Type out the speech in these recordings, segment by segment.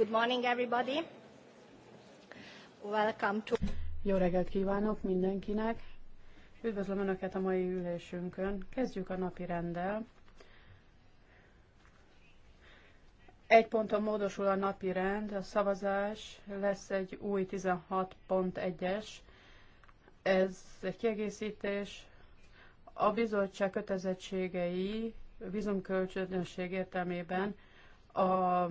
Good morning, everybody. Welcome to... Jó reggelt kívánok mindenkinek! Üdvözlöm Önöket a mai ülésünkön. Kezdjük a napi rendel. Egy ponton módosul a napi rend, a szavazás lesz egy új 16.1-es. Ez egy kiegészítés. A bizottság kötelezettségei vízumkölcsönösség értelmében a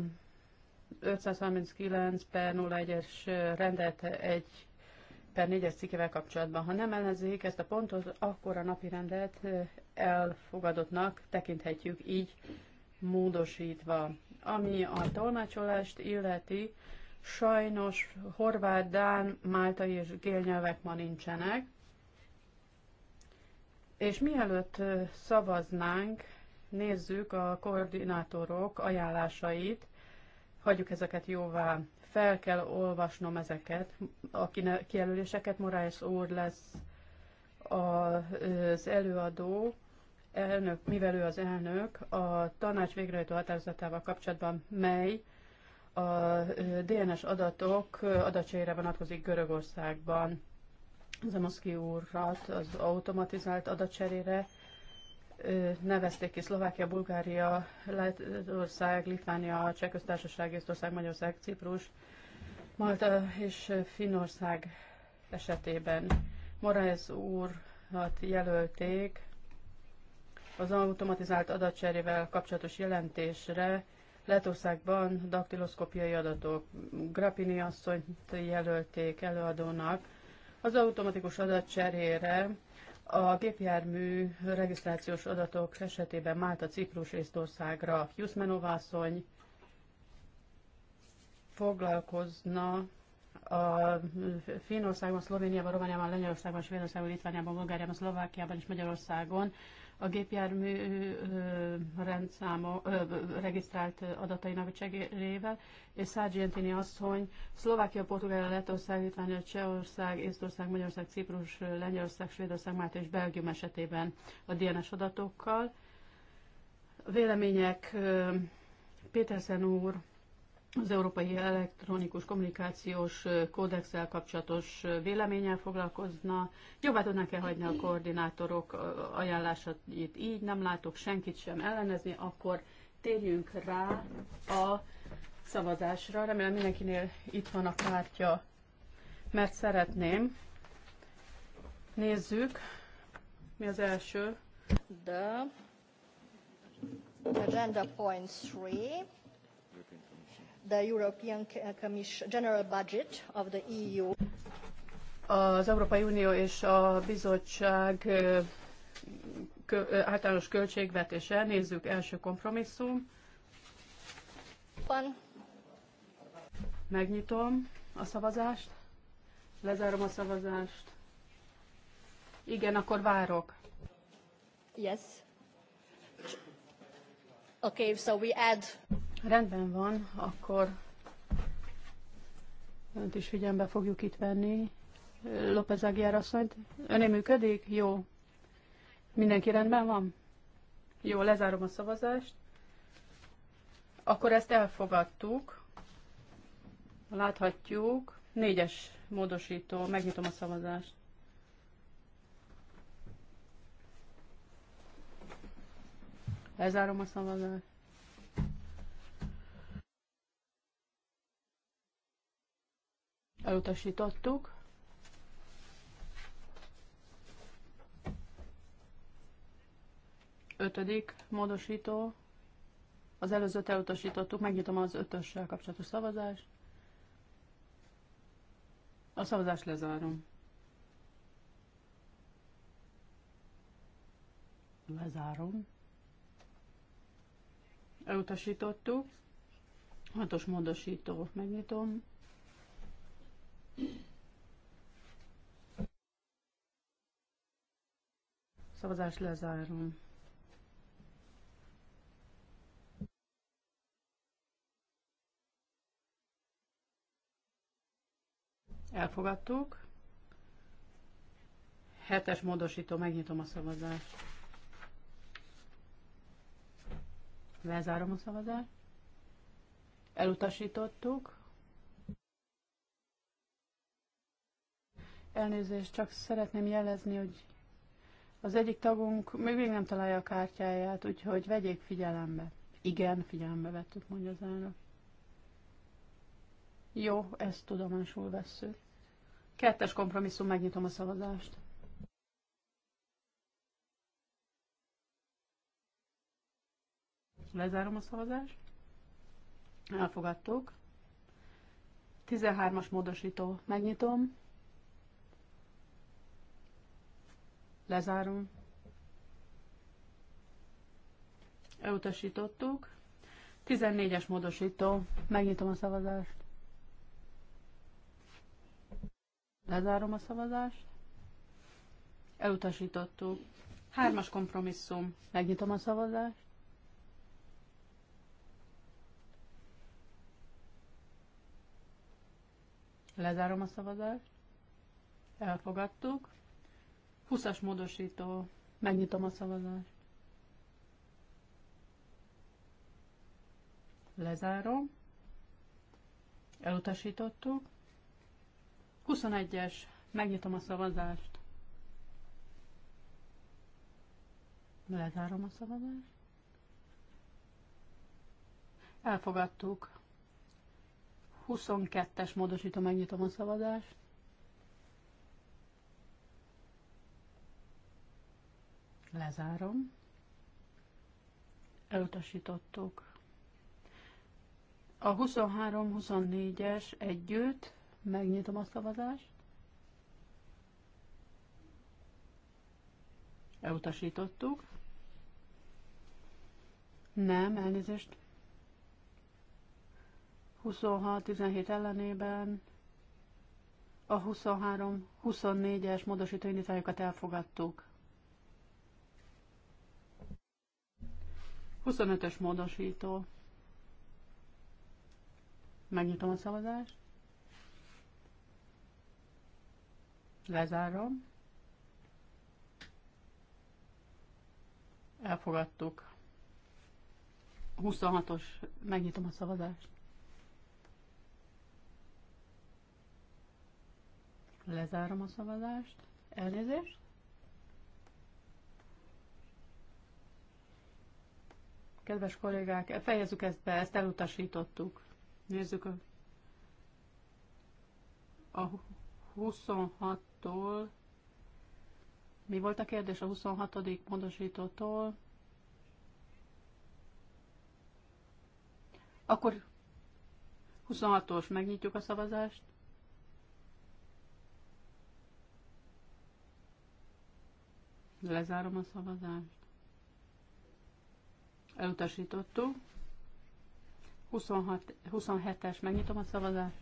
539 per 01-es rendelt egy per 4-es cikkevel kapcsolatban. Ha nem ellenzik ezt a pontot, akkor a napi rendelt elfogadottnak tekinthetjük így módosítva. Ami a tolmácsolást illeti, sajnos horvát, dán, máltai és gélnyelvek ma nincsenek. És mielőtt szavaznánk, nézzük a koordinátorok ajánlásait hagyjuk ezeket jóvá. Fel kell olvasnom ezeket, a kijelöléseket. Morales úr lesz az előadó, elnök, mivel ő az elnök, a tanács végrehajtó határozatával kapcsolatban, mely a DNS adatok adatsaira vonatkozik Görögországban. Zamoszki úrrat az automatizált adatcserére nevezték ki Szlovákia, Bulgária, Lettország, Litvánia, Csehköztársaság, Észtország, Magyarország, Ciprus, Malta és Finnország esetében. Moraes úrat jelölték az automatizált adatcserével kapcsolatos jelentésre, Letországban daktiloszkopiai adatok, Grappini asszonyt jelölték előadónak, az automatikus adatcserére a gépjármű regisztrációs adatok esetében Málta, Ciprus, Észtországra Jusmenovászony foglalkozna a Finországban, Szlovéniában, Romániában, Lengyelországban, Svédországban, Litvániában, Bulgáriában, Szlovákiában és Magyarországon a gépjármű rendszáma, ö, regisztrált adatainak cserével, és Sargentini asszony Szlovákia, Portugália, Lettország, Litvánia, Csehország, Észtország, Magyarország, Ciprus, Lengyelország, Svédország, Málta és Belgium esetében a DNS adatokkal. vélemények Péterszen úr az Európai Elektronikus Kommunikációs Kódexel kapcsolatos véleménnyel foglalkozna. Jobbá tudnak-e hagyni a koordinátorok ajánlásait így? Nem látok senkit sem ellenezni, akkor térjünk rá a szavazásra. Remélem mindenkinél itt van a kártya, mert szeretném. Nézzük, mi az első. The agenda point three the European Commission General Budget of the EU. Az Európai Unió és a bizottság általános költségvetése. Nézzük első kompromisszum. Van. Megnyitom a szavazást. Lezárom a szavazást. Igen, akkor várok. Yes. Okay, so we add Rendben van, akkor önt is figyelembe fogjuk itt venni. López Aguiar asszonyt. Öné működik? Jó. Mindenki rendben van? Jó, lezárom a szavazást. Akkor ezt elfogadtuk. Láthatjuk. Négyes módosító. Megnyitom a szavazást. Lezárom a szavazást. elutasítottuk. Ötödik módosító. Az előzőt elutasítottuk, megnyitom az ötössel kapcsolatos szavazást. A szavazást lezárom. Lezárom. Elutasítottuk. Hatos módosító. Megnyitom. Szavazás lezárom. Elfogadtuk. Hetes módosító, megnyitom a szavazást. Lezárom a szavazást. Elutasítottuk. Elnézést, csak szeretném jelezni, hogy az egyik tagunk még még nem találja a kártyáját, úgyhogy vegyék figyelembe. Igen, figyelembe vettük, mondja az elnök. Jó, ezt tudomásul vesszük. Kettes kompromisszum, megnyitom a szavazást. Lezárom a szavazást. Elfogadtuk. 13-as módosító, megnyitom. Lezárom. Elutasítottuk. 14-es módosító. Megnyitom a szavazást. Lezárom a szavazást. Elutasítottuk. Hármas kompromisszum. Megnyitom a szavazást. Lezárom a szavazást. Elfogadtuk. 20-as módosító. Megnyitom a szavazást. Lezárom. Elutasítottuk. 21-es. Megnyitom a szavazást. Lezárom a szavazást. Elfogadtuk. 22-es módosítom, megnyitom a szavazást. Lezárom. Elutasítottuk. A 23-24-es együtt megnyitom a szavazást. Elutasítottuk. Nem, elnézést. 26-17 ellenében a 23-24-es módosító elfogadtuk. 25-ös módosító. Megnyitom a szavazást. Lezárom. Elfogadtuk. 26-os. Megnyitom a szavazást. Lezárom a szavazást. Elnézést. Kedves kollégák, fejezzük ezt be, ezt elutasítottuk. Nézzük a, a 26-tól. Mi volt a kérdés a 26. módosítótól? Akkor 26-os megnyitjuk a szavazást. Lezárom a szavazást elutasítottuk. 26, 27-es, megnyitom a szavazást.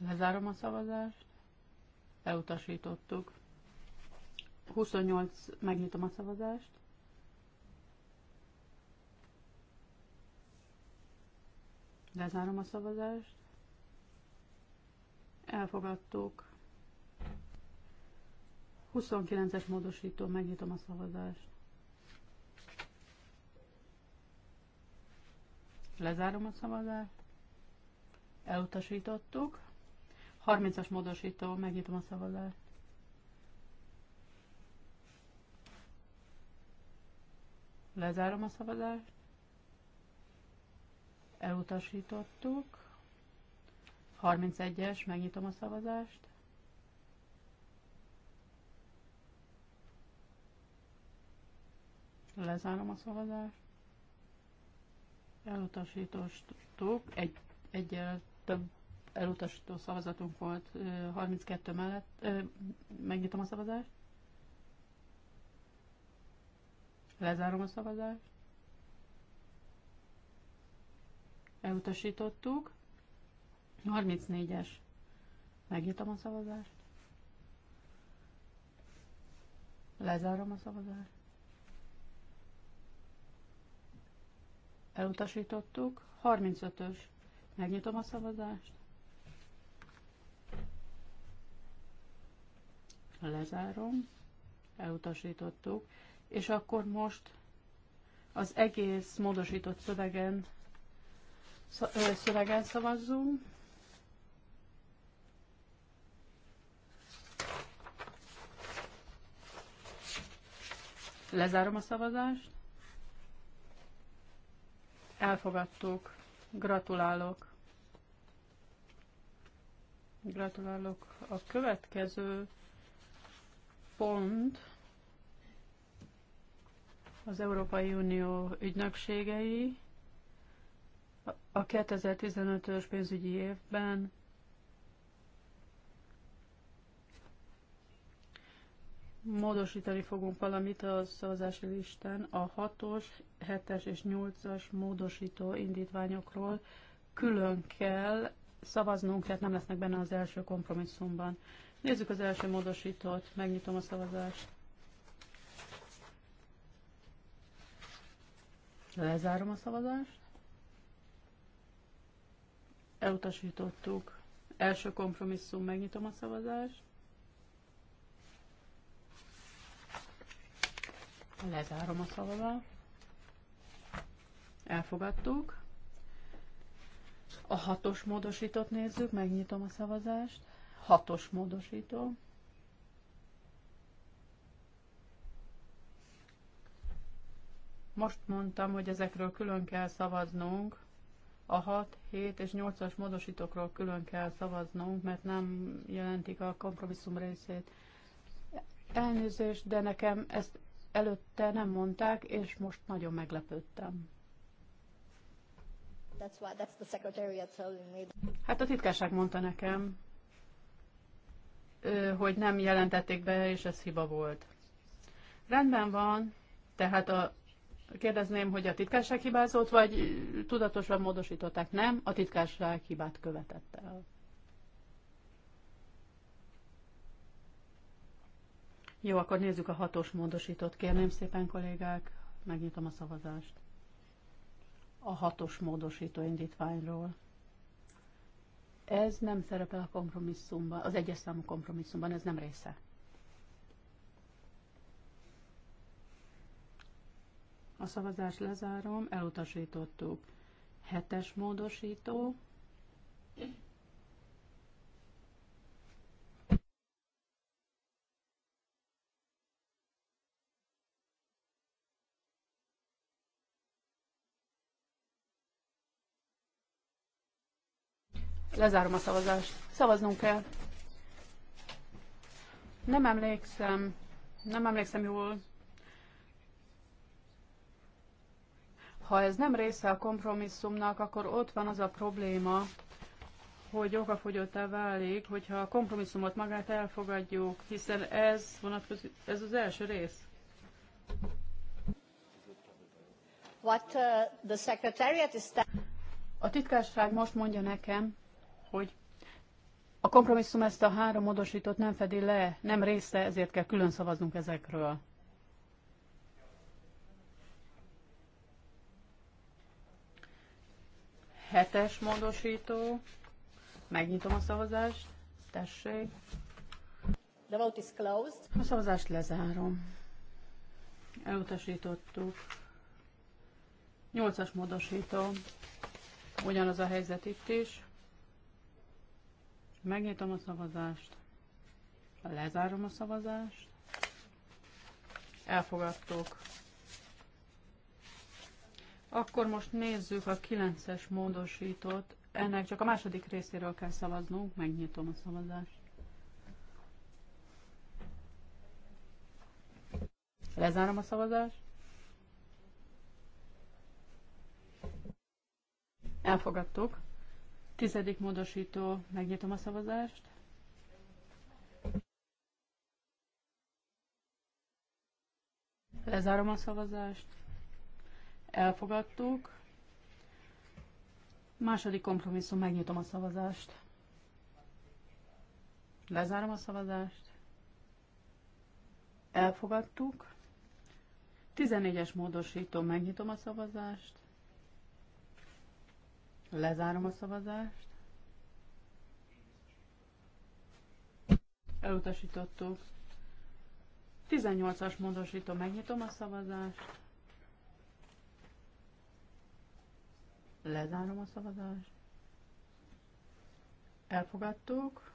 Lezárom a szavazást. Elutasítottuk. 28, megnyitom a szavazást. Lezárom a szavazást. Elfogadtuk. 29-es módosító, megnyitom a szavazást. Lezárom a szavazást. Elutasítottuk. 30-as módosító, megnyitom a szavazást. Lezárom a szavazást. Elutasítottuk. 31-es, megnyitom a szavazást. Lezárom a szavazást. Elutasítottuk. Egy, egy több elutasító szavazatunk volt 32 mellett. megnyitom a szavazást. Lezárom a szavazást. Elutasítottuk. 34-es. Megnyitom a szavazást. Lezárom a szavazást. Elutasítottuk. 35-ös. Megnyitom a szavazást. Lezárom. Elutasítottuk. És akkor most az egész módosított szövegen, szövegen szavazzunk. Lezárom a szavazást. Elfogadtuk. Gratulálok. Gratulálok. A következő pont az Európai Unió ügynökségei a 2015-ös pénzügyi évben módosítani fogunk valamit a szavazási listán a 6-os, 7-es és 8-as módosító indítványokról külön kell szavaznunk, tehát nem lesznek benne az első kompromisszumban. Nézzük az első módosítót, megnyitom a szavazást. Lezárom a szavazást. Elutasítottuk. Első kompromisszum, megnyitom a szavazást. Lezárom a szavaval. Elfogadtuk. A hatos módosítót nézzük, megnyitom a szavazást. Hatos módosító. Most mondtam, hogy ezekről külön kell szavaznunk, a 6, 7 és 8-as módosítókról külön kell szavaznunk, mert nem jelentik a kompromisszum részét. Elnézést, de nekem ezt előtte nem mondták, és most nagyon meglepődtem. That's that's the secretariat telling me. Hát a titkárság mondta nekem, hogy nem jelentették be, és ez hiba volt. Rendben van, tehát a, kérdezném, hogy a titkárság hibázott, vagy tudatosan módosították? Nem, a titkárság hibát követett el. Jó, akkor nézzük a hatos módosítót. Kérném szépen, kollégák, megnyitom a szavazást. A hatos módosító indítványról. Ez nem szerepel a kompromisszumban, az egyes számú kompromisszumban, ez nem része. A szavazást lezárom, elutasítottuk. Hetes módosító. Lezárom a szavazást. Szavaznunk kell. Nem emlékszem. Nem emlékszem jól. Ha ez nem része a kompromisszumnak, akkor ott van az a probléma, hogy okafogyottá válik, hogyha a kompromisszumot magát elfogadjuk, hiszen ez vonatkozik, ez az első rész. What, uh, the secretariat is a titkárság most mondja nekem, hogy a kompromisszum ezt a három módosítót nem fedi le, nem része, ezért kell külön szavaznunk ezekről. Hetes módosító. Megnyitom a szavazást. Tessék. The vote is closed. A szavazást lezárom. Elutasítottuk. Nyolcas módosító. Ugyanaz a helyzet itt is. Megnyitom a szavazást. Lezárom a szavazást. Elfogadtuk. Akkor most nézzük a 9-es módosítót. Ennek csak a második részéről kell szavaznunk. Megnyitom a szavazást. Lezárom a szavazást. Elfogadtuk. Tizedik módosító, megnyitom a szavazást. Lezárom a szavazást. Elfogadtuk. Második kompromisszum, megnyitom a szavazást. Lezárom a szavazást. Elfogadtuk. 14-es módosító, megnyitom a szavazást. Lezárom a szavazást. Elutasítottuk. 18-as módosító, megnyitom a szavazást. Lezárom a szavazást. Elfogadtuk.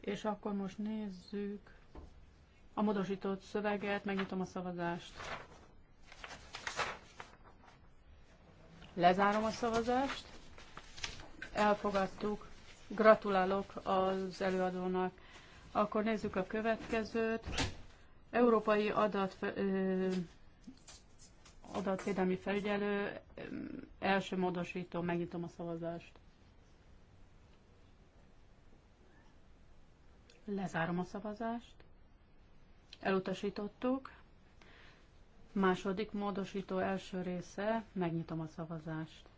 És akkor most nézzük a módosított szöveget, megnyitom a szavazást. Lezárom a szavazást. Elfogadtuk. Gratulálok az előadónak. Akkor nézzük a következőt. Európai adat, ö, adatvédelmi felügyelő első módosító. Megnyitom a szavazást. Lezárom a szavazást. Elutasítottuk. Második módosító első része, megnyitom a szavazást.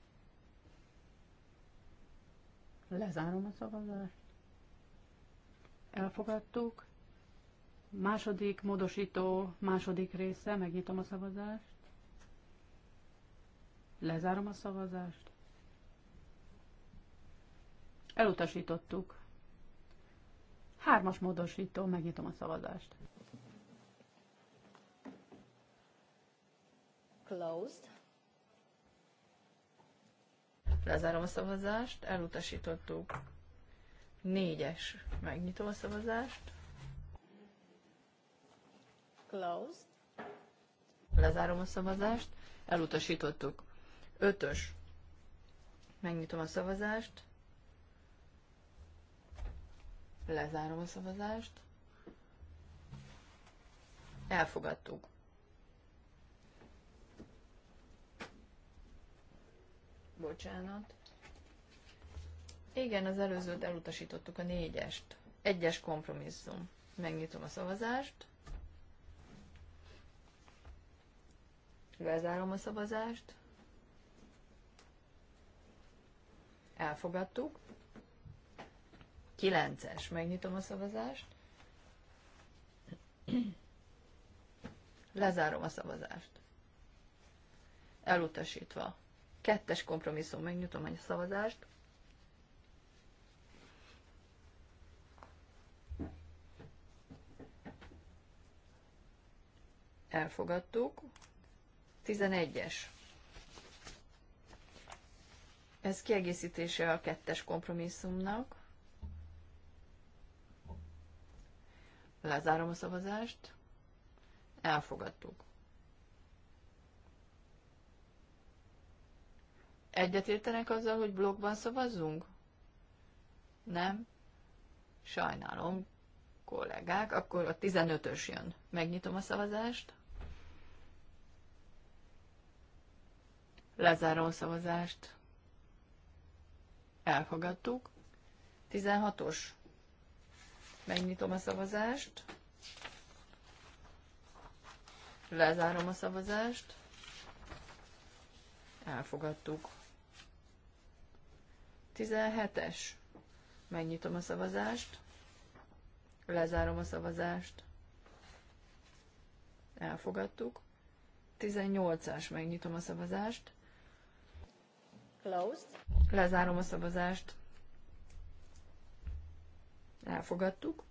Lezárom a szavazást. Elfogadtuk. Második módosító, második része, megnyitom a szavazást. Lezárom a szavazást. Elutasítottuk. Hármas módosító, megnyitom a szavazást. Closed. Lezárom a szavazást, elutasítottuk. Négyes, megnyitom a szavazást. Closed. Lezárom a szavazást, elutasítottuk. Ötös, megnyitom a szavazást. Lezárom a szavazást. Elfogadtuk. Bocsánat. Igen, az előzőt elutasítottuk a négyest. Egyes kompromisszum. Megnyitom a szavazást. Lezárom a szavazást. Elfogadtuk. Kilences. Megnyitom a szavazást. Lezárom a szavazást. Elutasítva. Kettes kompromisszum, megnyitom a szavazást. Elfogadtuk. 11-es. Ez kiegészítése a kettes kompromisszumnak. Lezárom a szavazást. Elfogadtuk. Egyetértenek azzal, hogy blogban szavazzunk? Nem? Sajnálom, kollégák. Akkor a 15-ös jön. Megnyitom a szavazást. Lezárom a szavazást. Elfogadtuk. 16-os. Megnyitom a szavazást. Lezárom a szavazást. Elfogadtuk. 17-es. Megnyitom a szavazást. Lezárom a szavazást. Elfogadtuk. 18-as. Megnyitom a szavazást. Closed. Lezárom a szavazást. Elfogadtuk.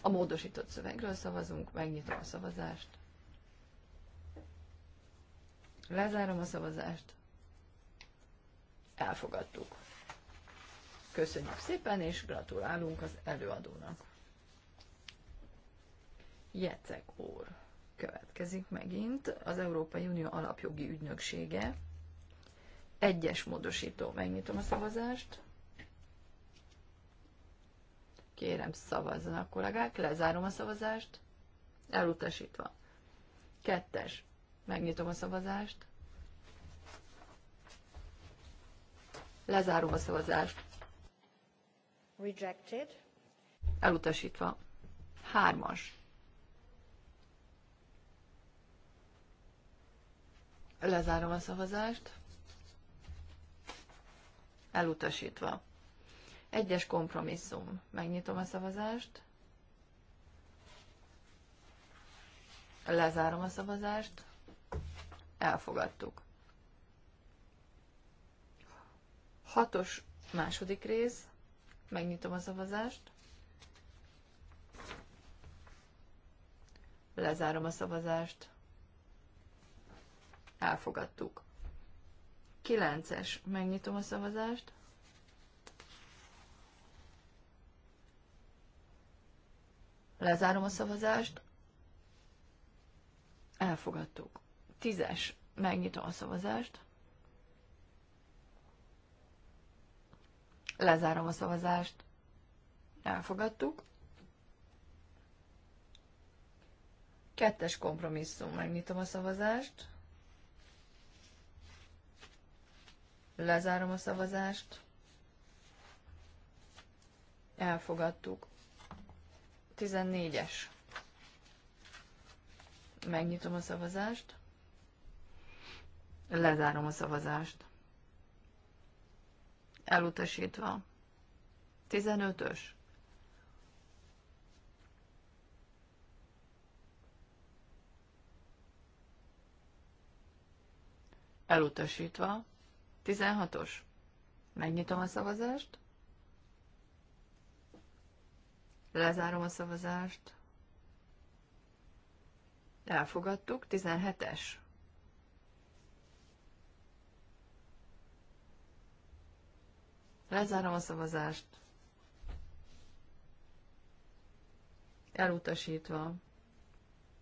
A módosított szövegről szavazunk, megnyitom a szavazást. Lezárom a szavazást elfogadtuk. Köszönjük szépen, és gratulálunk az előadónak. Jecek úr következik megint az Európai Unió alapjogi ügynöksége. Egyes módosító. Megnyitom a szavazást. Kérem, szavazzanak kollégák. Lezárom a szavazást. Elutasítva. Kettes. Megnyitom a szavazást. Lezárom a szavazást. Rejected. Elutasítva. Hármas. Lezárom a szavazást. Elutasítva. Egyes kompromisszum. Megnyitom a szavazást. Lezárom a szavazást. Elfogadtuk. Hatos második rész. Megnyitom a szavazást. Lezárom a szavazást. Elfogadtuk. Kilences. Megnyitom a szavazást. Lezárom a szavazást. Elfogadtuk. Tízes. Megnyitom a szavazást. Lezárom a szavazást. Elfogadtuk. Kettes kompromisszum. Megnyitom a szavazást. Lezárom a szavazást. Elfogadtuk. 14-es. Megnyitom a szavazást. Lezárom a szavazást elutasítva. 15-ös. Elutasítva. 16-os. Megnyitom a szavazást. Lezárom a szavazást. Elfogadtuk. 17-es. Lezárom a szavazást. Elutasítva.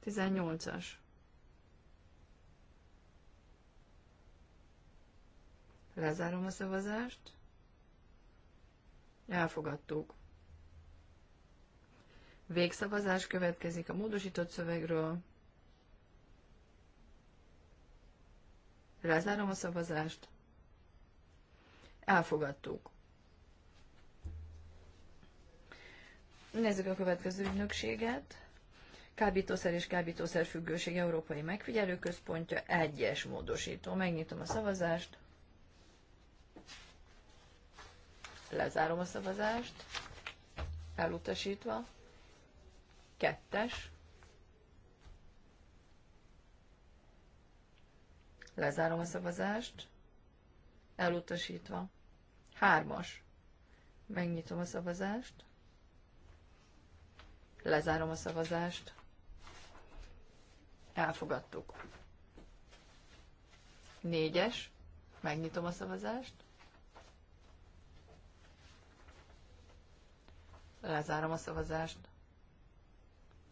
18-as. Lezárom a szavazást. Elfogadtuk. Végszavazás következik a módosított szövegről. Lezárom a szavazást. Elfogadtuk. Nézzük a következő ügynökséget. Kábítószer és kábítószer függőség Európai Megfigyelőközpontja, egyes módosító. Megnyitom a szavazást. Lezárom a szavazást. Elutasítva. Kettes. Lezárom a szavazást. Elutasítva. Hármas. Megnyitom a szavazást. Lezárom a szavazást. Elfogadtuk. Négyes. Megnyitom a szavazást. Lezárom a szavazást.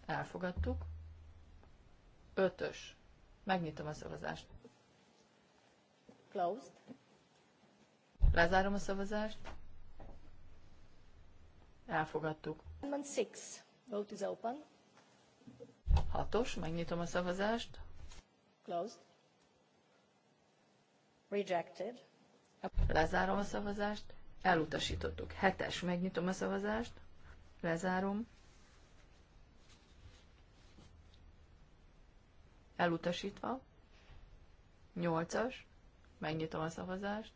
Elfogadtuk. Ötös. Megnyitom a szavazást. Closed. Lezárom a szavazást. Elfogadtuk. Amendment 6. Vote is open. Hatos, megnyitom a szavazást. Closed. Rejected. Lezárom a szavazást. Elutasítottuk. Hetes, megnyitom a szavazást. Lezárom. Elutasítva. Nyolcas, megnyitom a szavazást.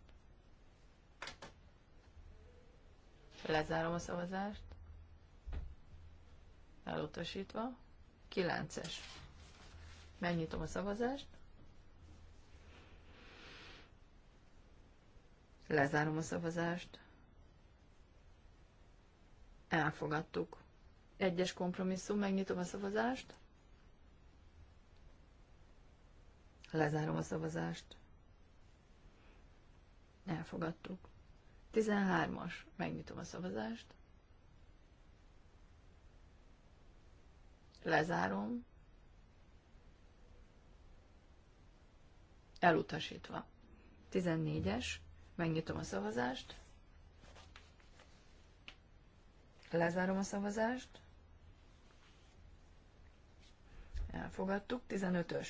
Lezárom a szavazást elutasítva. 9-es. Megnyitom a szavazást. Lezárom a szavazást. Elfogadtuk. Egyes kompromisszum, megnyitom a szavazást. Lezárom a szavazást. Elfogadtuk. 13-as, megnyitom a szavazást. Lezárom. Elutasítva. 14-es. Megnyitom a szavazást. Lezárom a szavazást. Elfogadtuk. 15-ös.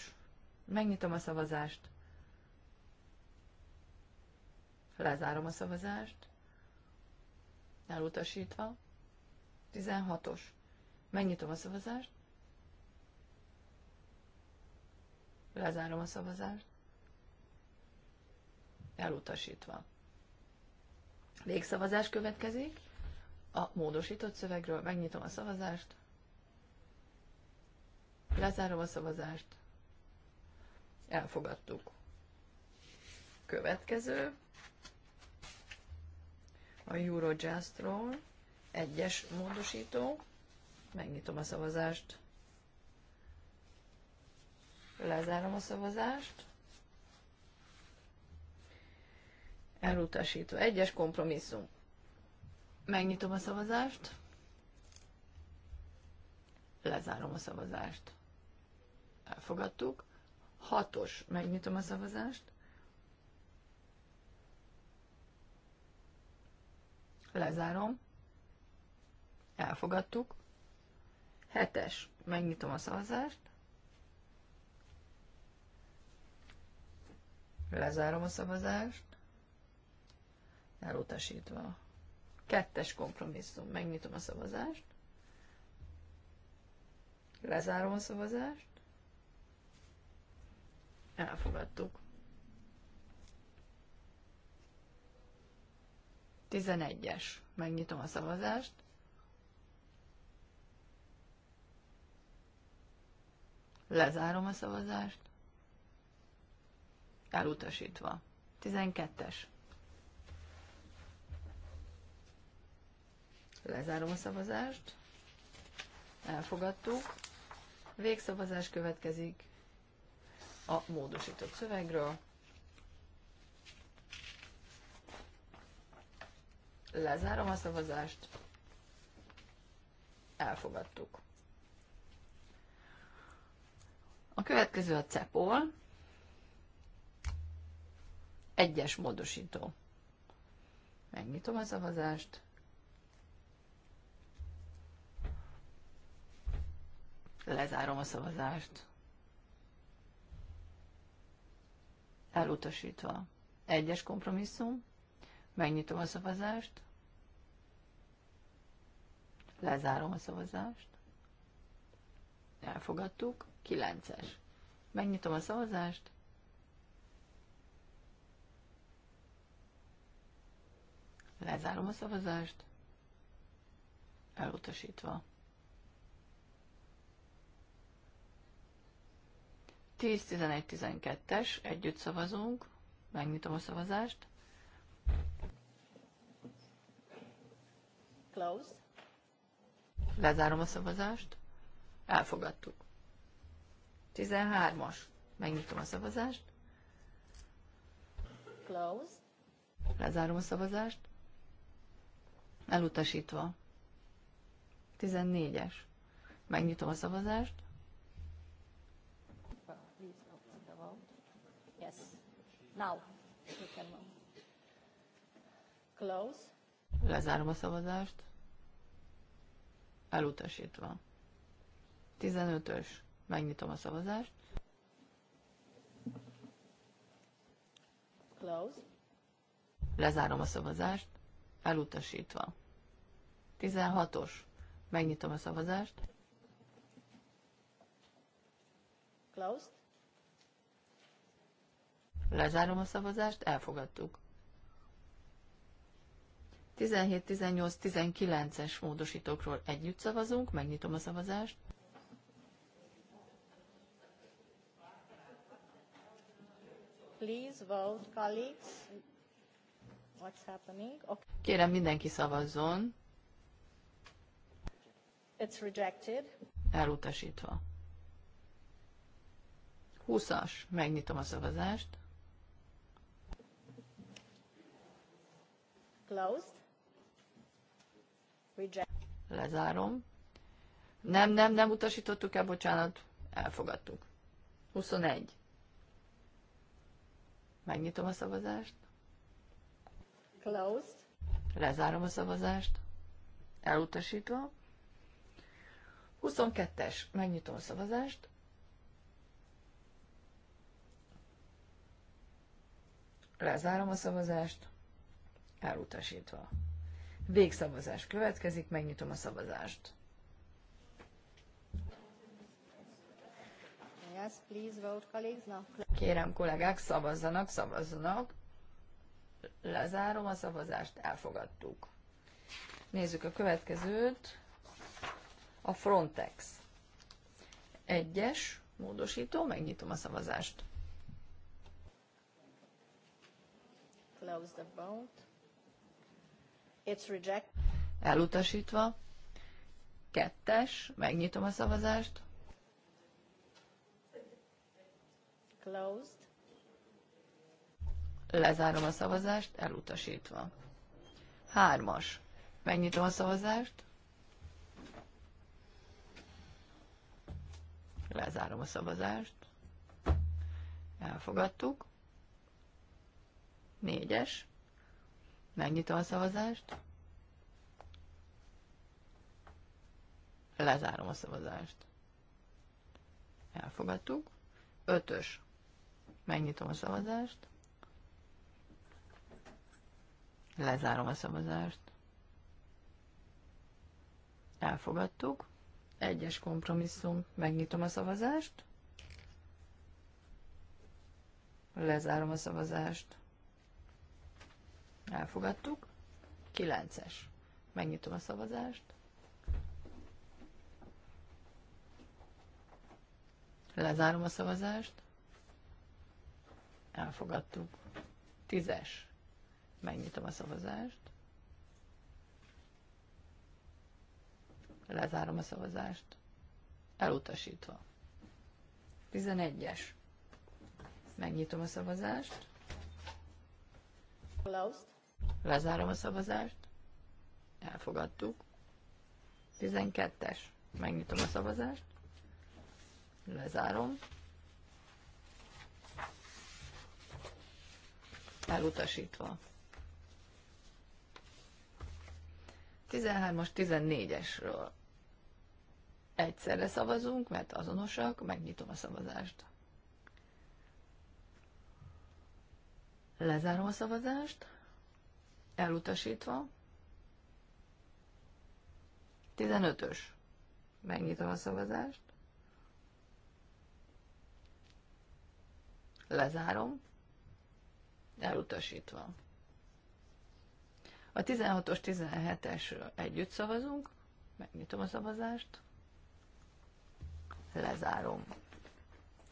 Megnyitom a szavazást. Lezárom a szavazást. Elutasítva. 16-os. Megnyitom a szavazást. Lezárom a szavazást. Elutasítva. Végszavazás következik. A módosított szövegről megnyitom a szavazást. Lezárom a szavazást. Elfogadtuk. Következő. A Eurojustról egyes módosító. Megnyitom a szavazást. Lezárom a szavazást. Elutasító. Egyes kompromisszum. Megnyitom a szavazást. Lezárom a szavazást. Elfogadtuk. Hatos. Megnyitom a szavazást. Lezárom. Elfogadtuk. Hetes. Megnyitom a szavazást. Lezárom a szavazást. Elutasítva. Kettes kompromisszum. Megnyitom a szavazást. Lezárom a szavazást. Elfogadtuk. 11-es. Megnyitom a szavazást. Lezárom a szavazást elutasítva. 12-es. Lezárom a szavazást. Elfogadtuk. Végszavazás következik a módosított szövegről. Lezárom a szavazást. Elfogadtuk. A következő a CEPOL. Egyes módosító. Megnyitom a szavazást. Lezárom a szavazást. Elutasítva. Egyes kompromisszum. Megnyitom a szavazást. Lezárom a szavazást. Elfogadtuk. Kilences. Megnyitom a szavazást. Lezárom a szavazást. Elutasítva. 10-11-12-es, együtt szavazunk. Megnyitom a szavazást. Close. Lezárom a szavazást. Elfogadtuk. 13-as. Megnyitom a szavazást. Close. Lezárom a szavazást. Elutasítva. 14-es. Megnyitom a szavazást. Yes. Now. Close. Lezárom a szavazást. Elutasítva. 15-ös. Megnyitom a szavazást. Close. Lezárom a szavazást elutasítva. 16-os. Megnyitom a szavazást. Closed. Lezárom a szavazást, elfogadtuk. 17, 18, 19-es módosítókról együtt szavazunk, megnyitom a szavazást. Please vote, colleagues. Kérem, mindenki szavazzon. It's rejected. Elutasítva. 20-as. Megnyitom a szavazást. Closed. Reject. Lezárom. Nem, nem, nem utasítottuk el, bocsánat. Elfogadtuk. 21. Megnyitom a szavazást. Closed. Lezárom a szavazást. Elutasítva. 22-es. Megnyitom a szavazást. Lezárom a szavazást. Elutasítva. Végszavazás következik, megnyitom a szavazást. Kérem kollégák, szavazzanak, szavazzanak. Lezárom a szavazást, elfogadtuk. Nézzük a következőt. A Frontex. Egyes, módosító, megnyitom a szavazást. Close the vote. It's reject. Elutasítva. Kettes, megnyitom a szavazást. Closed. Lezárom a szavazást, elutasítva. Hármas. Megnyitom a szavazást. Lezárom a szavazást. Elfogadtuk. Négyes. Megnyitom a szavazást. Lezárom a szavazást. Elfogadtuk. Ötös. Megnyitom a szavazást. Lezárom a szavazást. Elfogadtuk. Egyes kompromisszum. Megnyitom a szavazást. Lezárom a szavazást. Elfogadtuk. Kilences. Megnyitom a szavazást. Lezárom a szavazást. Elfogadtuk. Tízes. Megnyitom a szavazást. Lezárom a szavazást. Elutasítva. 11-es. Megnyitom a szavazást. Closed. Lezárom a szavazást. Elfogadtuk. 12-es. Megnyitom a szavazást. Lezárom. Elutasítva. 13-as, 14-esről egyszerre szavazunk, mert azonosak, megnyitom a szavazást. Lezárom a szavazást, elutasítva. 15-ös. Megnyitom a szavazást. Lezárom. Elutasítva. A 16-os, 17 es együtt szavazunk. Megnyitom a szavazást. Lezárom.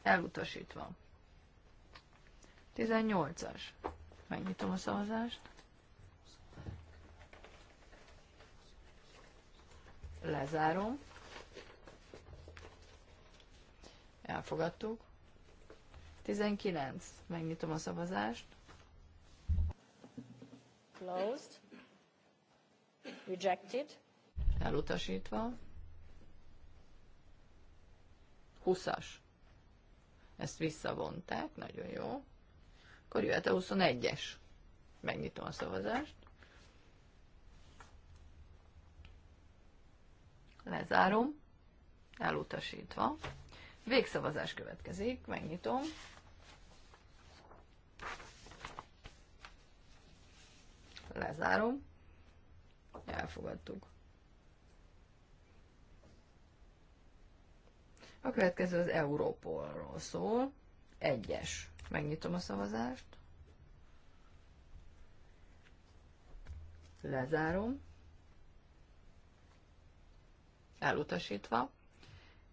Elutasítva. 18-as. Megnyitom a szavazást. Lezárom. Elfogadtuk. 19. Megnyitom a szavazást. Closed. Rejected. Elutasítva. Huszas. Ezt visszavonták, nagyon jó. Akkor jöhet a 21-es. Megnyitom a szavazást. Lezárom. Elutasítva. Végszavazás következik, megnyitom. Lezárom. Elfogadtuk. A következő az Európolról szól. Egyes. Megnyitom a szavazást. Lezárom. Elutasítva.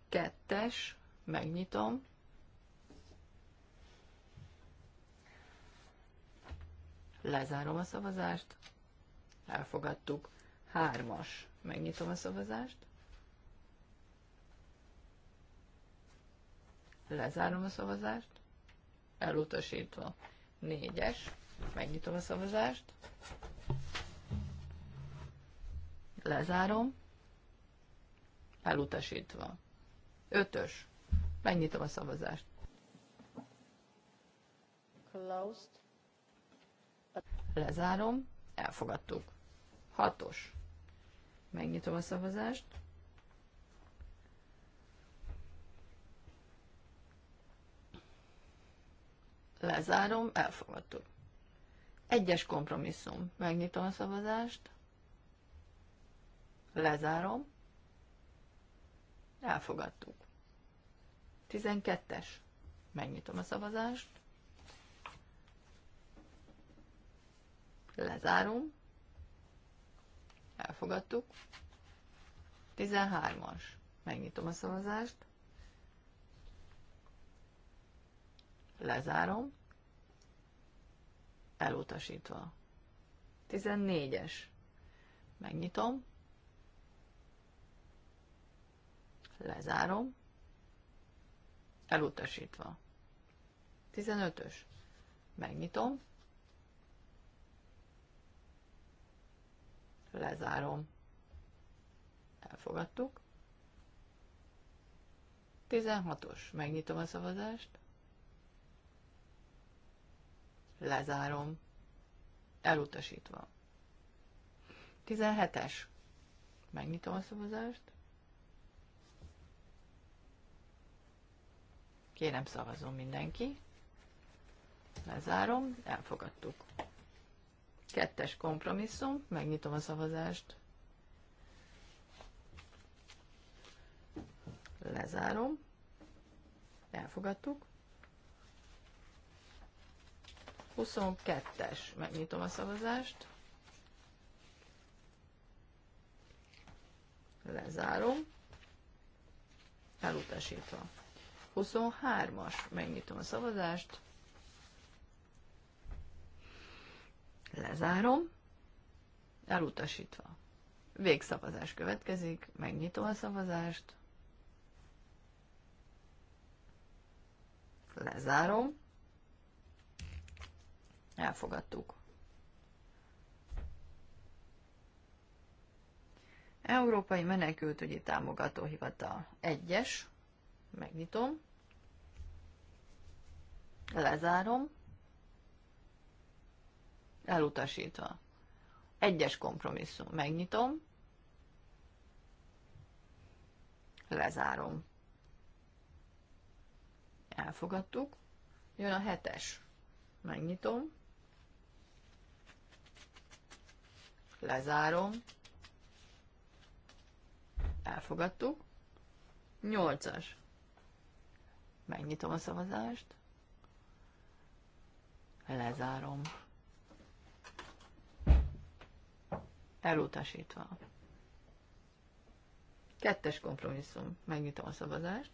Kettes. Megnyitom. Lezárom a szavazást. Elfogadtuk. Hármas. Megnyitom a szavazást. Lezárom a szavazást. Elutasítva. Négyes. Megnyitom a szavazást. Lezárom. Elutasítva. Ötös. Megnyitom a szavazást. Closed. Lezárom. Elfogadtuk. Hatos. Megnyitom a szavazást. Lezárom, elfogadtuk. Egyes kompromisszum. Megnyitom a szavazást. Lezárom. Elfogadtuk. 12-es. Megnyitom a szavazást. Lezárom. Elfogadtuk. 13-as. Megnyitom a szavazást. Lezárom. Elutasítva. 14-es. Megnyitom. Lezárom. Elutasítva. 15-ös. Megnyitom. Lezárom. Elfogadtuk. 16-os. Megnyitom a szavazást. Lezárom. Elutasítva. 17-es. Megnyitom a szavazást. Kérem szavazom mindenki. Lezárom. Elfogadtuk. Kettes kompromisszum, megnyitom a szavazást. Lezárom. Elfogadtuk. 22-es, megnyitom a szavazást. Lezárom. Elutasítva. 23-as, megnyitom a szavazást. Lezárom. Elutasítva. Végszavazás következik. Megnyitom a szavazást. Lezárom. Elfogadtuk. Európai Menekültügyi Támogatóhivatal. Egyes. Megnyitom. Lezárom elutasítva. Egyes kompromisszum. Megnyitom. Lezárom. Elfogadtuk. Jön a hetes. Megnyitom. Lezárom. Elfogadtuk. Nyolcas. Megnyitom a szavazást. Lezárom. Elutasítva. Kettes kompromisszum. Megnyitom a szavazást.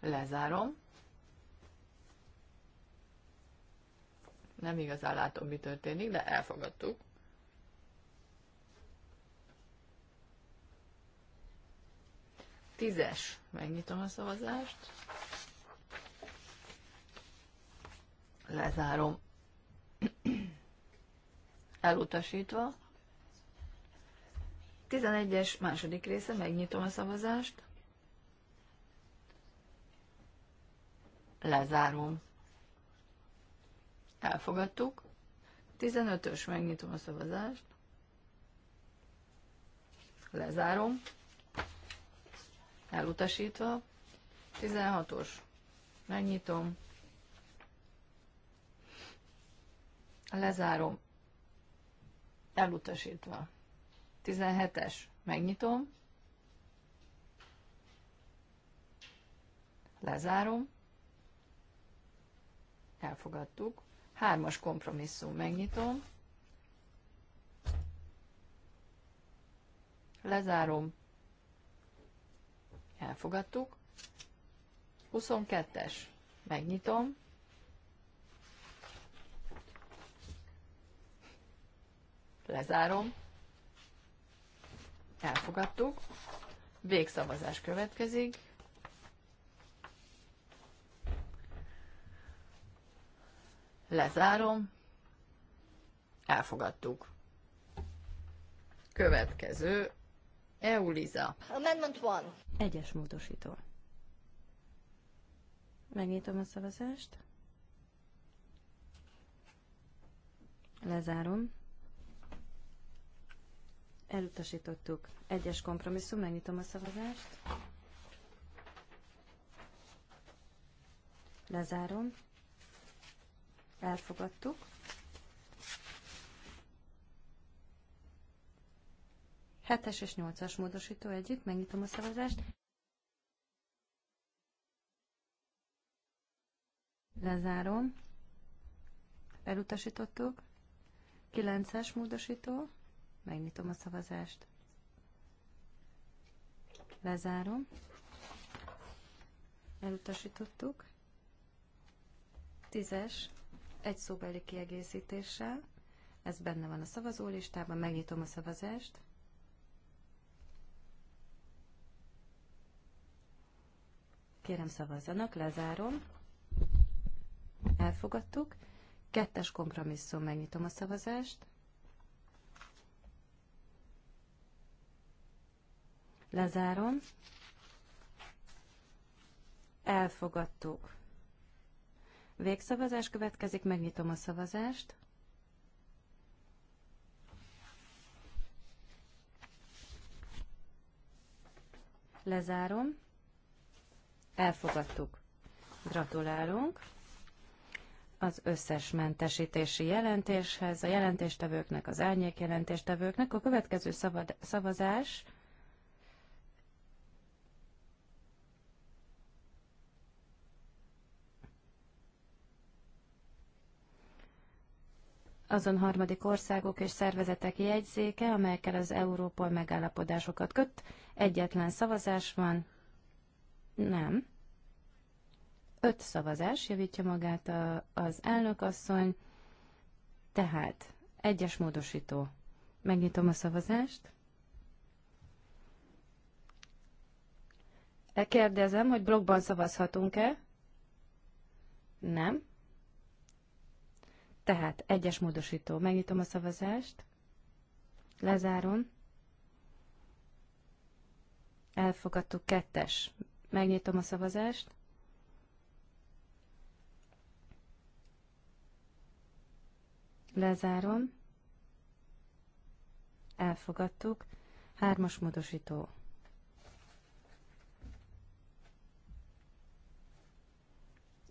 Lezárom. Nem igazán látom, mi történik, de elfogadtuk. Tízes. Megnyitom a szavazást. Lezárom. Elutasítva. 11-es második része, megnyitom a szavazást. Lezárom. Elfogadtuk. 15-ös, megnyitom a szavazást. Lezárom. Elutasítva. 16-os. Megnyitom. Lezárom. Elutasítva. 17-es. Megnyitom. Lezárom. Elfogadtuk. Hármas kompromisszum. Megnyitom. Lezárom. Elfogadtuk. 22-es. Megnyitom. Lezárom. Elfogadtuk. Végszavazás következik. Lezárom. Elfogadtuk. Következő. Euliza. Amendment 1. Egyes módosító. Megnyitom a szavazást. Lezárom elutasítottuk. Egyes kompromisszum, megnyitom a szavazást. Lezárom. Elfogadtuk. Hetes és nyolcas módosító együtt, megnyitom a szavazást. Lezárom. Elutasítottuk. Kilences módosító. Megnyitom a szavazást. Lezárom. Elutasítottuk. Tízes, egy szóbeli kiegészítéssel. Ez benne van a szavazólistában. Megnyitom a szavazást. Kérem szavazzanak, lezárom. Elfogadtuk. Kettes kompromisszum, megnyitom a szavazást. Lezárom. Elfogadtuk. Végszavazás következik, megnyitom a szavazást. Lezárom. Elfogadtuk. Gratulálunk az összes mentesítési jelentéshez, a jelentéstevőknek, az árnyék jelentéstevőknek. A következő szavazás azon harmadik országok és szervezetek jegyzéke, amelyekkel az Európol megállapodásokat köt. Egyetlen szavazás van. Nem. Öt szavazás, javítja magát a, az elnökasszony. Tehát, egyes módosító. Megnyitom a szavazást. Kérdezem, hogy blogban szavazhatunk-e? Nem. Tehát egyes módosító. Megnyitom a szavazást. Lezárom. Elfogadtuk kettes. Megnyitom a szavazást. Lezárom. Elfogadtuk. Hármas módosító.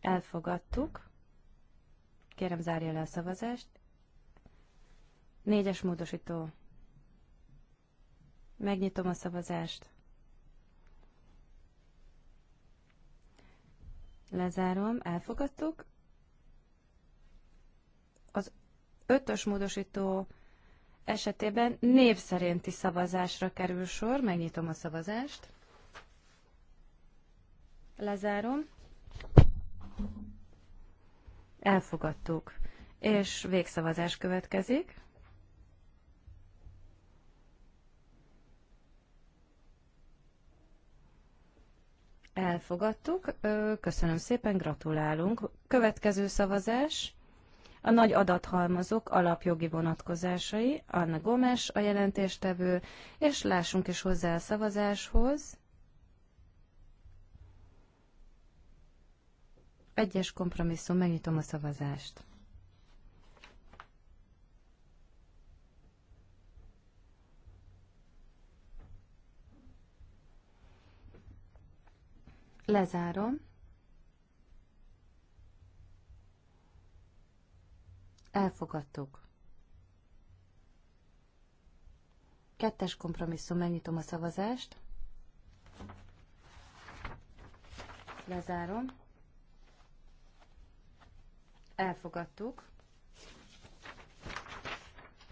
Elfogadtuk. Kérem, zárja le a szavazást. Négyes módosító. Megnyitom a szavazást. Lezárom, elfogadtuk. Az ötös módosító esetében név szerinti szavazásra kerül sor. Megnyitom a szavazást. Lezárom. Elfogadtuk. És végszavazás következik. Elfogadtuk. Köszönöm szépen, gratulálunk. Következő szavazás. A nagy adathalmazok alapjogi vonatkozásai, Anna Gomes a jelentéstevő, és lássunk is hozzá a szavazáshoz. Egyes kompromisszum, megnyitom a szavazást. Lezárom. Elfogadtuk. Kettes kompromisszum, megnyitom a szavazást. Lezárom. Elfogadtuk.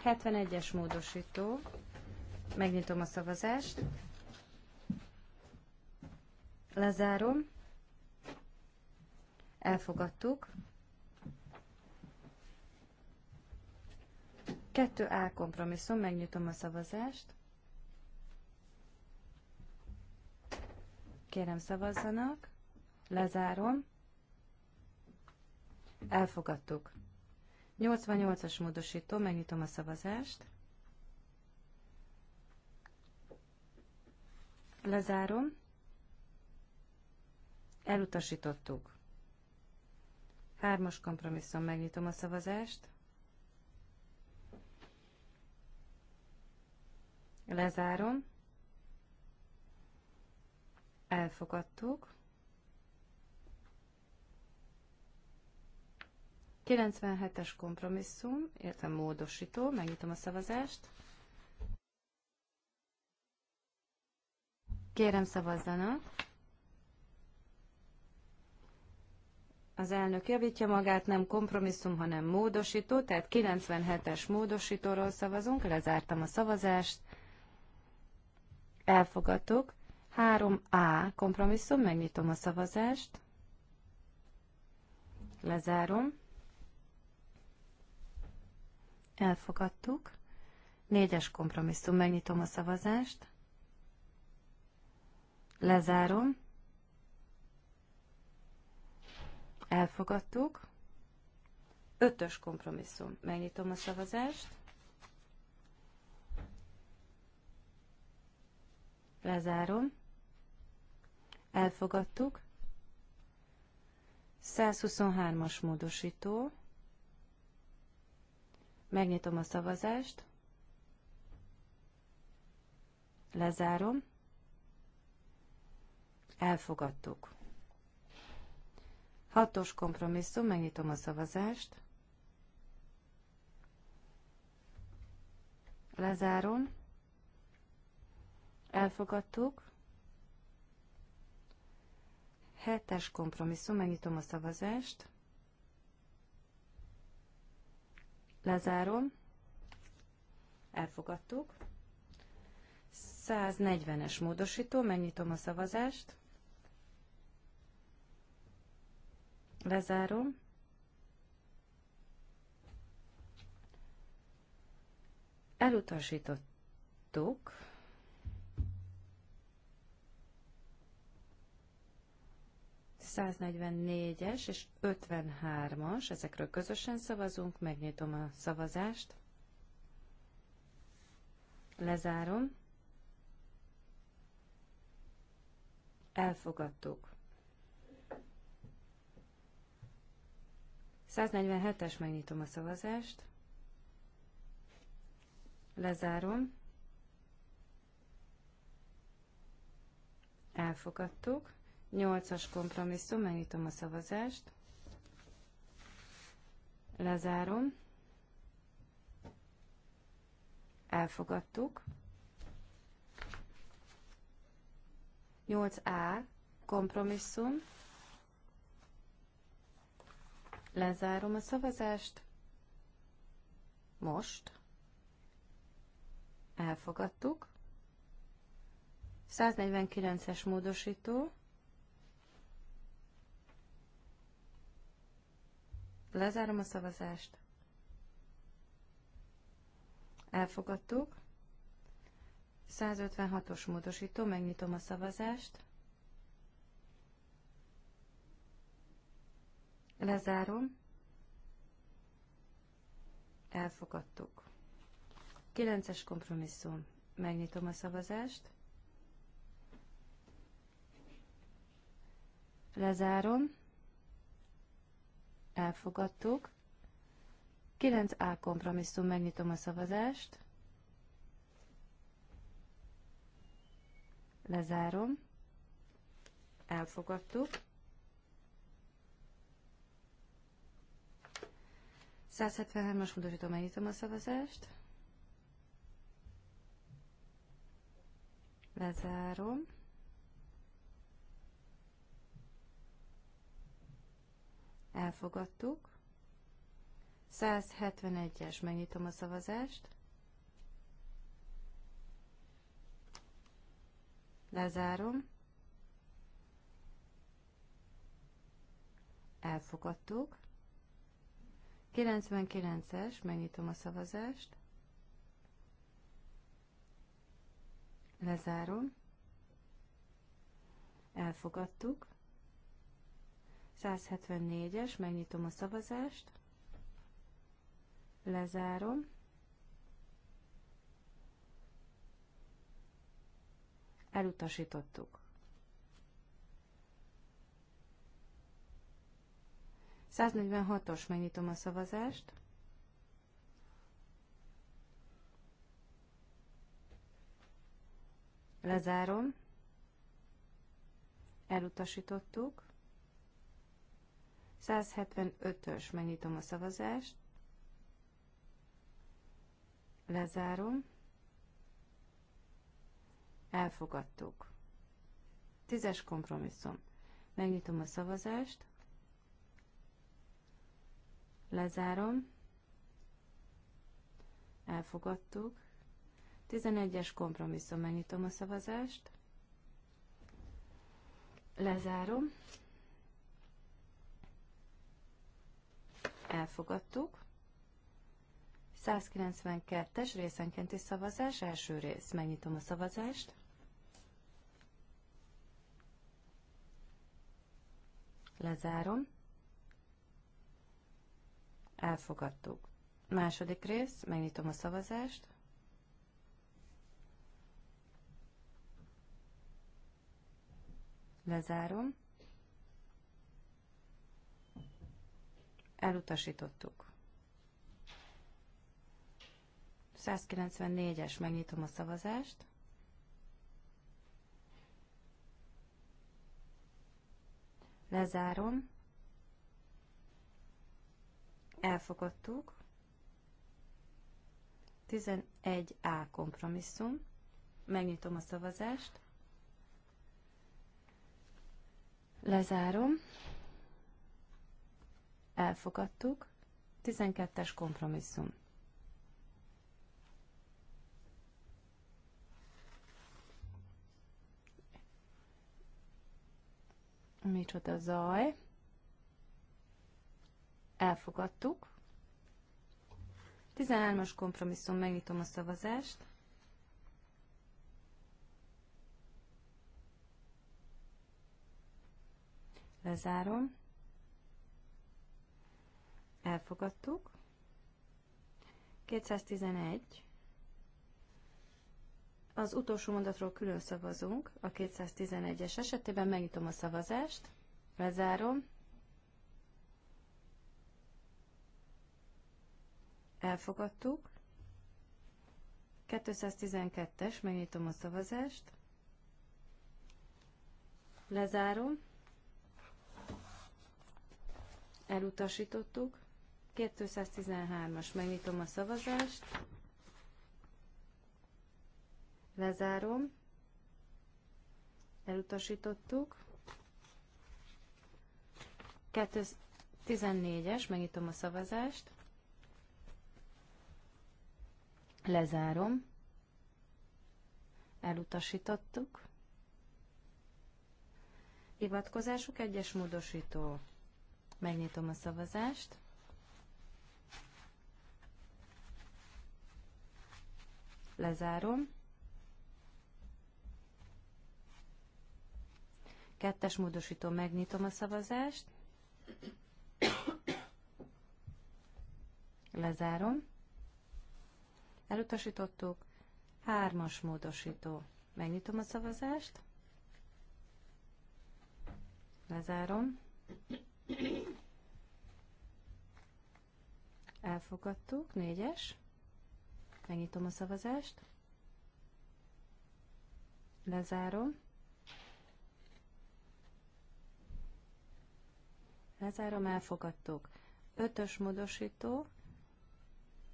71-es módosító. Megnyitom a szavazást. Lezárom. Elfogadtuk. 2A kompromisszum, megnyitom a szavazást. Kérem szavazzanak. Lezárom. Elfogadtuk. 88-as módosító, megnyitom a szavazást. Lezárom. Elutasítottuk. Hármas kompromisszum, megnyitom a szavazást. Lezárom. Elfogadtuk. 97-es kompromisszum, illetve módosító, megnyitom a szavazást. Kérem szavazzanak. Az elnök javítja magát, nem kompromisszum, hanem módosító, tehát 97-es módosítóról szavazunk, lezártam a szavazást, elfogadtuk. 3A kompromisszum, megnyitom a szavazást, lezárom. Elfogadtuk. Négyes kompromisszum. Megnyitom a szavazást. Lezárom. Elfogadtuk. Ötös kompromisszum. Megnyitom a szavazást. Lezárom. Elfogadtuk. 123-as módosító. Megnyitom a szavazást. Lezárom. Elfogadtuk. Hatos kompromisszum, megnyitom a szavazást. Lezárom. Elfogadtuk. Hetes kompromisszum, megnyitom a szavazást. Lezárom. Elfogadtuk. 140-es módosító, megnyitom a szavazást. Lezárom. Elutasítottuk. 144-es és 53-as, ezekről közösen szavazunk, megnyitom a szavazást. Lezárom. Elfogadtuk. 147-es megnyitom a szavazást. Lezárom. Elfogadtuk. Nyolcas kompromisszum, megnyitom a szavazást. Lezárom. Elfogadtuk. 8A kompromisszum. Lezárom a szavazást. Most. Elfogadtuk. 149-es módosító. Lezárom a szavazást. Elfogadtuk. 156-os módosító, megnyitom a szavazást. Lezárom. Elfogadtuk. 9-es kompromisszum. Megnyitom a szavazást. Lezárom elfogadtuk. 9A kompromisszum, megnyitom a szavazást. Lezárom. Elfogadtuk. 173-as módosítom, megnyitom a szavazást. Lezárom. elfogadtuk. 171-es, megnyitom a szavazást. Lezárom. Elfogadtuk. 99-es, megnyitom a szavazást. Lezárom. Elfogadtuk. 174-es, megnyitom a szavazást, lezárom, elutasítottuk. 146-os, megnyitom a szavazást, lezárom, elutasítottuk, 175-ös, megnyitom a szavazást, lezárom, elfogadtuk. Tízes kompromisszum. Megnyitom a szavazást, lezárom, elfogadtuk. 11-es kompromisszum, megnyitom a szavazást, lezárom, elfogadtuk. 192-es részenkénti szavazás, első rész. Megnyitom a szavazást. Lezárom. Elfogadtuk. Második rész, megnyitom a szavazást. Lezárom. Elutasítottuk. 194-es, megnyitom a szavazást. Lezárom. Elfogadtuk. 11A kompromisszum. Megnyitom a szavazást. Lezárom elfogadtuk. 12-es kompromisszum. Micsoda zaj. Elfogadtuk. 13-as kompromisszum, megnyitom a szavazást. Lezárom elfogadtuk. 211. Az utolsó mondatról külön szavazunk. A 211-es esetében megnyitom a szavazást, lezárom. Elfogadtuk. 212-es, megnyitom a szavazást. Lezárom. Elutasítottuk. 213-as, megnyitom a szavazást, lezárom, elutasítottuk, 214-es, megnyitom a szavazást, lezárom, elutasítottuk, Hivatkozásuk egyes módosító, megnyitom a szavazást, lezárom. Kettes módosító, megnyitom a szavazást. Lezárom. Elutasítottuk. Hármas módosító. Megnyitom a szavazást. Lezárom. Elfogadtuk. Négyes. Megnyitom a szavazást. Lezárom. Lezárom, elfogadtuk. Ötös módosító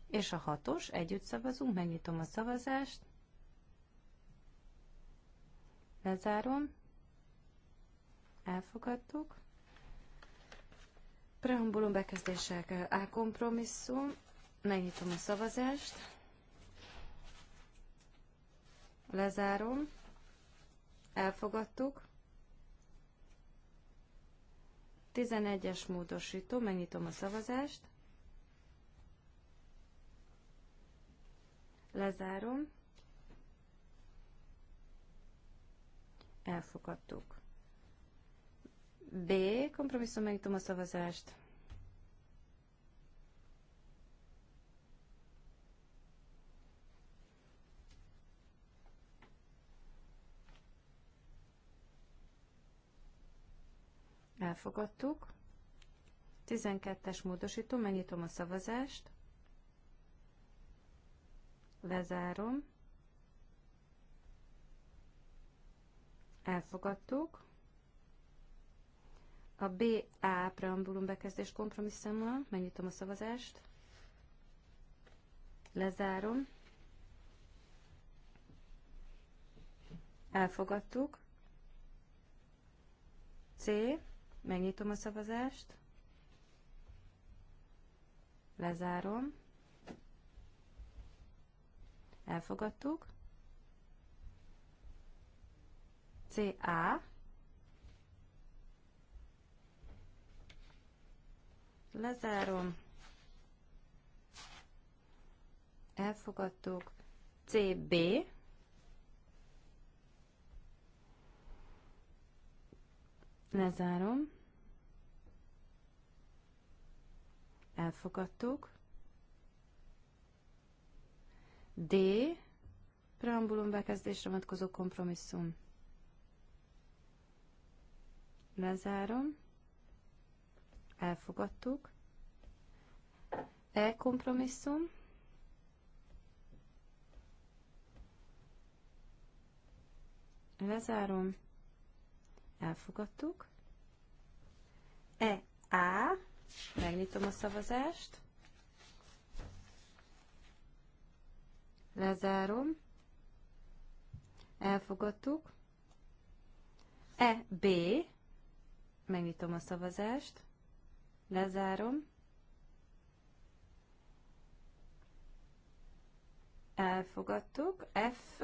és a hatos, együtt szavazunk, megnyitom a szavazást. Lezárom. Elfogadtuk. Preambulum bekezdések A kompromisszum. Megnyitom a szavazást. Lezárom. Elfogadtuk. 11-es módosító, megnyitom a szavazást. Lezárom. Elfogadtuk. B, kompromisszum, megnyitom a szavazást. Elfogadtuk. 12-es módosító, megnyitom a szavazást. Lezárom. Elfogadtuk. A BA preambulum bekezdés kompromisszummal megnyitom a szavazást. Lezárom. Elfogadtuk. C. Megnyitom a szavazást. Lezárom. Elfogadtuk. CA. Lezárom. Elfogadtuk. CB. Lezárom. Elfogadtuk. D. Preambulum bekezdésre vonatkozó kompromisszum. Lezárom. Elfogadtuk. E kompromisszum. Lezárom. Elfogadtuk. E A. Megnyitom a szavazást. Lezárom. Elfogadtuk. E B. Megnyitom a szavazást. Lezárom. Elfogadtuk. F.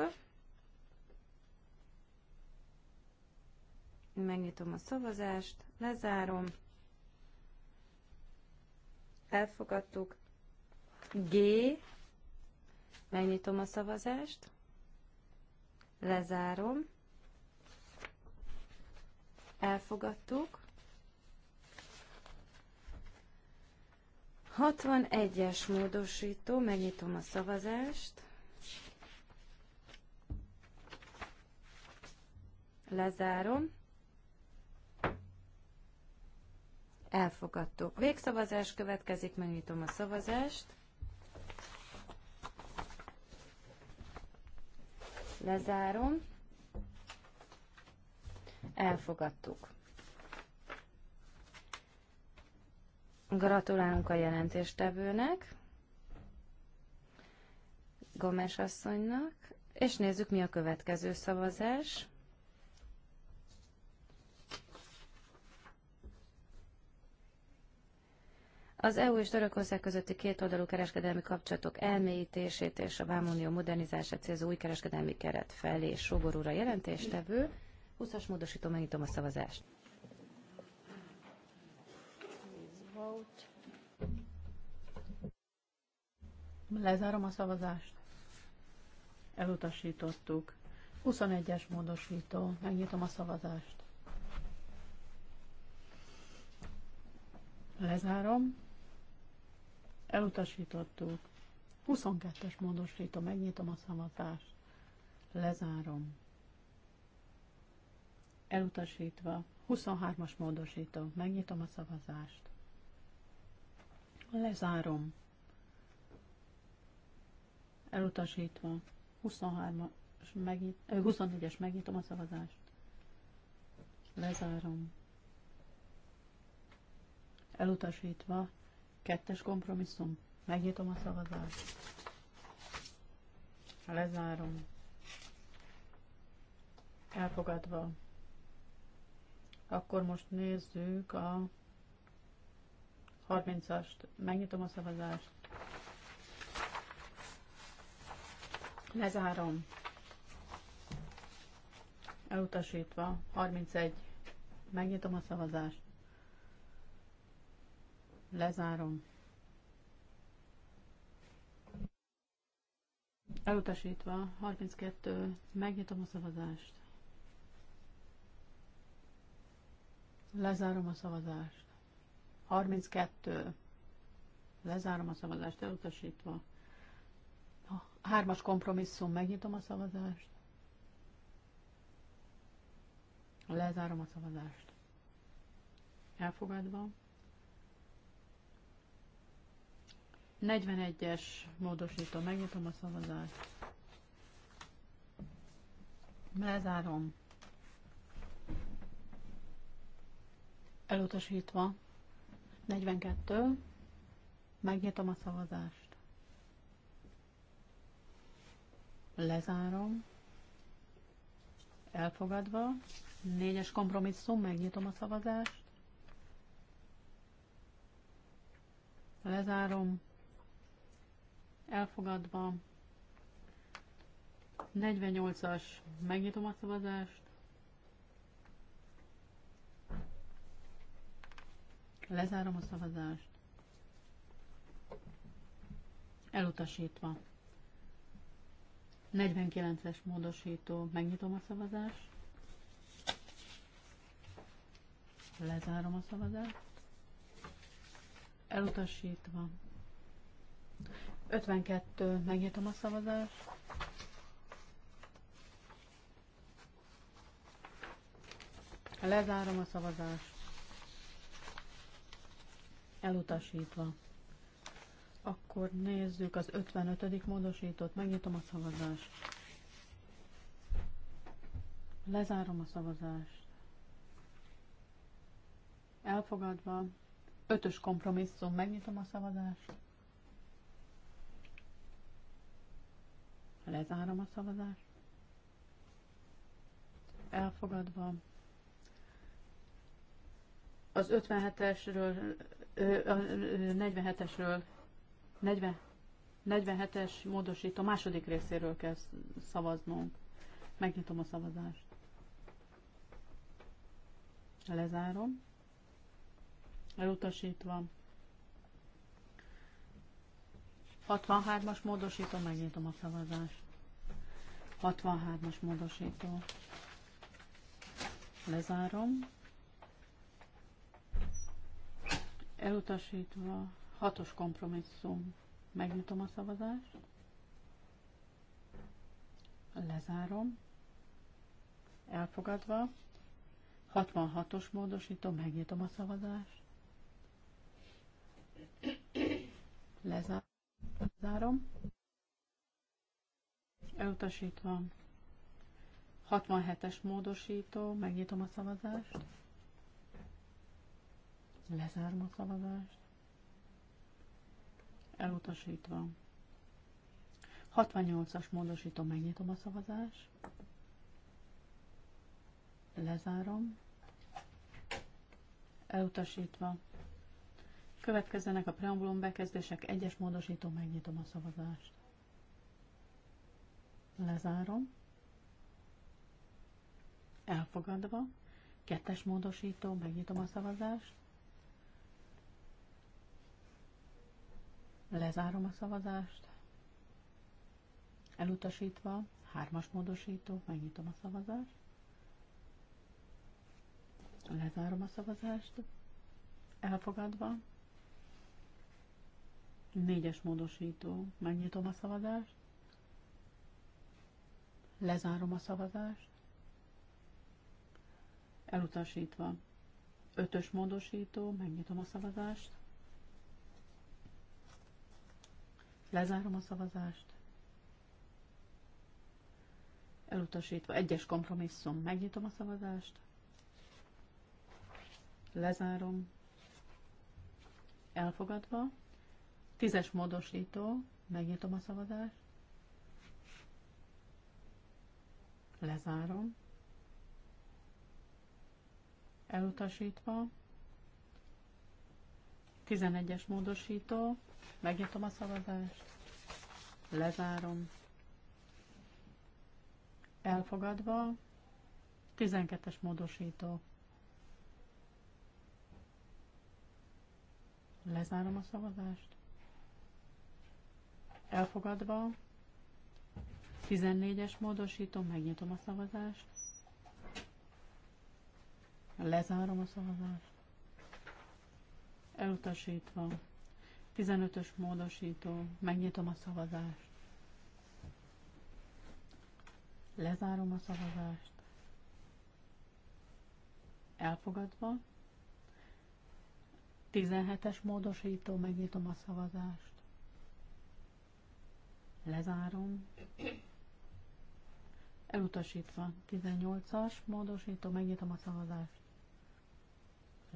Megnyitom a szavazást, lezárom. Elfogadtuk. G. Megnyitom a szavazást. Lezárom. Elfogadtuk. 61-es módosító, megnyitom a szavazást. Lezárom. Elfogadtuk. Végszavazás következik, megnyitom a szavazást. Lezárom. Elfogadtuk. Gratulálunk a jelentéstevőnek, Gomes asszonynak, és nézzük, mi a következő szavazás. Az EU és Törökország közötti kétoldalú kereskedelmi kapcsolatok elmélyítését és a Vámunió modernizását célzó új kereskedelmi keret felé Sogorúra jelentéstevő. 20-as módosító, megnyitom a szavazást. Lezárom a szavazást. Elutasítottuk. 21-es módosító. Megnyitom a szavazást. Lezárom. Elutasítottuk. 22-es módosító, megnyitom a szavazást. Lezárom. Elutasítva. 23-as módosító, megnyitom a szavazást. Lezárom. Elutasítva. 23-as megnyit, 24-es megnyitom a szavazást. Lezárom. Elutasítva. Kettes kompromisszum. Megnyitom a szavazást. Lezárom. Elfogadva. Akkor most nézzük a 30-ast. Megnyitom a szavazást. Lezárom. Elutasítva. 31. Megnyitom a szavazást. Lezárom. Elutasítva, 32, megnyitom a szavazást. Lezárom a szavazást. 32, lezárom a szavazást, elutasítva. A hármas kompromisszum, megnyitom a szavazást. Lezárom a szavazást. Elfogadva. 41-es módosító, megnyitom a szavazást. Lezárom. Elutasítva. 42. Megnyitom a szavazást. Lezárom. Elfogadva. 4-es kompromisszum, megnyitom a szavazást. Lezárom elfogadva. 48-as, megnyitom a szavazást. Lezárom a szavazást. Elutasítva. 49-es módosító, megnyitom a szavazást. Lezárom a szavazást. Elutasítva. 52. Megnyitom a szavazást. Lezárom a szavazást. Elutasítva. Akkor nézzük az 55. módosítót. Megnyitom a szavazást. Lezárom a szavazást. Elfogadva. Ötös kompromisszum. Megnyitom a szavazást. Lezárom a szavazást. Elfogadva. Az 57-esről, 47-esről, 40, 47-es módosító második részéről kell szavaznunk. Megnyitom a szavazást. Lezárom. Elutasítva. 63-as módosító, megnyitom a szavazást. 63-as módosító. Lezárom. Elutasítva, 6-os kompromisszum. Megnyitom a szavazást. Lezárom. Elfogadva. 66-os módosító, megnyitom a szavazást. Lezárom. Zárom. Elutasítva. 67-es módosító, megnyitom a szavazást. Lezárom a szavazást. Elutasítva. 68-as módosító, megnyitom a szavazást. Lezárom. Elutasítva. Következzenek a preambulum bekezdések, egyes módosító, megnyitom a szavazást. Lezárom. Elfogadva. Kettes módosító, megnyitom a szavazást. Lezárom a szavazást. Elutasítva, hármas módosító, megnyitom a szavazást. Lezárom a szavazást. Elfogadva, Négyes módosító. Megnyitom a szavazást. Lezárom a szavazást. Elutasítva. Ötös módosító. Megnyitom a szavazást. Lezárom a szavazást. Elutasítva. Egyes kompromisszum. Megnyitom a szavazást. Lezárom. Elfogadva. Tízes módosító, megnyitom a szavazást. Lezárom. Elutasítva. tizenegyes módosító, megnyitom a szavazást. Lezárom. Elfogadva. tizenkettes módosító. Lezárom a szavazást elfogadva. 14-es módosítom, megnyitom a szavazást. Lezárom a szavazást. Elutasítva. 15-ös módosító, megnyitom a szavazást. Lezárom a szavazást. Elfogadva. 17-es módosító, megnyitom a szavazást. Lezárom. Elutasítva. 18-as. módosítom, Megnyitom a szavazást.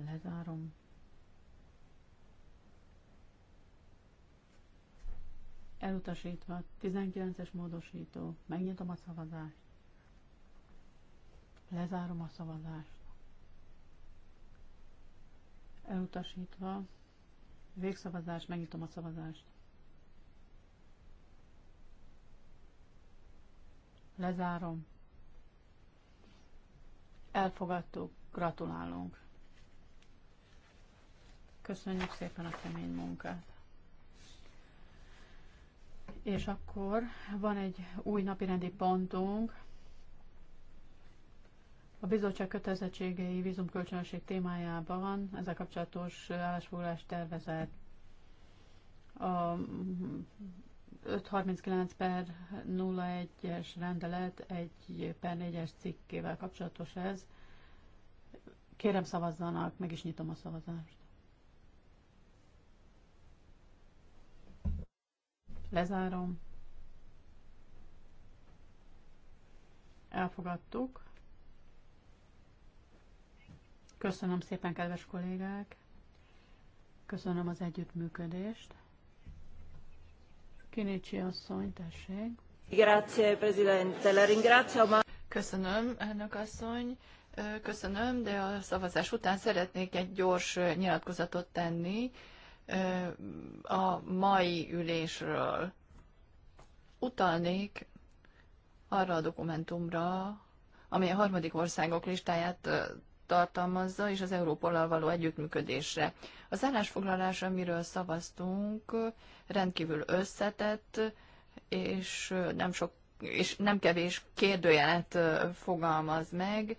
Lezárom. Elutasítva. 19-es módosító. Megnyitom a szavazást. Lezárom a szavazást. Elutasítva. Végszavazás. Megnyitom a szavazást. Lezárom. Elfogadtuk. Gratulálunk. Köszönjük szépen a kemény munkát. És akkor van egy új napirendi pontunk, a bizottság kötelezettségei vízumkölcsönösség témájában ezzel kapcsolatos állásfoglalást tervezett a 539 per 01-es rendelet 1 per 4-es cikkével kapcsolatos ez. Kérem szavazzanak, meg is nyitom a szavazást. Lezárom. Elfogadtuk. Köszönöm szépen, kedves kollégák! Köszönöm az együttműködést! Kinicsi asszony, tessék. Grazie, Presidente. La ringrazio, ma... Köszönöm, elnök asszony. Köszönöm, de a szavazás után szeretnék egy gyors nyilatkozatot tenni a mai ülésről. Utalnék arra a dokumentumra, amely a harmadik országok listáját tartalmazza, és az Európollal való együttműködésre. Az állásfoglalás, amiről szavaztunk, rendkívül összetett, és nem, sok, és nem kevés kérdőjelet fogalmaz meg,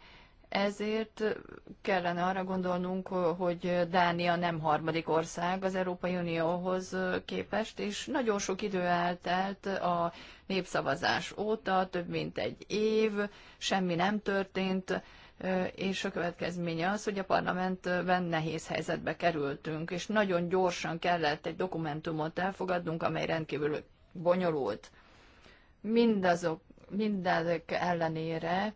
ezért kellene arra gondolnunk, hogy Dánia nem harmadik ország az Európai Unióhoz képest, és nagyon sok idő eltelt a népszavazás óta, több mint egy év, semmi nem történt, és a következménye az, hogy a parlamentben nehéz helyzetbe kerültünk, és nagyon gyorsan kellett egy dokumentumot elfogadnunk, amely rendkívül bonyolult. Mindazok, mindezek ellenére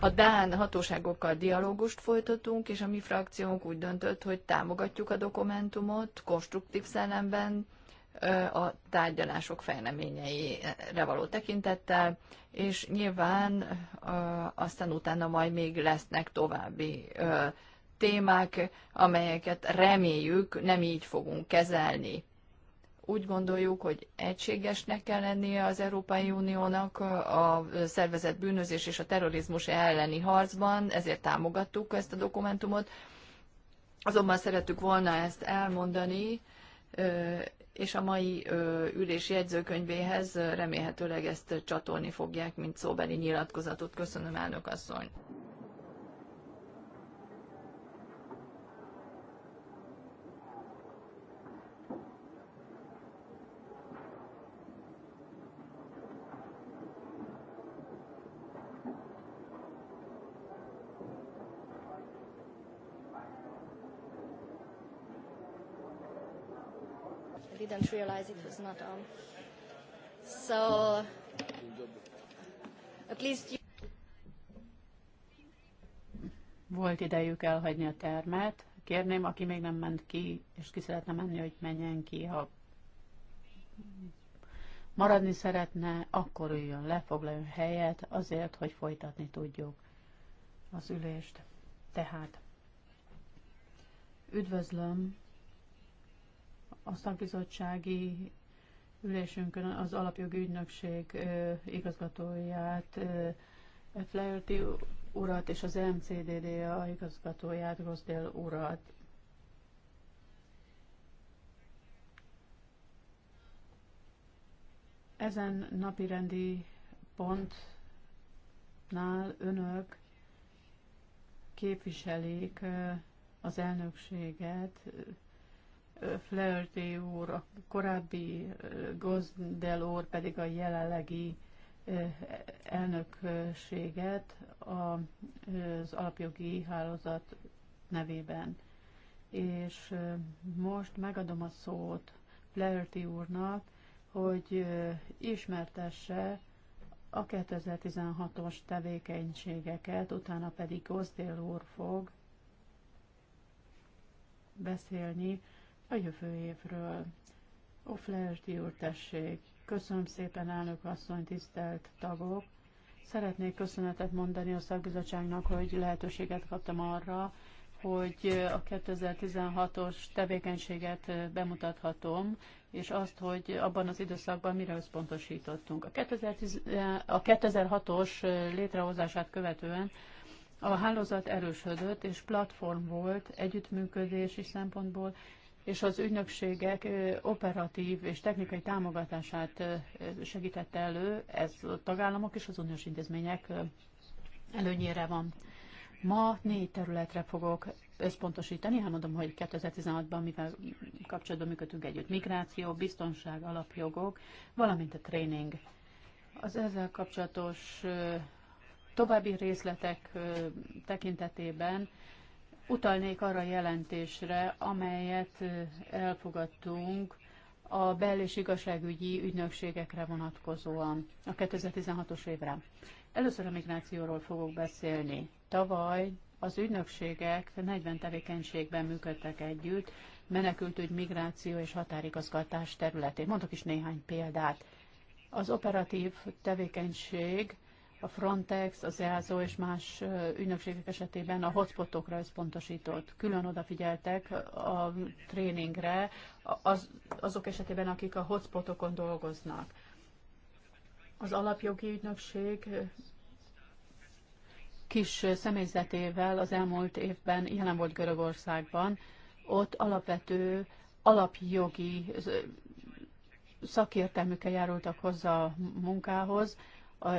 a Dán hatóságokkal dialógust folytatunk, és a mi frakciónk úgy döntött, hogy támogatjuk a dokumentumot konstruktív szellemben, a tárgyalások fejleményeire való tekintettel, és nyilván aztán utána majd még lesznek további témák, amelyeket reméljük nem így fogunk kezelni. Úgy gondoljuk, hogy egységesnek kell lennie az Európai Uniónak a szervezet bűnözés és a terrorizmus elleni harcban, ezért támogattuk ezt a dokumentumot. Azonban szerettük volna ezt elmondani, és a mai ülés jegyzőkönyvéhez remélhetőleg ezt csatolni fogják, mint szóbeli nyilatkozatot. Köszönöm, elnök asszony! realize it was not on. Um, so, at least you... Volt idejük elhagyni a termet. Kérném, aki még nem ment ki, és ki szeretne menni, hogy menjen ki, ha maradni szeretne, akkor üljön le, foglaljon helyet, azért, hogy folytatni tudjuk az ülést. Tehát üdvözlöm a szakbizottsági ülésünkön az alapjogi ügynökség igazgatóját, Flaherty urat és az MCDDA igazgatóját, Rosdell urat. Ezen napirendi pontnál önök képviselik az elnökséget, Flaherty úr, a korábbi Gozdel úr pedig a jelenlegi elnökséget az alapjogi hálózat nevében. És most megadom a szót Flaherty úrnak, hogy ismertesse a 2016-os tevékenységeket, utána pedig Gozdél úr fog beszélni a jövő évről. Oflerdi úr, tessék! Köszönöm szépen, elnök asszony, tisztelt tagok! Szeretnék köszönetet mondani a szakbizottságnak, hogy lehetőséget kaptam arra, hogy a 2016-os tevékenységet bemutathatom, és azt, hogy abban az időszakban mire összpontosítottunk. A, a 2006-os létrehozását követően a hálózat erősödött, és platform volt együttműködési szempontból, és az ügynökségek operatív és technikai támogatását segítette elő, ez a tagállamok és az uniós intézmények előnyére van. Ma négy területre fogok összpontosítani, elmondom, hát hogy 2016-ban mivel kapcsolatban működtünk együtt. Migráció, biztonság, alapjogok, valamint a tréning. Az ezzel kapcsolatos további részletek tekintetében Utalnék arra a jelentésre, amelyet elfogadtunk a bel- és igazságügyi ügynökségekre vonatkozóan a 2016-os évre. Először a migrációról fogok beszélni. Tavaly az ügynökségek 40 tevékenységben működtek együtt, menekültügy, migráció és határigazgatás területén. Mondok is néhány példát. Az operatív tevékenység a Frontex, az EASO és más ügynökségek esetében a hotspotokra összpontosított. Külön odafigyeltek a tréningre az, azok esetében, akik a hotspotokon dolgoznak. Az alapjogi ügynökség kis személyzetével az elmúlt évben jelen volt Görögországban. Ott alapvető alapjogi szakértelmükkel járultak hozzá a munkához, a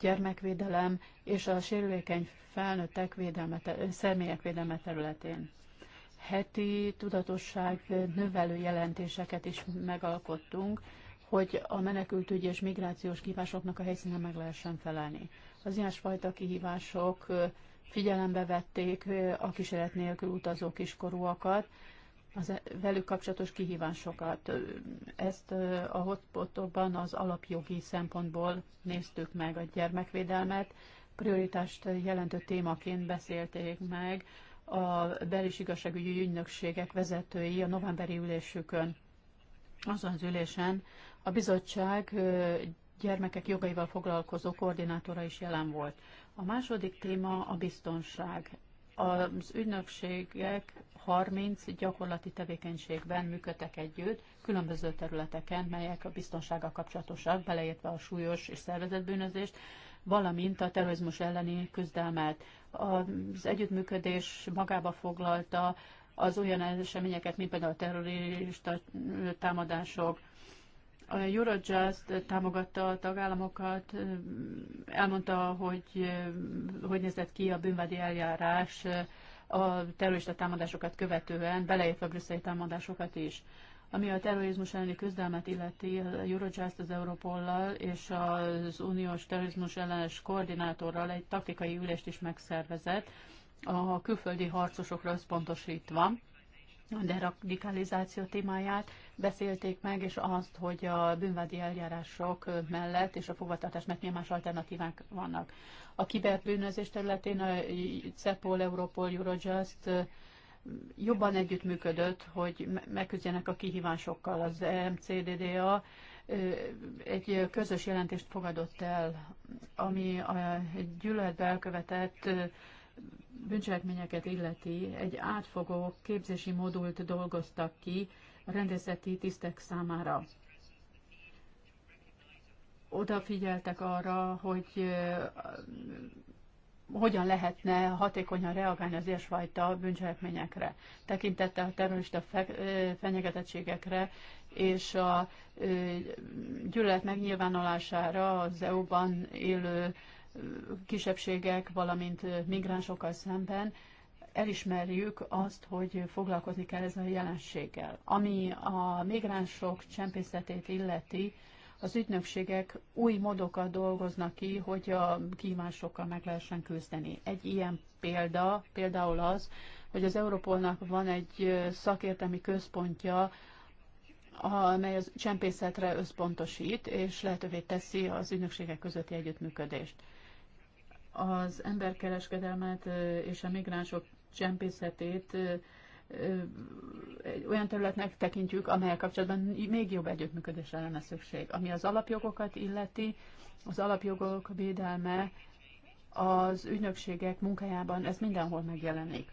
gyermekvédelem és a sérülékeny felnőttek védelme, személyek védelme területén. Heti tudatosság növelő jelentéseket is megalkottunk, hogy a menekültügyi és migrációs kívásoknak a helyszínen meg lehessen felelni. Az ilyesfajta kihívások figyelembe vették a kísérlet nélkül utazó kiskorúakat, az e- velük kapcsolatos kihívásokat. Ezt a hotspotokban az alapjogi szempontból néztük meg a gyermekvédelmet, prioritást jelentő témaként beszélték meg a belis igazságügyi ügynökségek vezetői a novemberi ülésükön. Azon az ülésen a bizottság gyermekek jogaival foglalkozó koordinátora is jelen volt. A második téma a biztonság. Az ügynökségek 30 gyakorlati tevékenységben működtek együtt, különböző területeken, melyek a biztonsággal kapcsolatosak, beleértve a súlyos és szervezetbűnözést, valamint a terrorizmus elleni küzdelmet. Az együttműködés magába foglalta az olyan eseményeket, mint például a terrorista támadások. A Eurojust támogatta a tagállamokat, elmondta, hogy hogy nézett ki a bűnvádi eljárás a terrorista támadásokat követően, beleértve a brüsszeli támadásokat is. Ami a terrorizmus elleni küzdelmet illeti, a Eurojust az Europollal és az uniós terrorizmus ellenes koordinátorral egy taktikai ülést is megszervezett, a külföldi harcosokra összpontosítva, a deradikalizáció témáját, beszélték meg, és azt, hogy a bűnvádi eljárások mellett és a fogvatartás mellett milyen más alternatívák vannak. A kiberbűnözés területén a CEPOL, Europol, Eurojust jobban együttműködött, hogy megküzdjenek a kihívásokkal. Az e MCDDA egy közös jelentést fogadott el, ami a gyűlöletbe elkövetett bűncselekményeket illeti, egy átfogó képzési modult dolgoztak ki, rendezeti tisztek számára. Odafigyeltek arra, hogy hogyan lehetne hatékonyan reagálni az ilyesfajta bűncselekményekre, tekintette a terrorista fenyegetettségekre és a gyűlölet megnyilvánulására az EU-ban élő kisebbségek, valamint migránsokkal szemben elismerjük azt, hogy foglalkozni kell ezzel a jelenséggel. Ami a migránsok csempészetét illeti, az ügynökségek új módokat dolgoznak ki, hogy a kívánsokkal meg lehessen küzdeni. Egy ilyen példa például az, hogy az Európolnak van egy szakértelmi központja, amely a csempészetre összpontosít, és lehetővé teszi az ügynökségek közötti együttműködést. Az emberkereskedelmet és a migránsok csempészetét olyan területnek tekintjük, amelyek kapcsolatban még jobb együttműködésre lenne szükség. Ami az alapjogokat illeti, az alapjogok védelme az ügynökségek munkájában, ez mindenhol megjelenik.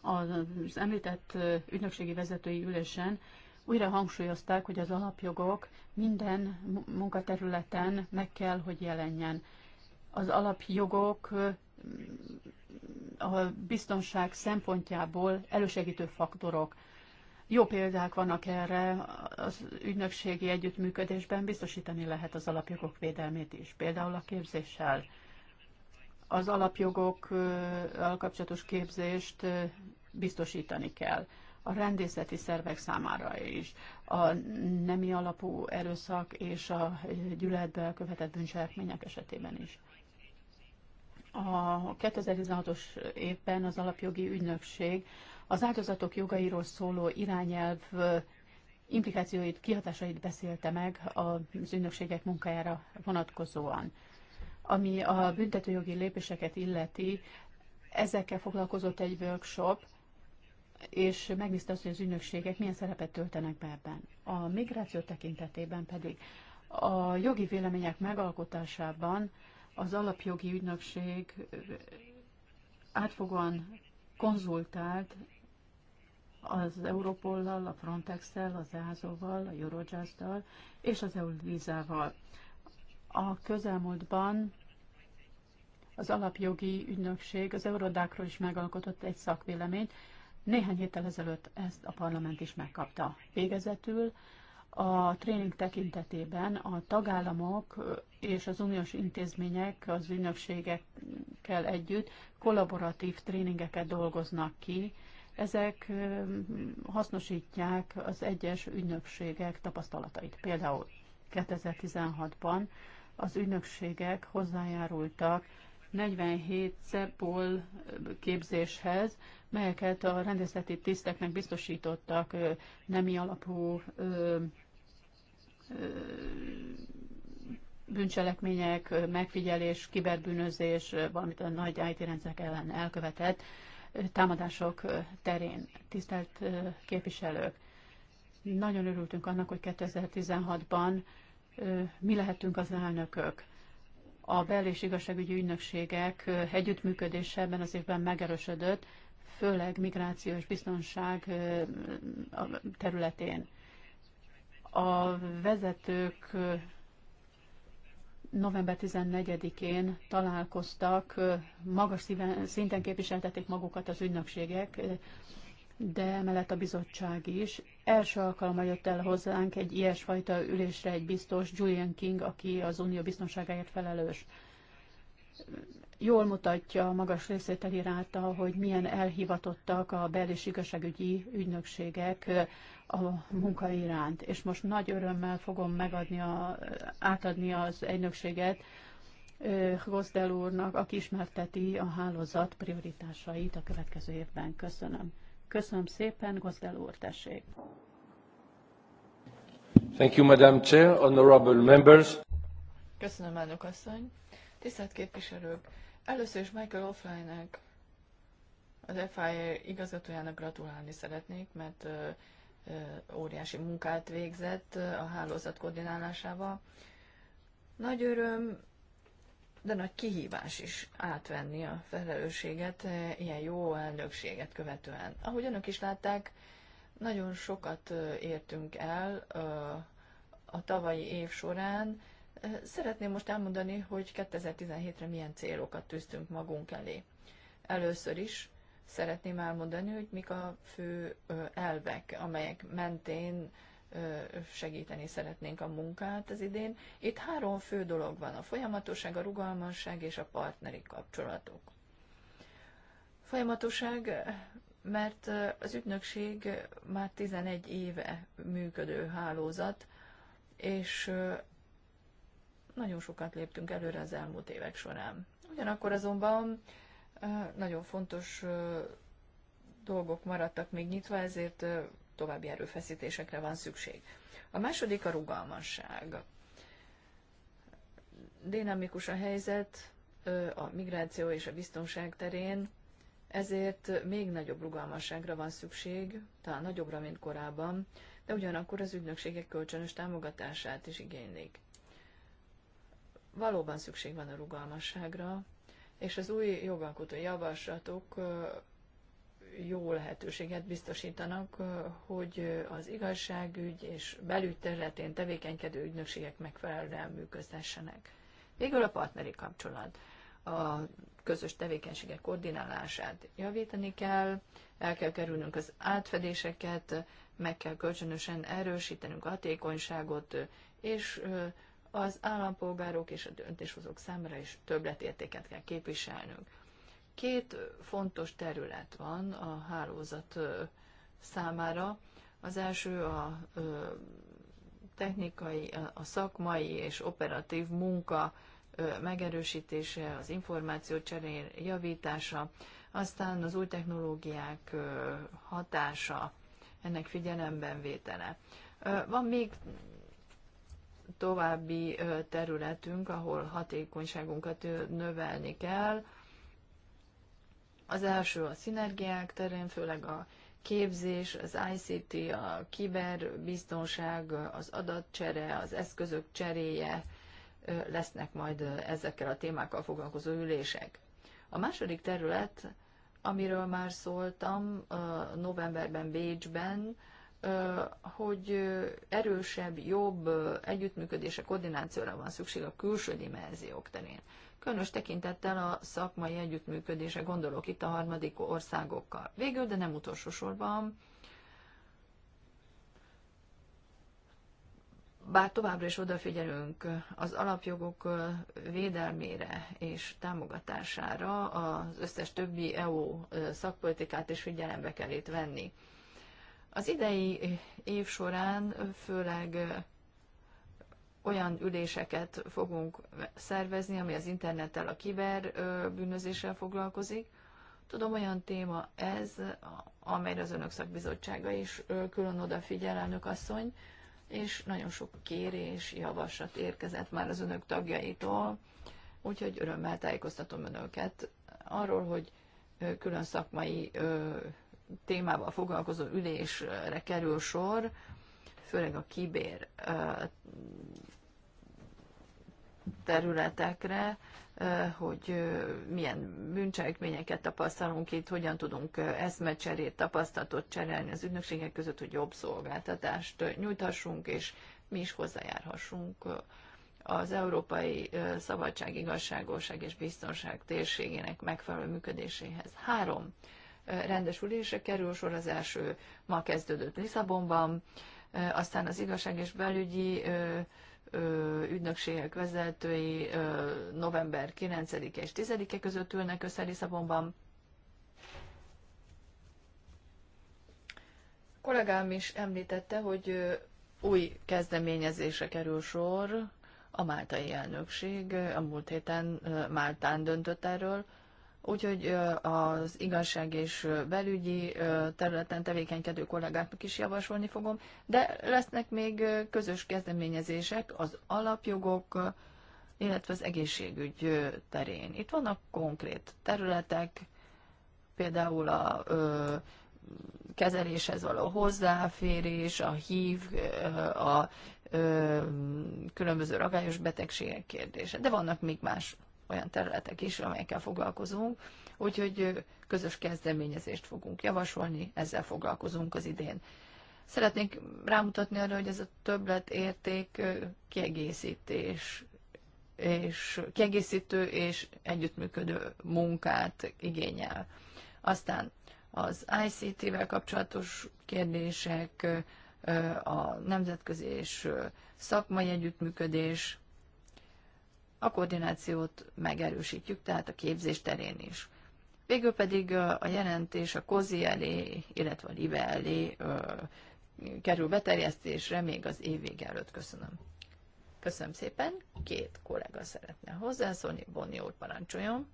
Az említett ügynökségi vezetői ülésen újra hangsúlyozták, hogy az alapjogok minden munkaterületen meg kell, hogy jelenjen. Az alapjogok a biztonság szempontjából elősegítő faktorok. Jó példák vannak erre, az ügynökségi együttműködésben biztosítani lehet az alapjogok védelmét is, például a képzéssel. Az alapjogokkal kapcsolatos képzést biztosítani kell a rendészeti szervek számára is, a nemi alapú erőszak és a gyűlöletbe követett bűncselekmények esetében is. A 2016-os évben az alapjogi ügynökség az áldozatok jogairól szóló irányelv implikációit, kihatásait beszélte meg az ügynökségek munkájára vonatkozóan. Ami a büntetőjogi lépéseket illeti, ezekkel foglalkozott egy workshop, és megnézte azt, hogy az ügynökségek milyen szerepet töltenek be ebben. A migráció tekintetében pedig a jogi vélemények megalkotásában az alapjogi ügynökség átfogóan konzultált az Europollal, a Frontex-tel, az EASO-val, a Eurojust-tal és az EU vízával. A közelmúltban az alapjogi ügynökség az Eurodákról is megalkotott egy szakvéleményt, néhány héttel ezelőtt ezt a parlament is megkapta. Végezetül a tréning tekintetében a tagállamok és az uniós intézmények az ügynökségekkel együtt kollaboratív tréningeket dolgoznak ki. Ezek hasznosítják az egyes ügynökségek tapasztalatait. Például 2016-ban az ügynökségek hozzájárultak 47 CEPOL képzéshez, melyeket a rendezeti tiszteknek biztosítottak nemi alapú bűncselekmények, megfigyelés, kiberbűnözés, valamint a nagy IT rendszerek ellen elkövetett támadások terén. Tisztelt képviselők, nagyon örültünk annak, hogy 2016-ban mi lehetünk az elnökök. A bel- és igazságügyi ügynökségek együttműködése ebben az évben megerősödött, főleg migrációs biztonság területén. A vezetők november 14-én találkoztak, magas szinten képviseltették magukat az ügynökségek, de emellett a bizottság is. Első alkalommal jött el hozzánk egy ilyesfajta ülésre egy biztos, Julian King, aki az unió biztonságáért felelős jól mutatja a magas részvételi ráta, hogy milyen elhivatottak a bel- és igazságügyi ügynökségek a munka iránt. És most nagy örömmel fogom megadni a, átadni az ügynökséget Goszdel úrnak, aki ismerteti a hálózat prioritásait a következő évben. Köszönöm. Köszönöm szépen, Gozdel úr, tessék. Thank you, Madam Chair, honorable members. Köszönöm, elnök asszony. Tisztelt képviselők! Először is Michael Offline-nek, az FIA igazgatójának gratulálni szeretnék, mert óriási munkát végzett a hálózat koordinálásával. Nagy öröm, de nagy kihívás is átvenni a felelősséget ilyen jó elnökséget követően. Ahogy önök is látták, nagyon sokat értünk el a tavalyi év során, Szeretném most elmondani, hogy 2017-re milyen célokat tűztünk magunk elé. Először is szeretném elmondani, hogy mik a fő elvek, amelyek mentén segíteni szeretnénk a munkát az idén. Itt három fő dolog van, a folyamatosság, a rugalmasság és a partneri kapcsolatok. Folyamatosság, mert az ügynökség már 11 éve működő hálózat, és nagyon sokat léptünk előre az elmúlt évek során. Ugyanakkor azonban nagyon fontos dolgok maradtak még nyitva, ezért további erőfeszítésekre van szükség. A második a rugalmasság. Dinamikus a helyzet a migráció és a biztonság terén, ezért még nagyobb rugalmasságra van szükség, talán nagyobbra, mint korábban, de ugyanakkor az ügynökségek kölcsönös támogatását is igénylik. Valóban szükség van a rugalmasságra, és az új jogalkotó javaslatok jó lehetőséget biztosítanak, hogy az igazságügy és belügy területén tevékenykedő ügynökségek megfelelően működhessenek. Végül a partneri kapcsolat. A közös tevékenységek koordinálását javítani kell, el kell kerülnünk az átfedéseket, meg kell kölcsönösen erősítenünk a hatékonyságot, és az állampolgárok és a döntéshozók számára is többletértéket kell képviselnünk. Két fontos terület van a hálózat számára. Az első a technikai, a szakmai és operatív munka megerősítése, az információ cserén javítása, aztán az új technológiák hatása, ennek figyelemben vétele. Van még további területünk, ahol hatékonyságunkat növelni kell. Az első a szinergiák terén, főleg a képzés, az ICT, a kiberbiztonság, az adatcsere, az eszközök cseréje lesznek majd ezekkel a témákkal foglalkozó ülések. A második terület, amiről már szóltam novemberben Bécsben, hogy erősebb, jobb együttműködése, koordinációra van szükség a külső dimenziók terén. Különös tekintettel a szakmai együttműködése gondolok itt a harmadik országokkal. Végül, de nem utolsó sorban, bár továbbra is odafigyelünk az alapjogok védelmére és támogatására, az összes többi EU szakpolitikát is figyelembe kell itt venni. Az idei év során főleg olyan üléseket fogunk szervezni, ami az internettel, a bűnözéssel foglalkozik. Tudom, olyan téma ez, amelyre az Önök Szakbizottsága is külön odafigyel, elnök asszony, és nagyon sok kérés, javaslat érkezett már az Önök tagjaitól, úgyhogy örömmel tájékoztatom Önöket arról, hogy külön szakmai témával foglalkozó ülésre kerül sor, főleg a kibér területekre, hogy milyen bűncselekményeket tapasztalunk itt, hogyan tudunk eszmecserét, tapasztalatot cserélni az ügynökségek között, hogy jobb szolgáltatást nyújthassunk, és mi is hozzájárhassunk az európai szabadság, igazságosság és biztonság térségének megfelelő működéséhez. Három rendes ülésre kerül sor, az első ma kezdődött Lisszabonban, aztán az igazság és belügyi ügynökségek vezetői november 9 -e és 10-e között ülnek össze Lisszabonban. Kollégám is említette, hogy új kezdeményezésre kerül sor, a máltai elnökség a múlt héten Máltán döntött erről, Úgyhogy az igazság és belügyi területen tevékenykedő kollégáknak is javasolni fogom, de lesznek még közös kezdeményezések az alapjogok, illetve az egészségügy terén. Itt vannak konkrét területek, például a kezeléshez való hozzáférés, a hív, a különböző ragályos betegségek kérdése, de vannak még más olyan területek is, amelyekkel foglalkozunk, úgyhogy közös kezdeményezést fogunk javasolni, ezzel foglalkozunk az idén. Szeretnék rámutatni arra, hogy ez a többlet érték kiegészítés és kiegészítő és együttműködő munkát igényel. Aztán az ICT-vel kapcsolatos kérdések, a nemzetközi és szakmai együttműködés, a koordinációt megerősítjük, tehát a képzés terén is. Végül pedig a jelentés a COZI elé, illetve a LIBE elé kerül beterjesztésre még az év vége előtt. Köszönöm. Köszönöm szépen. Két kollega szeretne hozzászólni. Bonnyi úr, parancsoljon.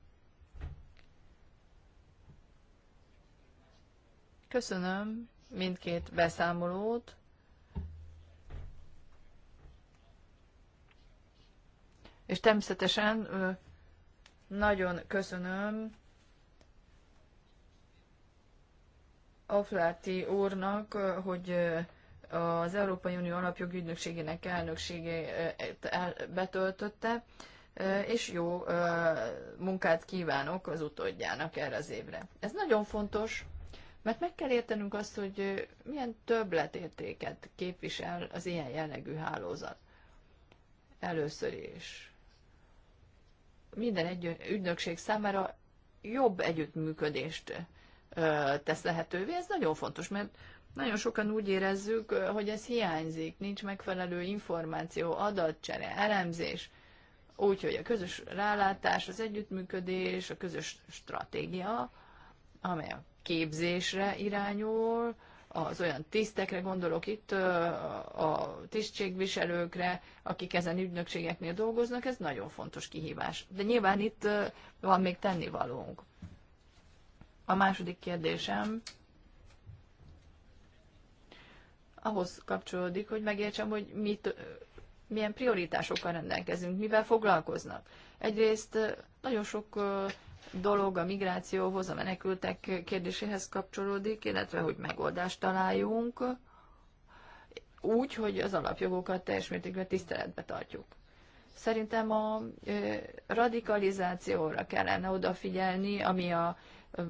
Köszönöm mindkét beszámolót. És természetesen nagyon köszönöm Aflárti úrnak, hogy az Európai Unió Alapjogi Ügynökségének elnökségét e, betöltötte, és jó munkát kívánok az utódjának erre az évre. Ez nagyon fontos, mert meg kell értenünk azt, hogy milyen többletértéket képvisel az ilyen jellegű hálózat. Először is minden egy ügynökség számára jobb együttműködést tesz lehetővé. Ez nagyon fontos, mert nagyon sokan úgy érezzük, hogy ez hiányzik, nincs megfelelő információ, adatcsere, elemzés, úgyhogy a közös rálátás, az együttműködés, a közös stratégia, amely a képzésre irányul, az olyan tisztekre gondolok itt, a tisztségviselőkre, akik ezen ügynökségeknél dolgoznak, ez nagyon fontos kihívás. De nyilván itt van még tennivalónk. A második kérdésem ahhoz kapcsolódik, hogy megértsem, hogy mit, milyen prioritásokkal rendelkezünk, mivel foglalkoznak. Egyrészt nagyon sok dolog a migrációhoz, a menekültek kérdéséhez kapcsolódik, illetve hogy megoldást találjunk úgy, hogy az alapjogokat teljes mértékben tiszteletbe tartjuk. Szerintem a radikalizációra kellene odafigyelni, ami a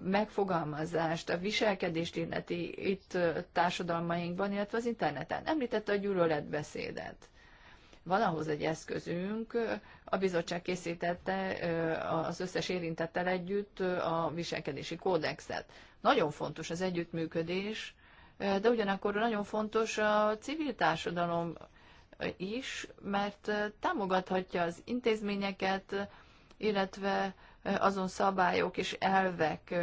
megfogalmazást, a viselkedést illeti itt társadalmainkban, illetve az interneten. Említette a gyűlöletbeszédet. Van ahhoz egy eszközünk, a bizottság készítette az összes érintettel együtt a viselkedési kódexet. Nagyon fontos az együttműködés, de ugyanakkor nagyon fontos a civil társadalom is, mert támogathatja az intézményeket, illetve azon szabályok és elvek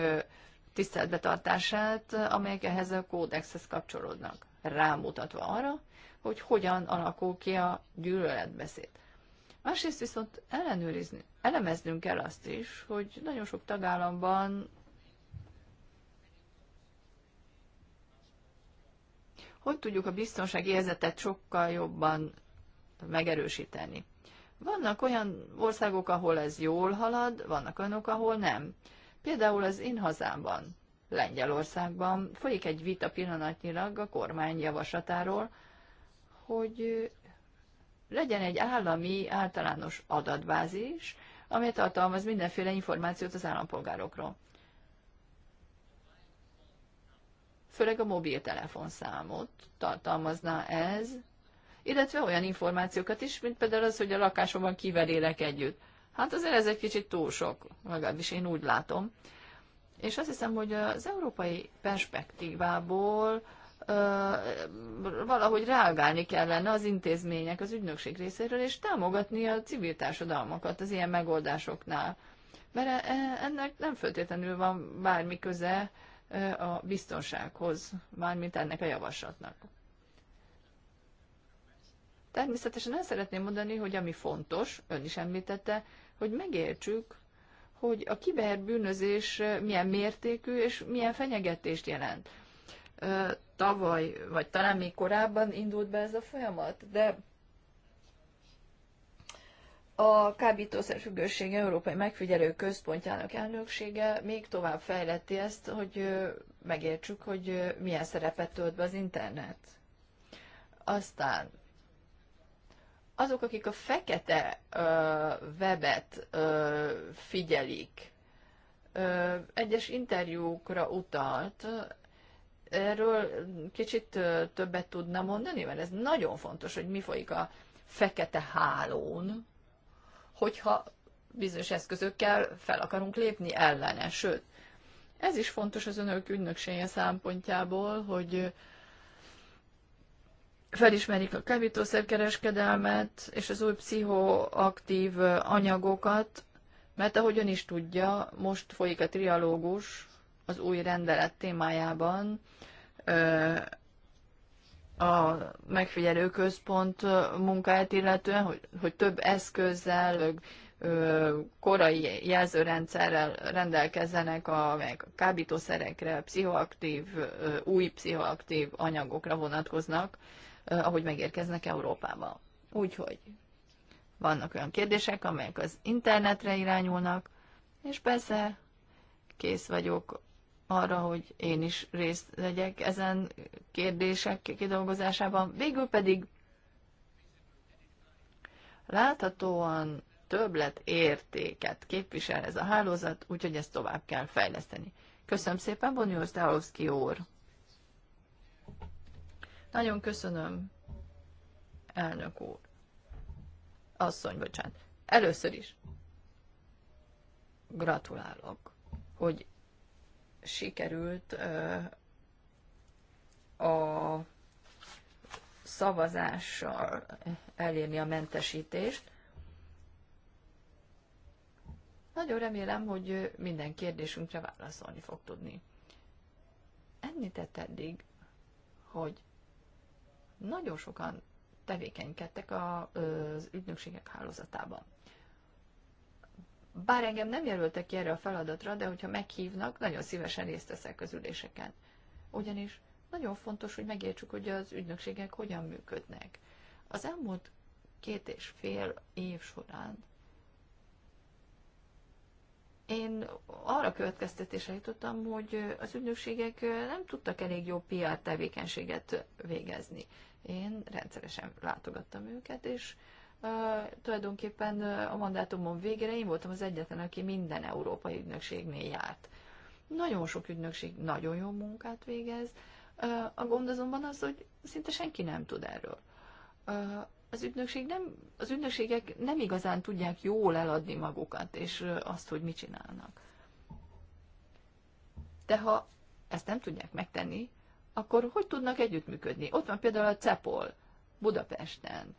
tiszteletbetartását, amelyek ehhez a kódexhez kapcsolódnak, rámutatva arra, hogy hogyan alakul ki a gyűlöletbeszéd. Másrészt viszont ellenőrizni, elemeznünk kell azt is, hogy nagyon sok tagállamban hogy tudjuk a biztonsági érzetet sokkal jobban megerősíteni. Vannak olyan országok, ahol ez jól halad, vannak olyanok, ahol nem. Például az én hazámban, Lengyelországban folyik egy vita pillanatnyilag a kormány javaslatáról, hogy legyen egy állami általános adatbázis, amely tartalmaz mindenféle információt az állampolgárokról. Főleg a mobiltelefonszámot tartalmazná ez, illetve olyan információkat is, mint például az, hogy a lakásomban kivel élek együtt. Hát azért ez egy kicsit túl sok, legalábbis én úgy látom. És azt hiszem, hogy az európai perspektívából valahogy reagálni kellene az intézmények, az ügynökség részéről, és támogatni a civil társadalmakat az ilyen megoldásoknál. Mert e, ennek nem feltétlenül van bármi köze a biztonsághoz, mármint ennek a javaslatnak. Természetesen el szeretném mondani, hogy ami fontos, ön is említette, hogy megértsük, hogy a kiberbűnözés milyen mértékű és milyen fenyegetést jelent tavaly, vagy talán még korábban indult be ez a folyamat, de a kábítószer függőség Európai Megfigyelő Központjának elnöksége még tovább fejleti ezt, hogy megértsük, hogy milyen szerepet tölt be az internet. Aztán azok, akik a fekete ö, webet ö, figyelik, ö, egyes interjúkra utalt erről kicsit többet tudna mondani, mert ez nagyon fontos, hogy mi folyik a fekete hálón, hogyha bizonyos eszközökkel fel akarunk lépni ellene. Sőt, ez is fontos az önök ügynöksége szempontjából, hogy felismerik a kábítószerkereskedelmet és az új pszichoaktív anyagokat, mert ahogyan is tudja, most folyik a trialógus az új rendelet témájában a megfigyelő központ munkáját illetően, hogy, hogy több eszközzel, korai jelzőrendszerrel rendelkezzenek, amelyek a kábítószerekre, pszichoaktív, új pszichoaktív anyagokra vonatkoznak, ahogy megérkeznek Európába. Úgyhogy vannak olyan kérdések, amelyek az internetre irányulnak, és persze kész vagyok arra, hogy én is részt vegyek ezen kérdések kidolgozásában. Végül pedig láthatóan többlet értéket képvisel ez a hálózat, úgyhogy ezt tovább kell fejleszteni. Köszönöm szépen, Bonyó Zdahovszki úr! Nagyon köszönöm, elnök úr. Asszony, bocsánat. Először is gratulálok, hogy sikerült a szavazással elérni a mentesítést. Nagyon remélem, hogy minden kérdésünkre válaszolni fog tudni. Említett eddig, hogy nagyon sokan tevékenykedtek az ügynökségek hálózatában. Bár engem nem jelöltek ki erre a feladatra, de hogyha meghívnak, nagyon szívesen részt veszek az üléseken. Ugyanis nagyon fontos, hogy megértsük, hogy az ügynökségek hogyan működnek. Az elmúlt két és fél év során én arra következtetése jutottam, hogy az ügynökségek nem tudtak elég jó PR tevékenységet végezni. Én rendszeresen látogattam őket, és tulajdonképpen a mandátumon végére én voltam az egyetlen, aki minden európai ügynökségnél járt. Nagyon sok ügynökség nagyon jó munkát végez. A gond azonban az, hogy szinte senki nem tud erről. Az, ügynökség nem, az ügynökségek nem igazán tudják jól eladni magukat, és azt, hogy mit csinálnak. De ha ezt nem tudják megtenni, akkor hogy tudnak együttműködni? Ott van például a CEPOL Budapesten,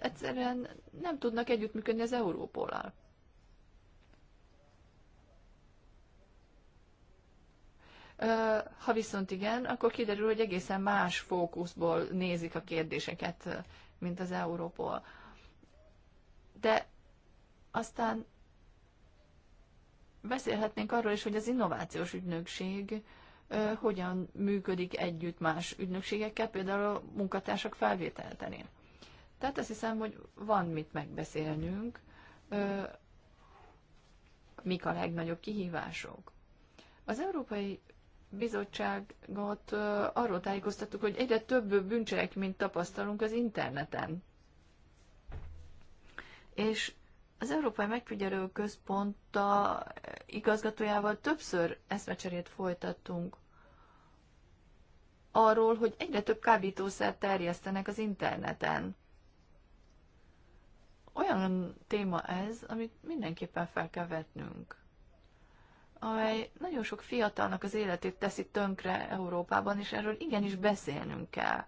egyszerűen nem tudnak együttműködni az Európollal. Ha viszont igen, akkor kiderül, hogy egészen más fókuszból nézik a kérdéseket, mint az Európol. De aztán beszélhetnénk arról is, hogy az innovációs ügynökség hogyan működik együtt más ügynökségekkel, például a munkatársak felvételtenén. terén. Tehát azt hiszem, hogy van mit megbeszélnünk, mik a legnagyobb kihívások. Az Európai Bizottságot arról tájékoztattuk, hogy egyre több bűncselekményt tapasztalunk az interneten. És az Európai Megfigyelő Központa igazgatójával többször eszmecserét folytattunk arról, hogy egyre több kábítószer terjesztenek az interneten. Olyan téma ez, amit mindenképpen fel kell vetnünk, amely nagyon sok fiatalnak az életét teszi tönkre Európában, és erről igenis beszélnünk kell.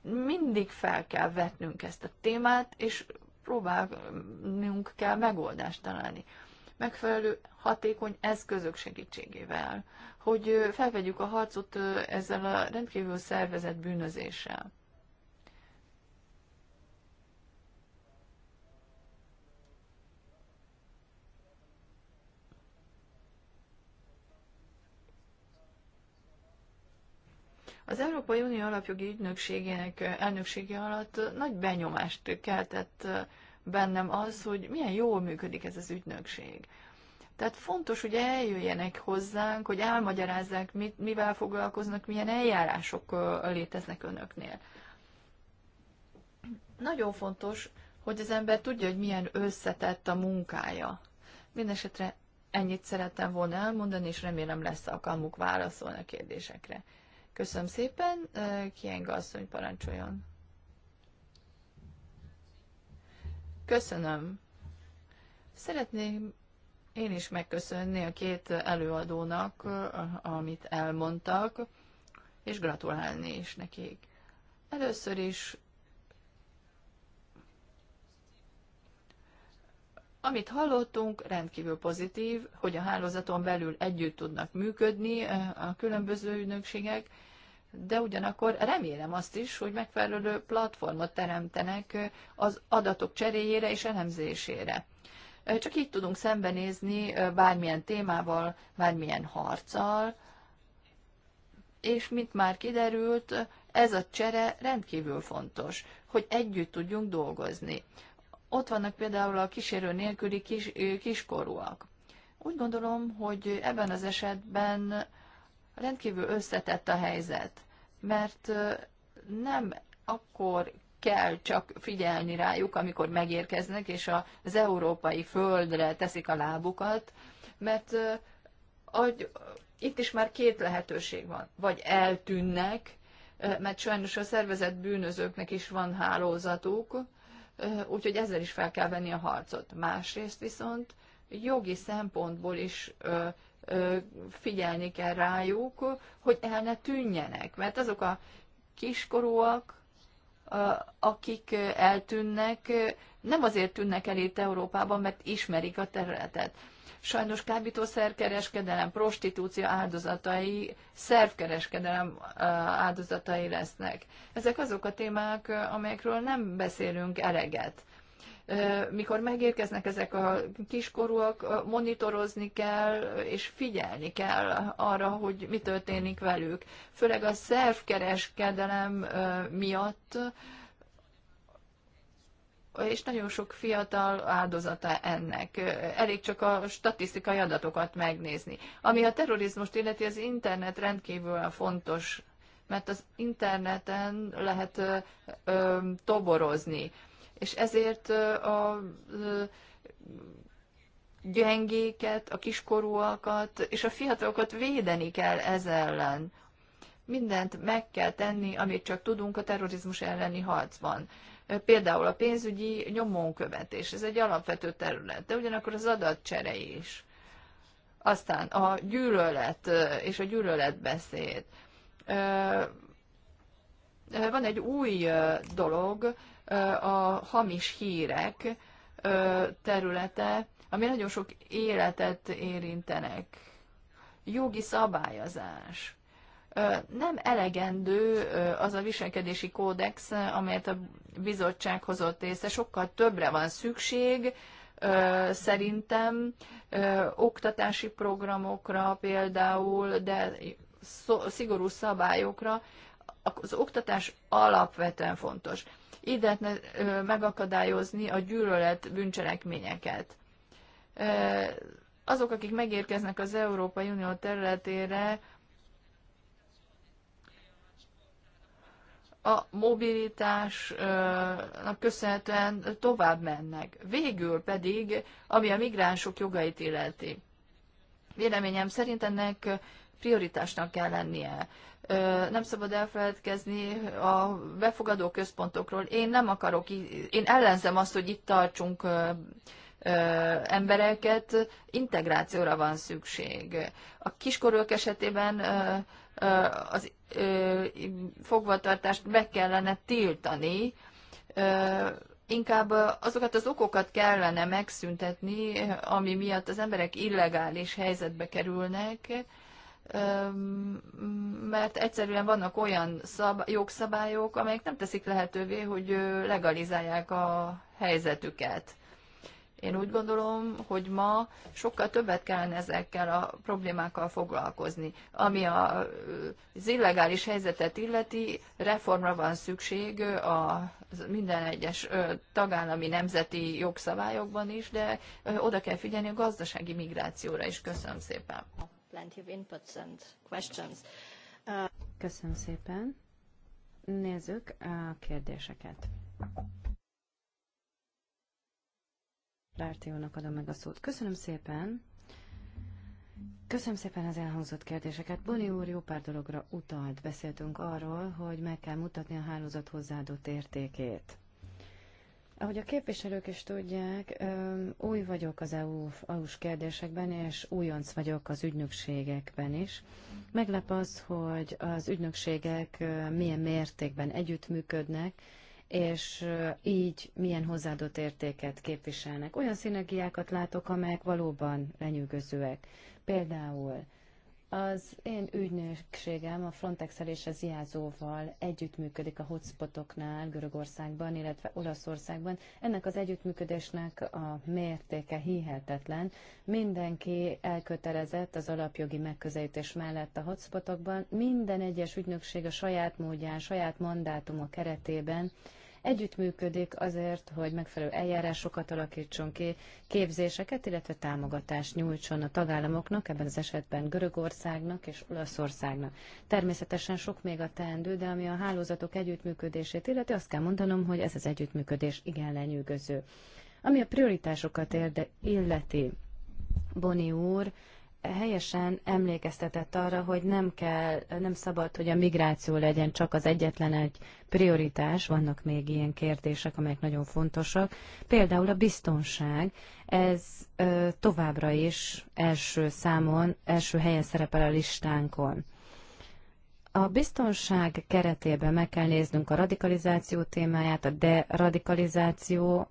Mindig fel kell vetnünk ezt a témát, és próbálnunk kell megoldást találni megfelelő hatékony eszközök segítségével, hogy felvegyük a harcot ezzel a rendkívül szervezett bűnözéssel. Az Európai Unió Alapjogi Ügynökségének elnöksége alatt nagy benyomást keltett bennem az, hogy milyen jól működik ez az ügynökség. Tehát fontos, hogy eljöjjenek hozzánk, hogy elmagyarázzák, mit, mivel foglalkoznak, milyen eljárások léteznek önöknél. Nagyon fontos, hogy az ember tudja, hogy milyen összetett a munkája. Mindenesetre ennyit szerettem volna elmondani, és remélem lesz alkalmuk válaszolni a kérdésekre. Köszönöm szépen, Kienga asszony parancsoljon. Köszönöm. Szeretném én is megköszönni a két előadónak, amit elmondtak, és gratulálni is nekik. Először is, amit hallottunk, rendkívül pozitív, hogy a hálózaton belül együtt tudnak működni a különböző ügynökségek, de ugyanakkor remélem azt is, hogy megfelelő platformot teremtenek az adatok cseréjére és elemzésére. Csak így tudunk szembenézni bármilyen témával, bármilyen harccal, és mint már kiderült, ez a csere rendkívül fontos, hogy együtt tudjunk dolgozni. Ott vannak például a kísérő nélküli kis, kiskorúak. Úgy gondolom, hogy ebben az esetben rendkívül összetett a helyzet mert nem akkor kell csak figyelni rájuk, amikor megérkeznek, és az európai földre teszik a lábukat, mert ahogy, itt is már két lehetőség van. Vagy eltűnnek, mert sajnos a szervezett bűnözőknek is van hálózatuk, úgyhogy ezzel is fel kell venni a harcot. Másrészt viszont jogi szempontból is figyelni kell rájuk, hogy el ne tűnjenek. Mert azok a kiskorúak, akik eltűnnek, nem azért tűnnek el itt Európában, mert ismerik a területet. Sajnos kábítószerkereskedelem, prostitúció áldozatai, szervkereskedelem áldozatai lesznek. Ezek azok a témák, amelyekről nem beszélünk eleget mikor megérkeznek ezek a kiskorúak, monitorozni kell és figyelni kell arra, hogy mi történik velük. Főleg a szervkereskedelem miatt, és nagyon sok fiatal áldozata ennek. Elég csak a statisztikai adatokat megnézni. Ami a terrorizmust illeti, az internet rendkívül fontos mert az interneten lehet ö, ö, toborozni és ezért a gyengéket, a kiskorúakat és a fiatalokat védeni kell ez ellen. Mindent meg kell tenni, amit csak tudunk a terrorizmus elleni harcban. Például a pénzügyi nyomonkövetés, ez egy alapvető terület, de ugyanakkor az adatcsere is. Aztán a gyűlölet és a gyűlöletbeszéd van egy új dolog, a hamis hírek területe, ami nagyon sok életet érintenek. Jogi szabályozás. Nem elegendő az a viselkedési kódex, amelyet a bizottság hozott észre, sokkal többre van szükség, szerintem oktatási programokra például, de szigorú szabályokra, az oktatás alapvetően fontos. Így lehetne megakadályozni a gyűlölet bűncselekményeket. Azok, akik megérkeznek az Európai Unió területére, a mobilitásnak köszönhetően tovább mennek. Végül pedig, ami a migránsok jogait illeti. Véleményem szerint ennek prioritásnak kell lennie nem szabad elfeledkezni a befogadó központokról. Én nem akarok, én ellenzem azt, hogy itt tartsunk embereket, integrációra van szükség. A kiskorúak esetében az fogvatartást be kellene tiltani, inkább azokat az okokat kellene megszüntetni, ami miatt az emberek illegális helyzetbe kerülnek, mert egyszerűen vannak olyan szab- jogszabályok, amelyek nem teszik lehetővé, hogy legalizálják a helyzetüket. Én úgy gondolom, hogy ma sokkal többet kellene ezekkel a problémákkal foglalkozni. Ami a, az illegális helyzetet illeti, reformra van szükség a minden egyes tagállami nemzeti jogszabályokban is, de oda kell figyelni a gazdasági migrációra is. Köszönöm szépen plenty of inputs and questions. Uh... Köszönöm szépen. Nézzük a kérdéseket. Lárti, Lártiónak adom meg a szót. Köszönöm szépen. Köszönöm szépen az elhangzott kérdéseket. Boni úr jó pár dologra utalt. Beszéltünk arról, hogy meg kell mutatni a hálózat hozzáadott értékét. Ahogy a képviselők is tudják, új vagyok az EU, s kérdésekben, és újonc vagyok az ügynökségekben is. Meglep az, hogy az ügynökségek milyen mértékben együttműködnek, és így milyen hozzáadott értéket képviselnek. Olyan szinergiákat látok, amelyek valóban lenyűgözőek. Például az én ügynökségem a frontex és az IAZO-val együttműködik a hotspotoknál Görögországban, illetve Olaszországban. Ennek az együttműködésnek a mértéke hihetetlen. Mindenki elkötelezett az alapjogi megközelítés mellett a hotspotokban. Minden egyes ügynökség a saját módján, saját mandátuma keretében együttműködik azért, hogy megfelelő eljárásokat alakítson ki, képzéseket, illetve támogatást nyújtson a tagállamoknak, ebben az esetben Görögországnak és Olaszországnak. Természetesen sok még a teendő, de ami a hálózatok együttműködését illeti, azt kell mondanom, hogy ez az együttműködés igen lenyűgöző. Ami a prioritásokat érde, illeti, Boni úr helyesen emlékeztetett arra, hogy nem kell, nem szabad, hogy a migráció legyen csak az egyetlen egy prioritás, vannak még ilyen kérdések, amelyek nagyon fontosak. Például a biztonság, ez ö, továbbra is első számon, első helyen szerepel a listánkon. A biztonság keretében meg kell néznünk a radikalizáció témáját, a deradikalizáció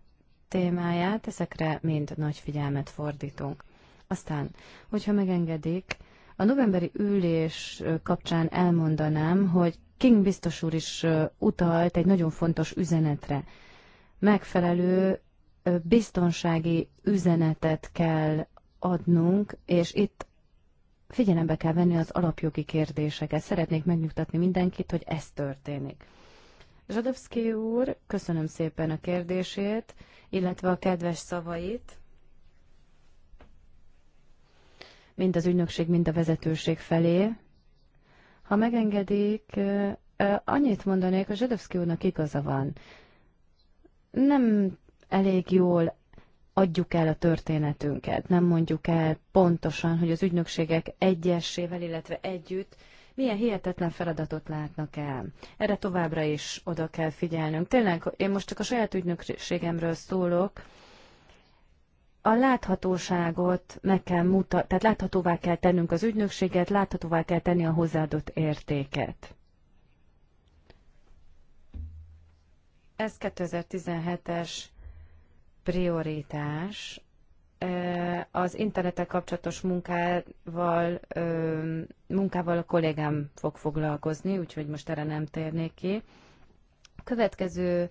témáját, ezekre mind nagy figyelmet fordítunk. Aztán, hogyha megengedik, a novemberi ülés kapcsán elmondanám, hogy King biztos úr is utalt egy nagyon fontos üzenetre. Megfelelő biztonsági üzenetet kell adnunk, és itt figyelembe kell venni az alapjogi kérdéseket. Szeretnék megnyugtatni mindenkit, hogy ez történik. Zsadovszki úr, köszönöm szépen a kérdését, illetve a kedves szavait. mind az ügynökség, mind a vezetőség felé. Ha megengedik, annyit mondanék, a Zsadovszki úrnak igaza van. Nem elég jól adjuk el a történetünket, nem mondjuk el pontosan, hogy az ügynökségek egyesével, illetve együtt milyen hihetetlen feladatot látnak el. Erre továbbra is oda kell figyelnünk. Tényleg, én most csak a saját ügynökségemről szólok, a láthatóságot meg kell mutatni, tehát láthatóvá kell tennünk az ügynökséget, láthatóvá kell tenni a hozzáadott értéket. Ez 2017-es prioritás. Az internetek kapcsolatos munkával, munkával a kollégám fog foglalkozni, úgyhogy most erre nem térnék ki. következő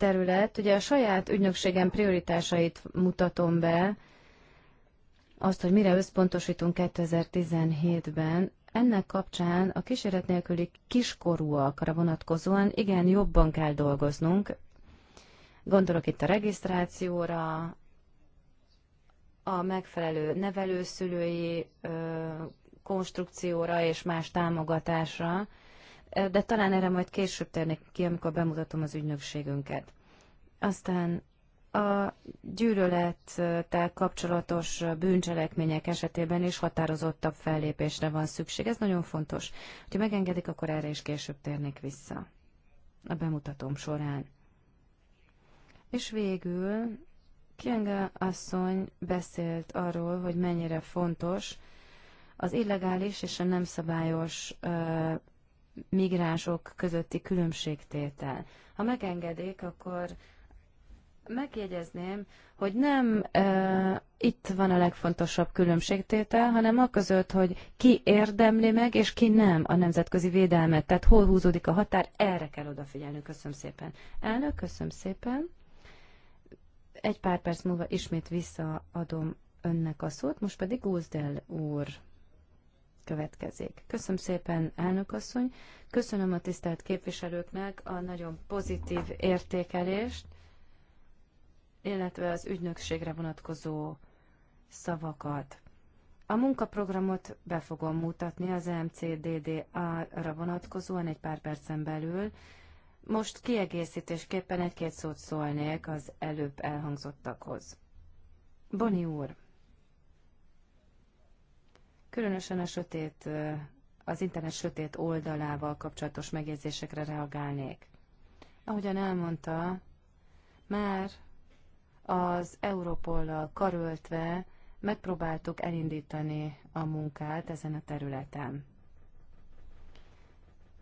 terület. Ugye a saját ügynökségem prioritásait mutatom be, azt, hogy mire összpontosítunk 2017-ben, ennek kapcsán a kísérlet nélküli kiskorúakra vonatkozóan igen jobban kell dolgoznunk. Gondolok itt a regisztrációra, a megfelelő nevelőszülői ö, konstrukcióra és más támogatásra, de talán erre majd később térnék ki, amikor bemutatom az ügynökségünket. Aztán a gyűlölettel kapcsolatos bűncselekmények esetében is határozottabb fellépésre van szükség. Ez nagyon fontos. Ha megengedik, akkor erre is később térnék vissza a bemutatom során. És végül Kienge asszony beszélt arról, hogy mennyire fontos az illegális és a nem szabályos migránsok közötti különbségtétel. Ha megengedik, akkor megjegyezném, hogy nem e, itt van a legfontosabb különbségtétel, hanem a között, hogy ki érdemli meg, és ki nem a nemzetközi védelmet. Tehát hol húzódik a határ, erre kell odafigyelni. Köszönöm szépen. Elnök, köszönöm szépen. Egy pár perc múlva ismét visszaadom önnek a szót, most pedig Gózdel úr következik. Köszönöm szépen, elnök asszony. Köszönöm a tisztelt képviselőknek a nagyon pozitív értékelést, illetve az ügynökségre vonatkozó szavakat. A munkaprogramot be fogom mutatni az MCDDA-ra vonatkozóan egy pár percen belül. Most kiegészítésképpen egy-két szót szólnék az előbb elhangzottakhoz. Boni úr, Különösen a sötét, az internet sötét oldalával kapcsolatos megjegyzésekre reagálnék. Ahogyan elmondta, már az Európollal karöltve megpróbáltuk elindítani a munkát ezen a területen.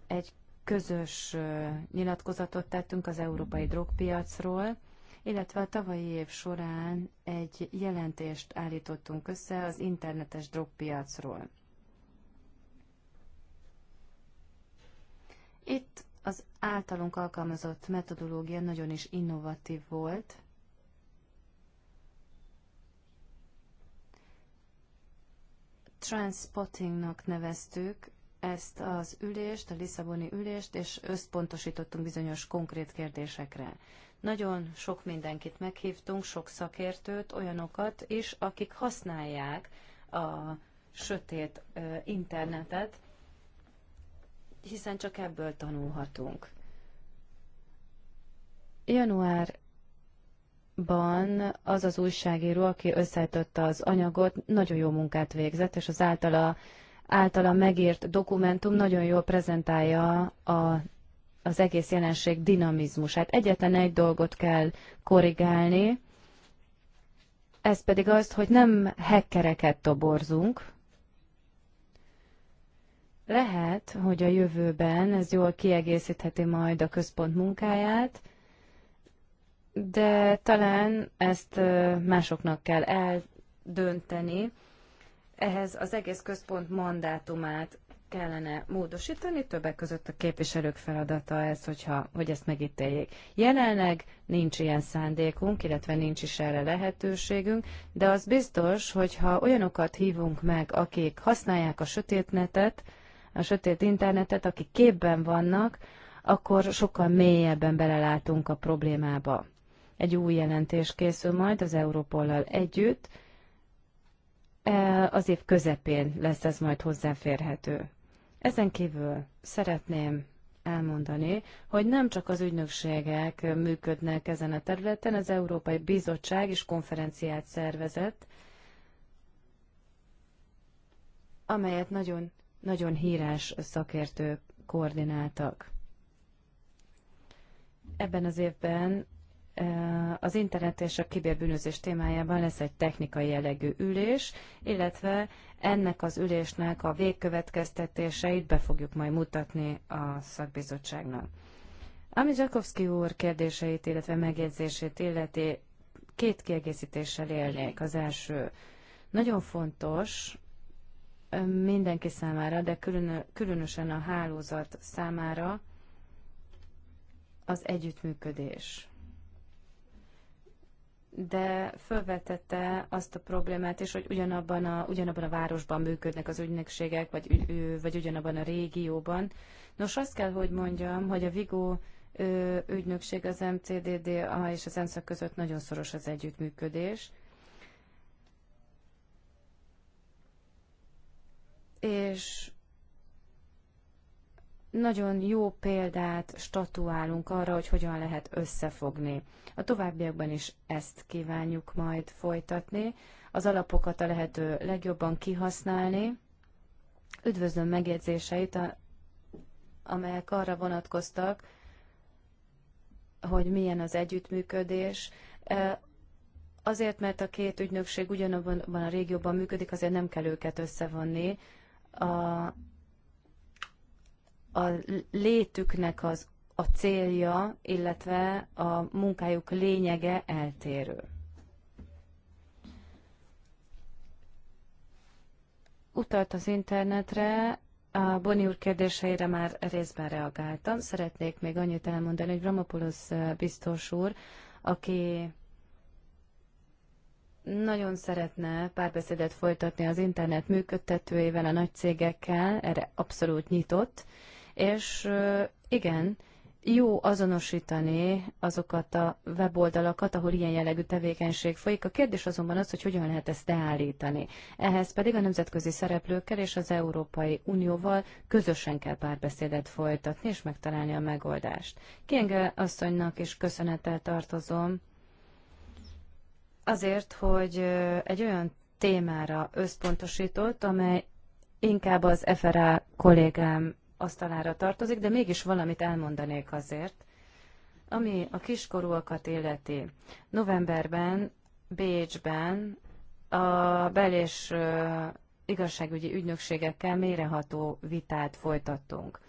Egy közös nyilatkozatot tettünk az európai drogpiacról, illetve a tavalyi év során egy jelentést állítottunk össze az internetes drogpiacról. Itt az általunk alkalmazott metodológia nagyon is innovatív volt, Transpottingnak neveztük ezt az ülést, a Lisszaboni ülést, és összpontosítottunk bizonyos konkrét kérdésekre. Nagyon sok mindenkit meghívtunk, sok szakértőt, olyanokat is, akik használják a sötét internetet, hiszen csak ebből tanulhatunk. Januárban az az újságíró, aki összetötte az anyagot, nagyon jó munkát végzett, és az általa, általa megírt dokumentum nagyon jól prezentálja a az egész jelenség dinamizmusát. Egyetlen egy dolgot kell korrigálni, ez pedig az, hogy nem hekkereket toborzunk. Lehet, hogy a jövőben ez jól kiegészítheti majd a központ munkáját, de talán ezt másoknak kell eldönteni. Ehhez az egész központ mandátumát kellene módosítani, többek között a képviselők feladata ez, hogyha, hogy ezt megítéljék. Jelenleg nincs ilyen szándékunk, illetve nincs is erre lehetőségünk, de az biztos, hogyha olyanokat hívunk meg, akik használják a sötétnetet, a sötét internetet, akik képben vannak, akkor sokkal mélyebben belelátunk a problémába. Egy új jelentés készül majd az Európollal együtt, e, az év közepén lesz ez majd hozzáférhető. Ezen kívül szeretném elmondani, hogy nem csak az ügynökségek működnek ezen a területen, az Európai Bizottság is konferenciát szervezett, amelyet nagyon, nagyon híres szakértők koordináltak. Ebben az évben e, az internet és a kiberbűnözés témájában lesz egy technikai jellegű ülés, illetve ennek az ülésnek a végkövetkeztetéseit be fogjuk majd mutatni a szakbizottságnak. Ami Zsakovszki úr kérdéseit, illetve megjegyzését illeti, két kiegészítéssel élnék. Az első nagyon fontos mindenki számára, de különösen a hálózat számára az együttműködés de felvetette azt a problémát is, hogy ugyanabban a, ugyanabban a városban működnek az ügynökségek, vagy, vagy ugyanabban a régióban. Nos, azt kell, hogy mondjam, hogy a Vigo ügynökség, az MCDDA és az ENSZA között nagyon szoros az együttműködés. És nagyon jó példát statuálunk arra, hogy hogyan lehet összefogni. A továbbiakban is ezt kívánjuk majd folytatni, az alapokat a lehető legjobban kihasználni. Üdvözlöm megjegyzéseit, amelyek arra vonatkoztak, hogy milyen az együttműködés. Azért, mert a két ügynökség ugyanabban a régióban működik, azért nem kell őket összevonni. A a létüknek az a célja, illetve a munkájuk lényege eltérő. Utalt az internetre, a Boni úr kérdéseire már részben reagáltam. Szeretnék még annyit elmondani, hogy Ramopoulos biztos úr, aki nagyon szeretne párbeszédet folytatni az internet működtetőivel, a nagy cégekkel, erre abszolút nyitott, és igen, jó azonosítani azokat a weboldalakat, ahol ilyen jellegű tevékenység folyik. A kérdés azonban az, hogy hogyan lehet ezt leállítani. Ehhez pedig a nemzetközi szereplőkkel és az Európai Unióval közösen kell párbeszédet folytatni és megtalálni a megoldást. Kienge asszonynak is köszönettel tartozom azért, hogy egy olyan témára összpontosított, amely inkább az FRA kollégám asztalára tartozik, de mégis valamit elmondanék azért. Ami a kiskorúakat illeti. Novemberben Bécsben a bel- és igazságügyi ügynökségekkel méreható vitát folytattunk.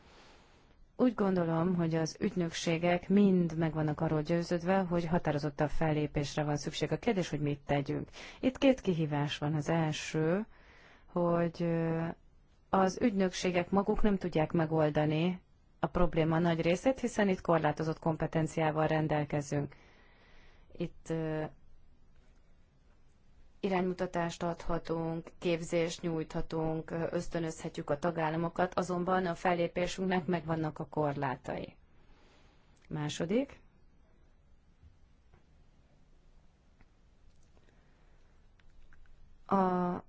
Úgy gondolom, hogy az ügynökségek mind meg vannak arról győződve, hogy határozottabb fellépésre van szükség. A kérdés, hogy mit tegyünk. Itt két kihívás van. Az első, hogy az ügynökségek maguk nem tudják megoldani a probléma nagy részét, hiszen itt korlátozott kompetenciával rendelkezünk. Itt iránymutatást adhatunk, képzést nyújthatunk, ösztönözhetjük a tagállamokat, azonban a fellépésünknek megvannak a korlátai. Második. A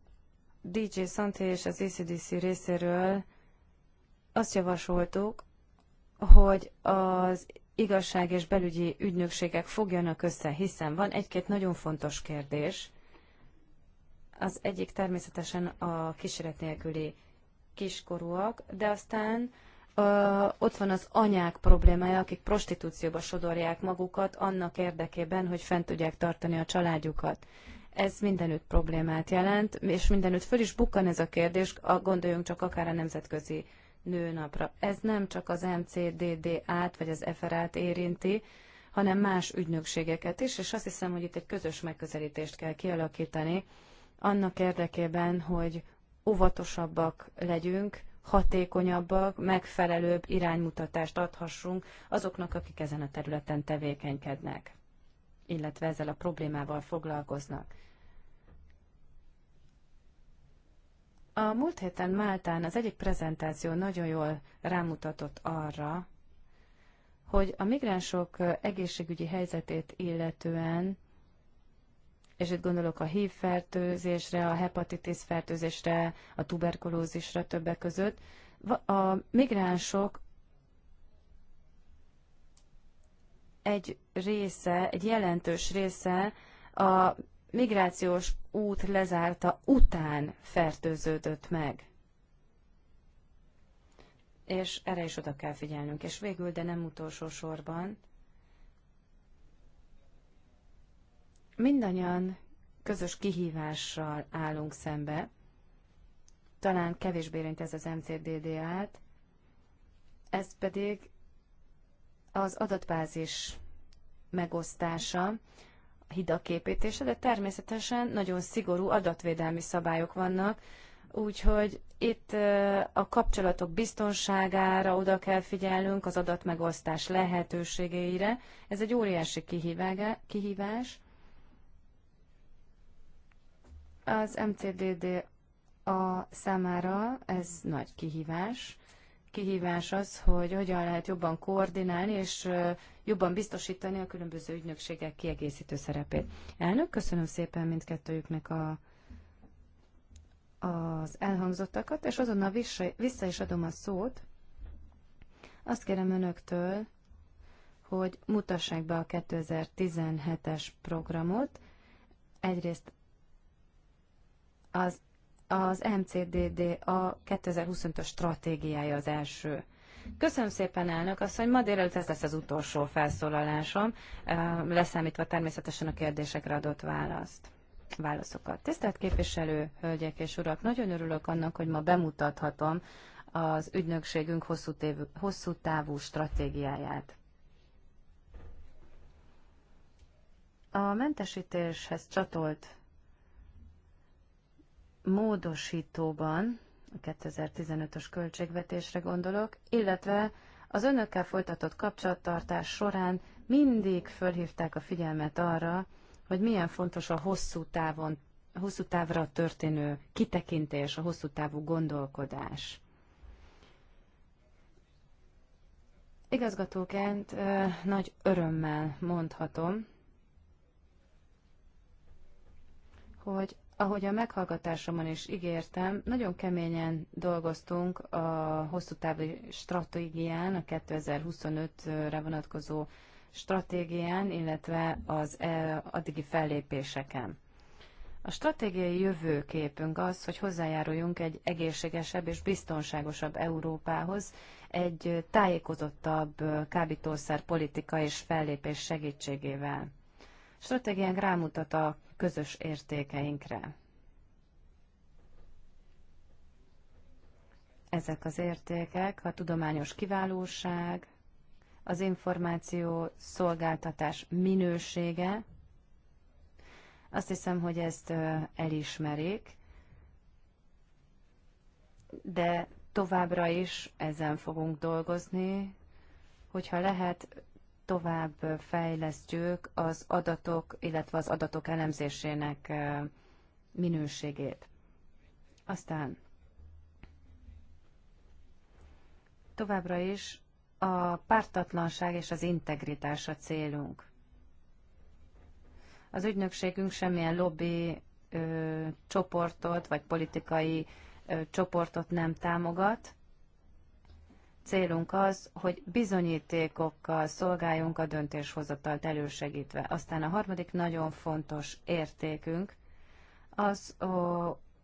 DJ Santé és az ACDC részéről azt javasoltuk, hogy az igazság és belügyi ügynökségek fogjanak össze, hiszen van egy-két nagyon fontos kérdés. Az egyik természetesen a kísérlet nélküli kiskorúak, de aztán ö, ott van az anyák problémája, akik prostitúcióba sodorják magukat annak érdekében, hogy fent tudják tartani a családjukat ez mindenütt problémát jelent, és mindenütt föl is bukkan ez a kérdés, A gondoljunk csak akár a nemzetközi nőnapra. Ez nem csak az MCDD-át vagy az FRA-t érinti, hanem más ügynökségeket is, és azt hiszem, hogy itt egy közös megközelítést kell kialakítani annak érdekében, hogy óvatosabbak legyünk, hatékonyabbak, megfelelőbb iránymutatást adhassunk azoknak, akik ezen a területen tevékenykednek, illetve ezzel a problémával foglalkoznak. A múlt héten Máltán az egyik prezentáció nagyon jól rámutatott arra, hogy a migránsok egészségügyi helyzetét illetően, és itt gondolok a HIV fertőzésre, a hepatitis fertőzésre, a tuberkulózisra többek között, a migránsok egy része, egy jelentős része a migrációs út lezárta után fertőződött meg. És erre is oda kell figyelnünk. És végül, de nem utolsó sorban, mindannyian közös kihívással állunk szembe. Talán kevésbé érint ez az mcdd át, ez pedig az adatbázis megosztása, hidak építése, de természetesen nagyon szigorú adatvédelmi szabályok vannak, úgyhogy itt a kapcsolatok biztonságára oda kell figyelnünk, az adatmegosztás lehetőségeire. Ez egy óriási kihívás. Az MCDD a számára ez nagy kihívás kihívás az, hogy hogyan lehet jobban koordinálni és jobban biztosítani a különböző ügynökségek kiegészítő szerepét. Elnök, köszönöm szépen mindkettőjüknek a, az elhangzottakat, és azonnal vissza, vissza is adom a szót. Azt kérem önöktől, hogy mutassák be a 2017-es programot. Egyrészt az az MCDD a 2025-ös stratégiája az első. Köszönöm szépen, elnök asszony. Ma délelőtt ez lesz az utolsó felszólalásom, eh, leszámítva természetesen a kérdésekre adott választ. Válaszokat. Tisztelt képviselő, hölgyek és urak, nagyon örülök annak, hogy ma bemutathatom az ügynökségünk hosszú, tévű, hosszú távú stratégiáját. A mentesítéshez csatolt módosítóban, a 2015-ös költségvetésre gondolok, illetve az önökkel folytatott kapcsolattartás során mindig fölhívták a figyelmet arra, hogy milyen fontos a hosszú távon, a hosszú távra történő kitekintés, a hosszú távú gondolkodás. Igazgatóként nagy örömmel mondhatom, hogy ahogy a meghallgatásomon is ígértem, nagyon keményen dolgoztunk a hosszú távú stratégián, a 2025-re vonatkozó stratégián, illetve az e, addigi fellépéseken. A stratégiai jövőképünk az, hogy hozzájáruljunk egy egészségesebb és biztonságosabb Európához, egy tájékozottabb kábítószer politika és fellépés segítségével stratégiánk rámutat a közös értékeinkre. Ezek az értékek a tudományos kiválóság, az információ szolgáltatás minősége. Azt hiszem, hogy ezt elismerik, de továbbra is ezen fogunk dolgozni, hogyha lehet, tovább fejlesztjük az adatok, illetve az adatok elemzésének minőségét. Aztán továbbra is a pártatlanság és az integritás a célunk. Az ügynökségünk semmilyen lobby ö, csoportot vagy politikai ö, csoportot nem támogat, Célunk az, hogy bizonyítékokkal szolgáljunk a döntéshozatalt elősegítve. Aztán a harmadik nagyon fontos értékünk az,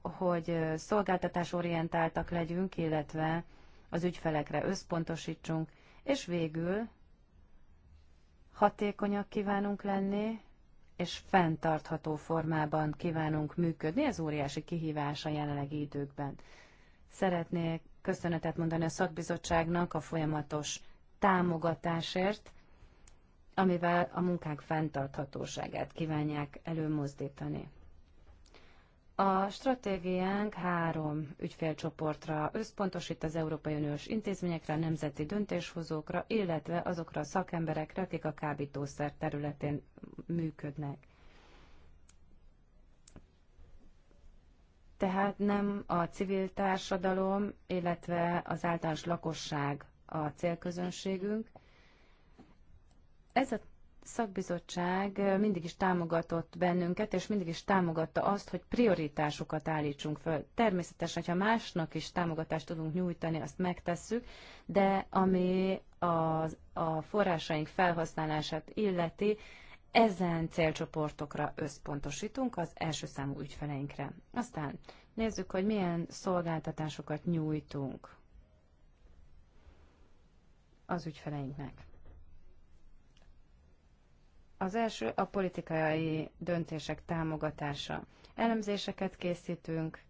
hogy szolgáltatásorientáltak legyünk, illetve az ügyfelekre összpontosítsunk, és végül hatékonyak kívánunk lenni, és fenntartható formában kívánunk működni. Ez óriási kihívás a jelenlegi időkben. Szeretnék köszönetet mondani a szakbizottságnak a folyamatos támogatásért, amivel a munkák fenntarthatóságát kívánják előmozdítani. A stratégiánk három ügyfélcsoportra összpontosít az Európai Uniós intézményekre, a nemzeti döntéshozókra, illetve azokra a szakemberekre, akik a kábítószer területén működnek. tehát nem a civil társadalom, illetve az általános lakosság a célközönségünk. Ez a szakbizottság mindig is támogatott bennünket, és mindig is támogatta azt, hogy prioritásokat állítsunk föl. Természetesen, ha másnak is támogatást tudunk nyújtani, azt megtesszük, de ami a, a forrásaink felhasználását illeti, ezen célcsoportokra összpontosítunk az első számú ügyfeleinkre. Aztán nézzük, hogy milyen szolgáltatásokat nyújtunk az ügyfeleinknek. Az első a politikai döntések támogatása. Elemzéseket készítünk,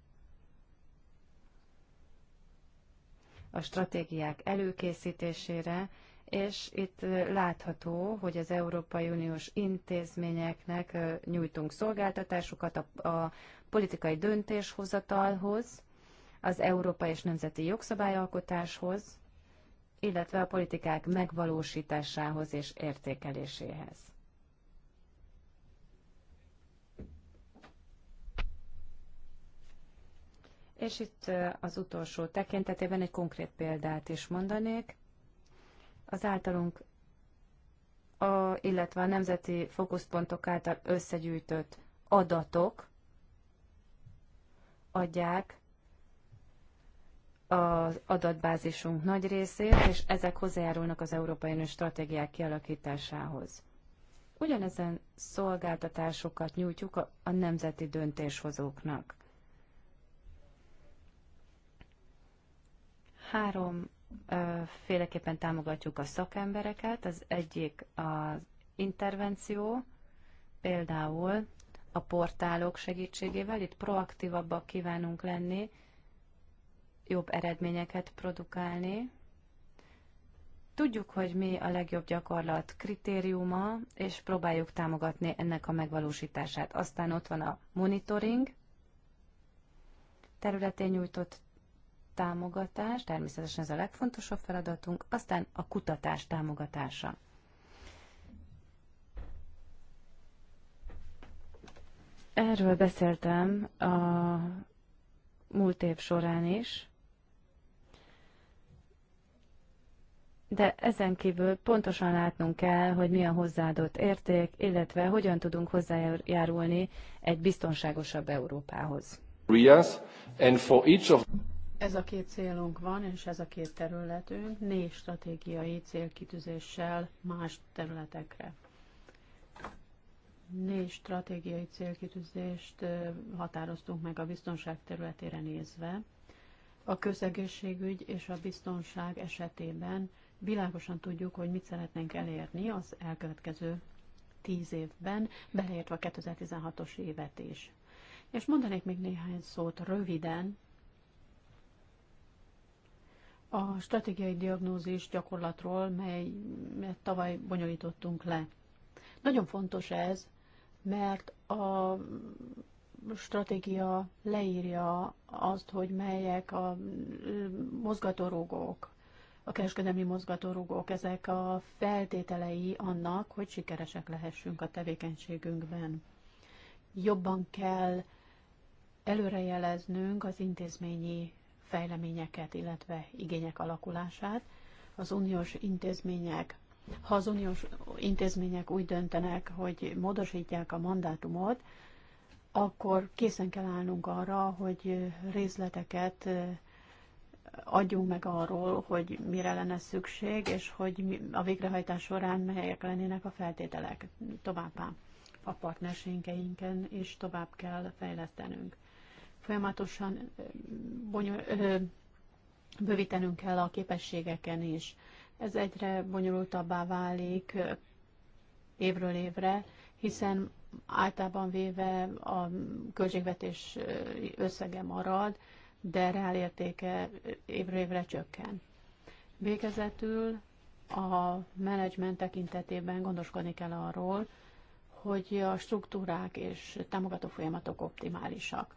a stratégiák előkészítésére, és itt látható, hogy az Európai Uniós intézményeknek nyújtunk szolgáltatásokat a, a politikai döntéshozatalhoz, az európai és nemzeti jogszabályalkotáshoz, illetve a politikák megvalósításához és értékeléséhez. És itt az utolsó tekintetében egy konkrét példát is mondanék az általunk, a, illetve a nemzeti fókuszpontok által összegyűjtött adatok adják az adatbázisunk nagy részét, és ezek hozzájárulnak az Európai Unió stratégiák kialakításához. Ugyanezen szolgáltatásokat nyújtjuk a, a nemzeti döntéshozóknak. Három féleképpen támogatjuk a szakembereket. Az egyik az intervenció, például a portálok segítségével. Itt proaktívabbak kívánunk lenni, jobb eredményeket produkálni. Tudjuk, hogy mi a legjobb gyakorlat kritériuma, és próbáljuk támogatni ennek a megvalósítását. Aztán ott van a monitoring területén nyújtott támogatás, természetesen ez a legfontosabb feladatunk, aztán a kutatás támogatása. Erről beszéltem a múlt év során is, de ezen kívül pontosan látnunk kell, hogy mi a hozzáadott érték, illetve hogyan tudunk hozzájárulni egy biztonságosabb Európához. Ez a két célunk van, és ez a két területünk négy stratégiai célkitűzéssel más területekre. Négy stratégiai célkitűzést határoztunk meg a biztonság területére nézve. A közegészségügy és a biztonság esetében világosan tudjuk, hogy mit szeretnénk elérni az elkövetkező tíz évben, beleértve a 2016-os évet is. És mondanék még néhány szót röviden a stratégiai diagnózis gyakorlatról, melyet tavaly bonyolítottunk le. Nagyon fontos ez, mert a stratégia leírja azt, hogy melyek a mozgatórugók, a kereskedelmi mozgatórugók, ezek a feltételei annak, hogy sikeresek lehessünk a tevékenységünkben. Jobban kell előrejeleznünk az intézményi fejleményeket, illetve igények alakulását. Az uniós intézmények, ha az uniós intézmények úgy döntenek, hogy módosítják a mandátumot, akkor készen kell állnunk arra, hogy részleteket adjunk meg arról, hogy mire lenne szükség, és hogy a végrehajtás során melyek lennének a feltételek továbbá. A partnerségeinken és tovább kell fejlesztenünk. Folyamatosan bonyol, ö, bővítenünk kell a képességeken is. Ez egyre bonyolultabbá válik évről évre, hiszen általában véve a költségvetés összege marad, de reál értéke évről évre csökken. Végezetül a menedzsment tekintetében gondoskodni kell arról, hogy a struktúrák és támogató folyamatok optimálisak.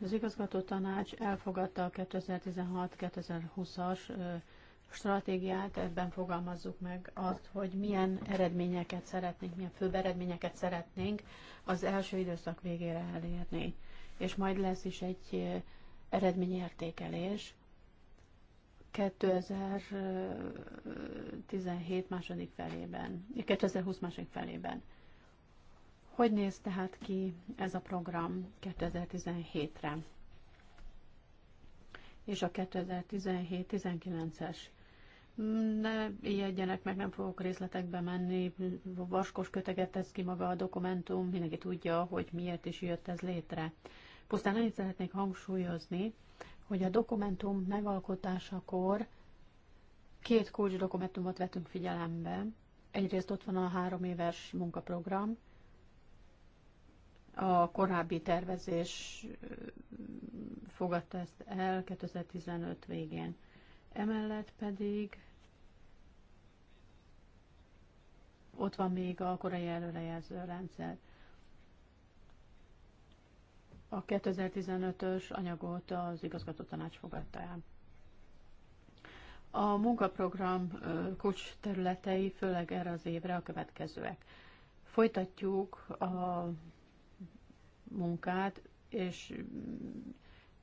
Az igazgató tanács elfogadta a 2016-2020-as stratégiát, ebben fogalmazzuk meg azt, hogy milyen eredményeket szeretnénk, milyen főbb eredményeket szeretnénk az első időszak végére elérni. És majd lesz is egy eredményértékelés. 2017 második felében, 2020 második felében. Hogy néz tehát ki ez a program 2017-re? És a 2017-19-es mm, ne ijedjenek meg, nem fogok részletekbe menni, vaskos köteget tesz ki maga a dokumentum, mindenki tudja, hogy miért is jött ez létre. Pusztán annyit szeretnék hangsúlyozni, hogy a dokumentum megalkotásakor két kulcs dokumentumot vetünk figyelembe. Egyrészt ott van a három éves munkaprogram, a korábbi tervezés fogadta ezt el 2015 végén. Emellett pedig ott van még a korai előrejelző rendszer. A 2015-ös anyagot az igazgató tanács fogadta el. A munkaprogram kocs területei főleg erre az évre a következőek. Folytatjuk a munkát, és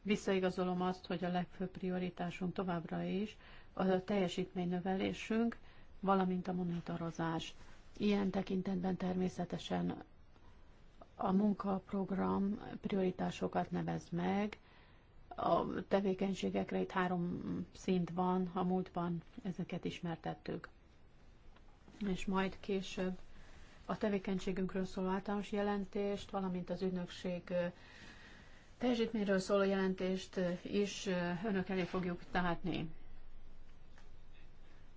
visszaigazolom azt, hogy a legfőbb prioritásunk továbbra is az a teljesítménynövelésünk, valamint a monitorozás. Ilyen tekintetben természetesen a munkaprogram prioritásokat nevez meg, a tevékenységekre itt három szint van, a múltban ezeket ismertettük. És majd később a tevékenységünkről szóló általános jelentést, valamint az ügynökség teljesítményről szóló jelentést is önök elé fogjuk tárni.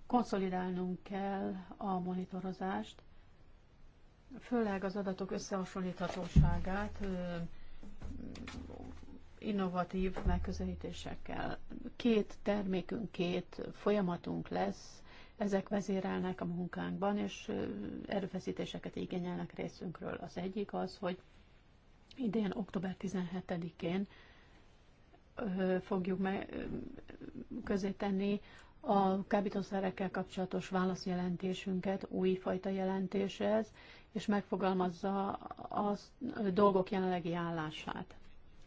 Konszolidálnunk kell a monitorozást, főleg az adatok összehasonlíthatóságát innovatív megközelítésekkel. Két termékünk, két folyamatunk lesz, ezek vezérelnek a munkánkban, és erőfeszítéseket igényelnek részünkről. Az egyik az, hogy idén október 17-én fogjuk meg, közé tenni a kábítószerekkel kapcsolatos válaszjelentésünket, újfajta jelentés ez, és megfogalmazza a dolgok jelenlegi állását.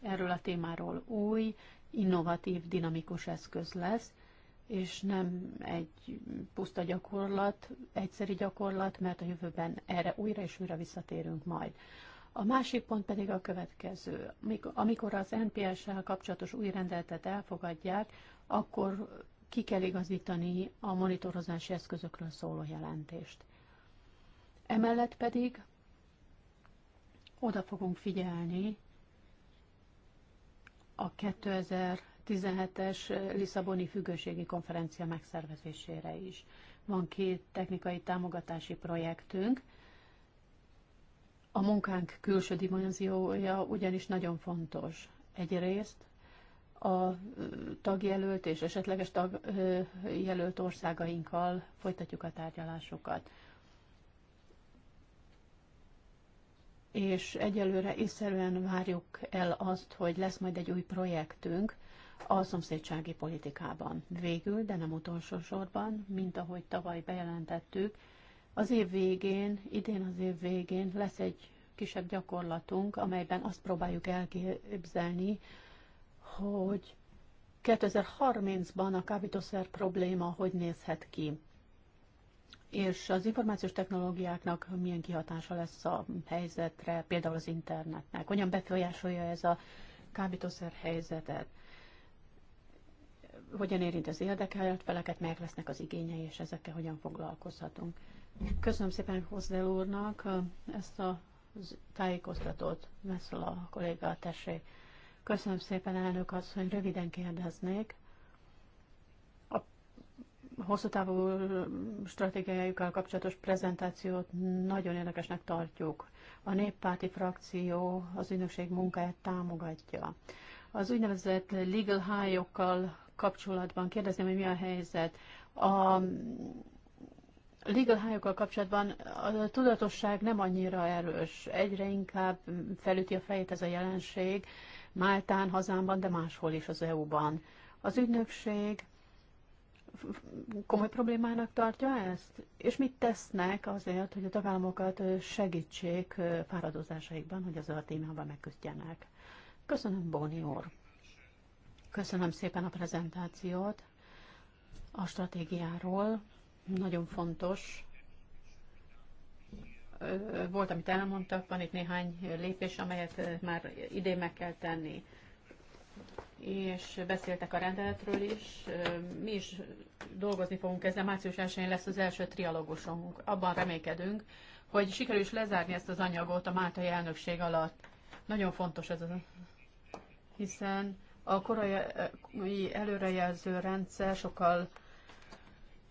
Erről a témáról új, innovatív, dinamikus eszköz lesz, és nem egy puszta gyakorlat, egyszeri gyakorlat, mert a jövőben erre újra és újra visszatérünk majd. A másik pont pedig a következő. Amikor az NPS-sel kapcsolatos új rendeletet elfogadják, akkor ki kell igazítani a monitorozási eszközökről szóló jelentést. Emellett pedig oda fogunk figyelni a 2000 2017-es Lisszaboni függőségi konferencia megszervezésére is. Van két technikai támogatási projektünk. A munkánk külső dimenziója ugyanis nagyon fontos. Egyrészt a tagjelölt és esetleges tagjelölt országainkkal folytatjuk a tárgyalásokat. És egyelőre észszerűen várjuk el azt, hogy lesz majd egy új projektünk, a szomszédsági politikában. Végül, de nem utolsó sorban, mint ahogy tavaly bejelentettük, az év végén, idén az év végén lesz egy kisebb gyakorlatunk, amelyben azt próbáljuk elképzelni, hogy 2030-ban a kábítószer probléma hogy nézhet ki, és az információs technológiáknak milyen kihatása lesz a helyzetre, például az internetnek, hogyan befolyásolja ez a kábítószer helyzetet hogyan érint az érdekelt feleket, melyek lesznek az igényei, és ezekkel hogyan foglalkozhatunk. Köszönöm szépen Hozdel úrnak ezt a tájékoztatót, a kolléga, tessék. Köszönöm szépen, elnök hogy röviden kérdeznék. A hosszú távú stratégiájukkal kapcsolatos prezentációt nagyon érdekesnek tartjuk. A néppárti frakció az ügynökség munkáját támogatja. Az úgynevezett legal high kapcsolatban kérdezni, hogy mi a helyzet. A legal high kapcsolatban a tudatosság nem annyira erős. Egyre inkább felüti a fejét ez a jelenség Máltán, hazámban, de máshol is az EU-ban. Az ügynökség komoly problémának tartja ezt? És mit tesznek azért, hogy a tagállamokat segítsék fáradozásaikban, hogy az a témában megküzdjenek? Köszönöm, Bóni úr! Köszönöm szépen a prezentációt a stratégiáról. Nagyon fontos. Volt, amit elmondtak, van itt néhány lépés, amelyet már idén meg kell tenni. És beszéltek a rendeletről is. Mi is dolgozni fogunk ezzel. Március 1-én lesz az első trialogusunk. Abban remékedünk, hogy sikerül is lezárni ezt az anyagot a máltai elnökség alatt. Nagyon fontos ez, az, hiszen a eh, korai előrejelző rendszer sokkal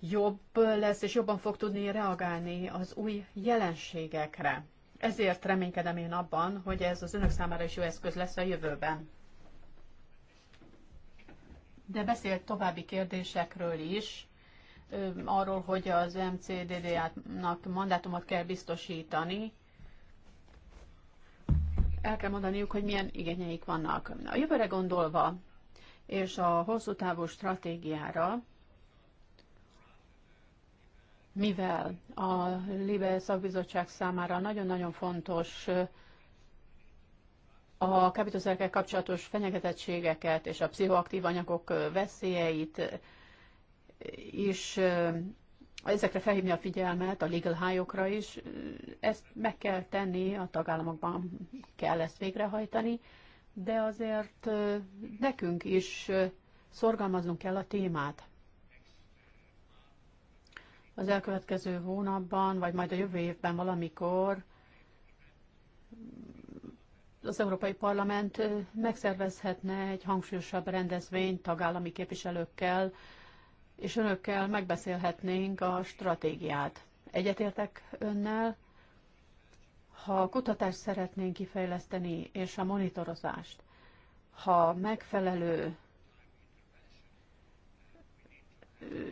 jobb lesz, és jobban fog tudni reagálni az új jelenségekre. Ezért reménykedem én abban, hogy ez az önök számára is jó eszköz lesz a jövőben. De beszélt további kérdésekről is, arról, hogy az MCDDA-nak mandátumot kell biztosítani, el kell mondaniuk, hogy milyen igényeik vannak. A jövőre gondolva és a hosszú távú stratégiára, mivel a LIBE szakbizottság számára nagyon-nagyon fontos a kábítószerekkel kapcsolatos fenyegetettségeket és a pszichoaktív anyagok veszélyeit is ezekre felhívni a figyelmet, a legal high-okra is, ezt meg kell tenni, a tagállamokban kell ezt végrehajtani, de azért nekünk is szorgalmaznunk kell a témát. Az elkövetkező hónapban, vagy majd a jövő évben valamikor az Európai Parlament megszervezhetne egy hangsúlyosabb rendezvényt tagállami képviselőkkel, és önökkel megbeszélhetnénk a stratégiát. Egyetértek önnel, ha a kutatást szeretnénk kifejleszteni, és a monitorozást, ha megfelelő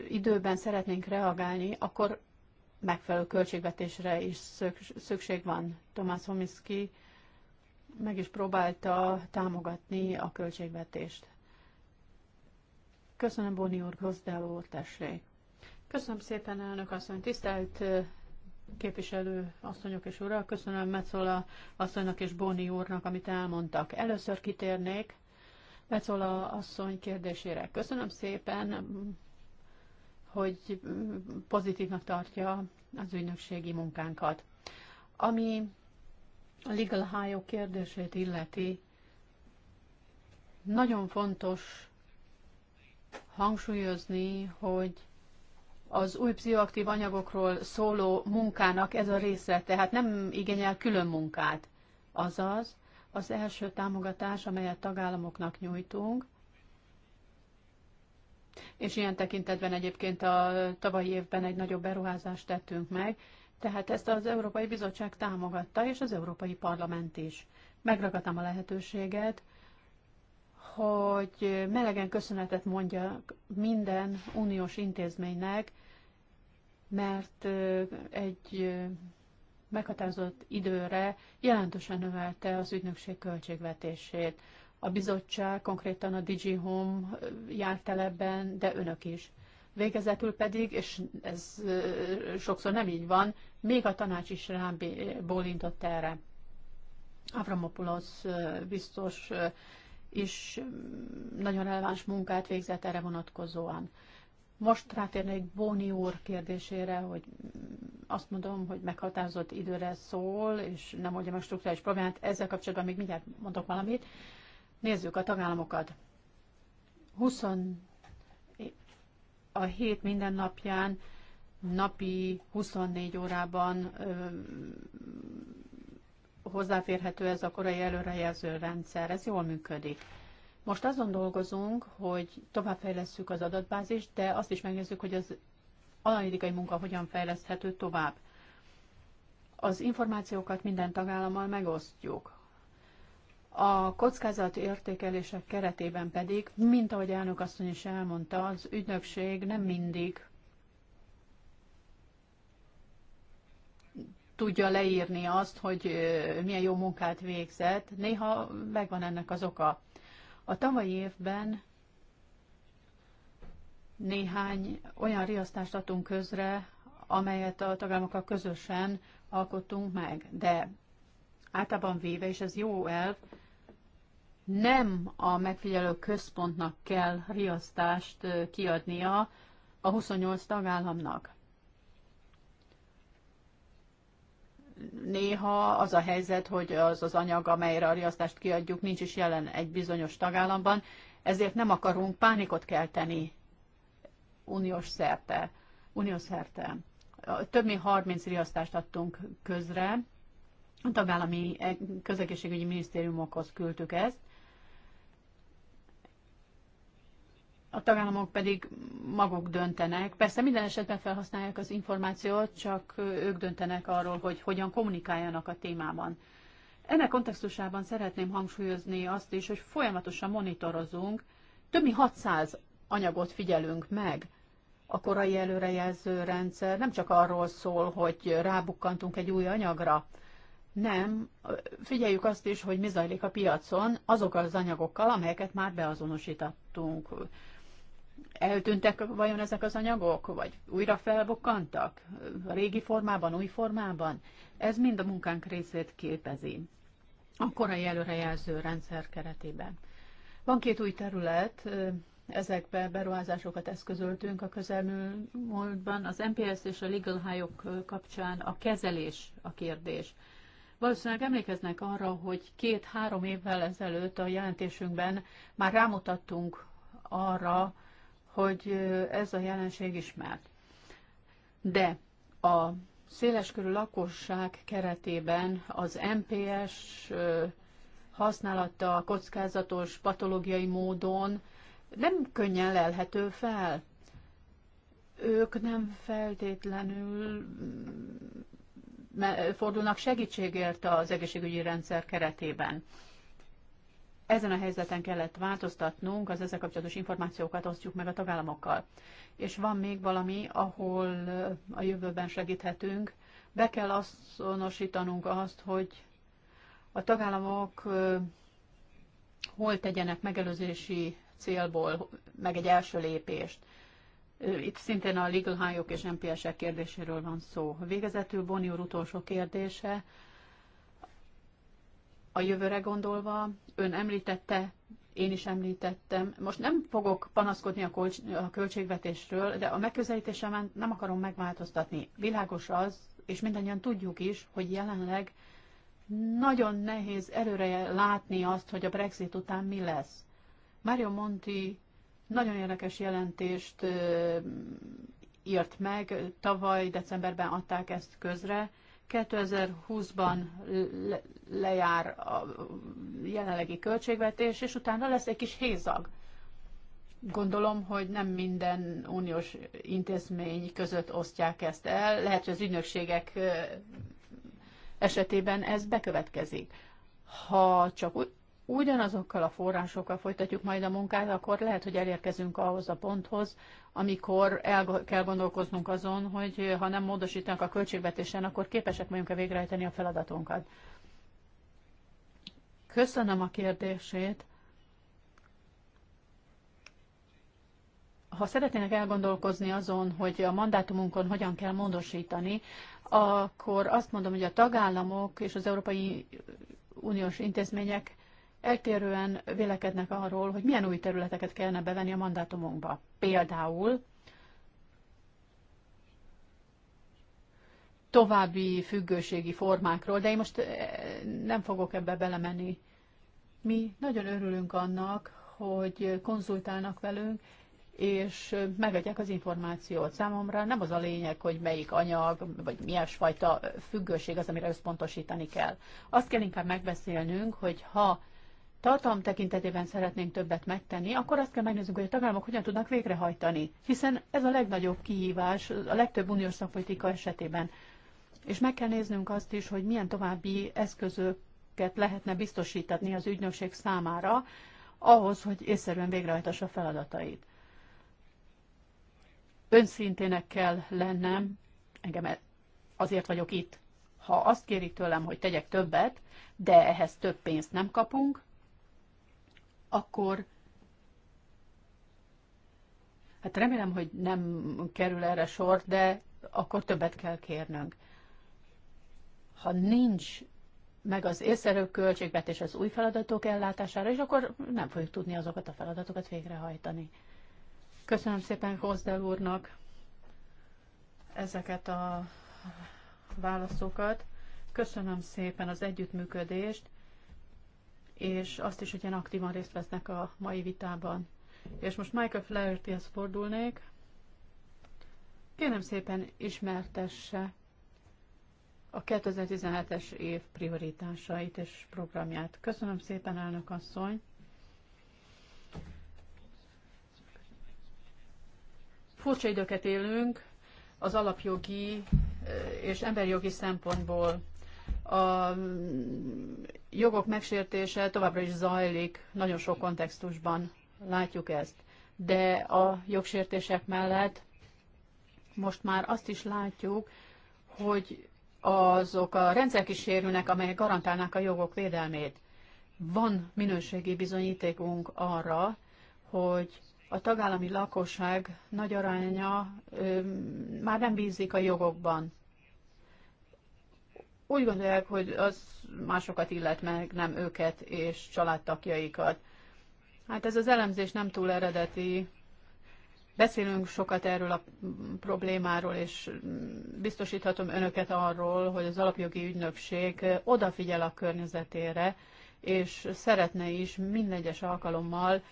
időben szeretnénk reagálni, akkor megfelelő költségvetésre is szükség van. Tomás Homiszki meg is próbálta támogatni a költségvetést. Köszönöm, Boni úr, gazdáló Köszönöm szépen, elnök asszony. Tisztelt képviselő asszonyok és urak, köszönöm Metzola asszonynak és Boni úrnak, amit elmondtak. Először kitérnék Metzola asszony kérdésére. Köszönöm szépen, hogy pozitívnak tartja az ügynökségi munkánkat. Ami a legal high -ok kérdését illeti, nagyon fontos hangsúlyozni, hogy az új pszichoaktív anyagokról szóló munkának ez a része, tehát nem igényel külön munkát. Azaz, az első támogatás, amelyet tagállamoknak nyújtunk, és ilyen tekintetben egyébként a tavalyi évben egy nagyobb beruházást tettünk meg, tehát ezt az Európai Bizottság támogatta, és az Európai Parlament is. Megragadtam a lehetőséget, hogy melegen köszönetet mondjak minden uniós intézménynek, mert egy meghatározott időre jelentősen növelte az ügynökség költségvetését. A bizottság, konkrétan a Digi Home járt el ebben, de önök is. Végezetül pedig, és ez sokszor nem így van, még a tanács is rám bólintott erre. Avramopoulos biztos is mm, nagyon releváns munkát végzett erre vonatkozóan. Most rátérnék Bóni úr kérdésére, hogy mm, azt mondom, hogy meghatározott időre szól, és nem mondja meg struktúrális problémát. Ezzel kapcsolatban még mindjárt mondok valamit. Nézzük a tagállamokat. 20 a hét minden napján napi 24 órában ö, hozzáférhető ez a korai előrejelző rendszer, ez jól működik. Most azon dolgozunk, hogy továbbfejlesszük az adatbázist, de azt is megnézzük, hogy az analitikai munka hogyan fejleszthető tovább. Az információkat minden tagállammal megosztjuk. A kockázati értékelések keretében pedig, mint ahogy elnök asszony is elmondta, az ügynökség nem mindig tudja leírni azt, hogy milyen jó munkát végzett. Néha megvan ennek az oka. A tavalyi évben néhány olyan riasztást adtunk közre, amelyet a tagállamokkal közösen alkottunk meg. De általában véve, és ez jó elv, nem a megfigyelő központnak kell riasztást kiadnia a 28 tagállamnak. néha az a helyzet, hogy az az anyag, amelyre a riasztást kiadjuk, nincs is jelen egy bizonyos tagállamban, ezért nem akarunk pánikot kelteni uniós szerte. Uniós szerte. Több mint 30 riasztást adtunk közre, a tagállami eh, közegészségügyi minisztériumokhoz küldtük ezt, a tagállamok pedig maguk döntenek. Persze minden esetben felhasználják az információt, csak ők döntenek arról, hogy hogyan kommunikáljanak a témában. Ennek kontextusában szeretném hangsúlyozni azt is, hogy folyamatosan monitorozunk, több mint 600 anyagot figyelünk meg. A korai előrejelző rendszer nem csak arról szól, hogy rábukkantunk egy új anyagra, nem, figyeljük azt is, hogy mi zajlik a piacon azokkal az anyagokkal, amelyeket már beazonosítottunk. Eltűntek vajon ezek az anyagok, vagy újra felbukkantak? régi formában, új formában? Ez mind a munkánk részét képezi a korai előrejelző rendszer keretében. Van két új terület, ezekbe beruházásokat eszközöltünk a közelmúltban. Az MPS és a Legal high -ok kapcsán a kezelés a kérdés. Valószínűleg emlékeznek arra, hogy két-három évvel ezelőtt a jelentésünkben már rámutattunk arra, hogy ez a jelenség ismert. De a széleskörű lakosság keretében az MPS használata kockázatos patológiai módon nem könnyen lelhető fel. Ők nem feltétlenül mm, fordulnak segítségért az egészségügyi rendszer keretében ezen a helyzeten kellett változtatnunk, az ezzel kapcsolatos információkat osztjuk meg a tagállamokkal. És van még valami, ahol a jövőben segíthetünk. Be kell azonosítanunk azt, hogy a tagállamok hol tegyenek megelőzési célból meg egy első lépést. Itt szintén a legal high -ok és NPS-ek kérdéséről van szó. Végezetül Boni úr utolsó kérdése a jövőre gondolva, ön említette, én is említettem, most nem fogok panaszkodni a, kolcs- a költségvetésről, de a megközelítésemen nem akarom megváltoztatni. Világos az, és mindannyian tudjuk is, hogy jelenleg nagyon nehéz előre látni azt, hogy a Brexit után mi lesz. Mario Monti nagyon érdekes jelentést írt meg, tavaly decemberben adták ezt közre, 2020-ban lejár a jelenlegi költségvetés, és utána lesz egy kis hézag. Gondolom, hogy nem minden uniós intézmény között osztják ezt el. Lehet, hogy az ügynökségek esetében ez bekövetkezik. Ha csak úgy ugyanazokkal a forrásokkal folytatjuk majd a munkát, akkor lehet, hogy elérkezünk ahhoz a ponthoz, amikor el kell gondolkoznunk azon, hogy ha nem módosítanak a költségvetésen, akkor képesek vagyunk-e végrehajtani a feladatunkat. Köszönöm a kérdését. Ha szeretnének elgondolkozni azon, hogy a mandátumunkon hogyan kell módosítani, akkor azt mondom, hogy a tagállamok és az Európai Uniós intézmények eltérően vélekednek arról, hogy milyen új területeket kellene bevenni a mandátumunkba. Például további függőségi formákról, de én most eh, nem fogok ebbe belemenni. Mi nagyon örülünk annak, hogy konzultálnak velünk, és megadják az információt. Számomra nem az a lényeg, hogy melyik anyag, vagy milyen fajta függőség az, amire összpontosítani kell. Azt kell inkább megbeszélnünk, hogy ha tartalom tekintetében szeretnénk többet megtenni, akkor azt kell megnézzük, hogy a tagállamok hogyan tudnak végrehajtani. Hiszen ez a legnagyobb kihívás a legtöbb uniós szakpolitika esetében. És meg kell néznünk azt is, hogy milyen további eszközöket lehetne biztosítani az ügynökség számára, ahhoz, hogy észszerűen végrehajtassa feladatait. Önszintének kell lennem, engem e- azért vagyok itt. Ha azt kérik tőlem, hogy tegyek többet, de ehhez több pénzt nem kapunk, akkor hát remélem, hogy nem kerül erre sor, de akkor többet kell kérnünk. Ha nincs meg az észszerű költségvetés az új feladatok ellátására, és akkor nem fogjuk tudni azokat a feladatokat végrehajtani. Köszönöm szépen Hozdel úrnak ezeket a válaszokat. Köszönöm szépen az együttműködést és azt is, hogy ilyen aktívan részt vesznek a mai vitában. És most Michael Flaherty-hez fordulnék. Kérem szépen ismertesse a 2017-es év prioritásait és programját. Köszönöm szépen, elnök asszony! Furcsa időket élünk az alapjogi eh, és emberjogi szempontból. A jogok megsértése továbbra is zajlik, nagyon sok kontextusban látjuk ezt. De a jogsértések mellett most már azt is látjuk, hogy azok a rendszerek is sérülnek, amelyek garantálnák a jogok védelmét. Van minőségi bizonyítékunk arra, hogy a tagállami lakosság nagy aránya ö, már nem bízik a jogokban úgy gondolják, hogy az másokat illet meg, nem őket és családtakjaikat. Hát ez az elemzés nem túl eredeti. Beszélünk sokat erről a problémáról, és biztosíthatom önöket arról, hogy az alapjogi ügynökség odafigyel a környezetére, és szeretne is minden egyes alkalommal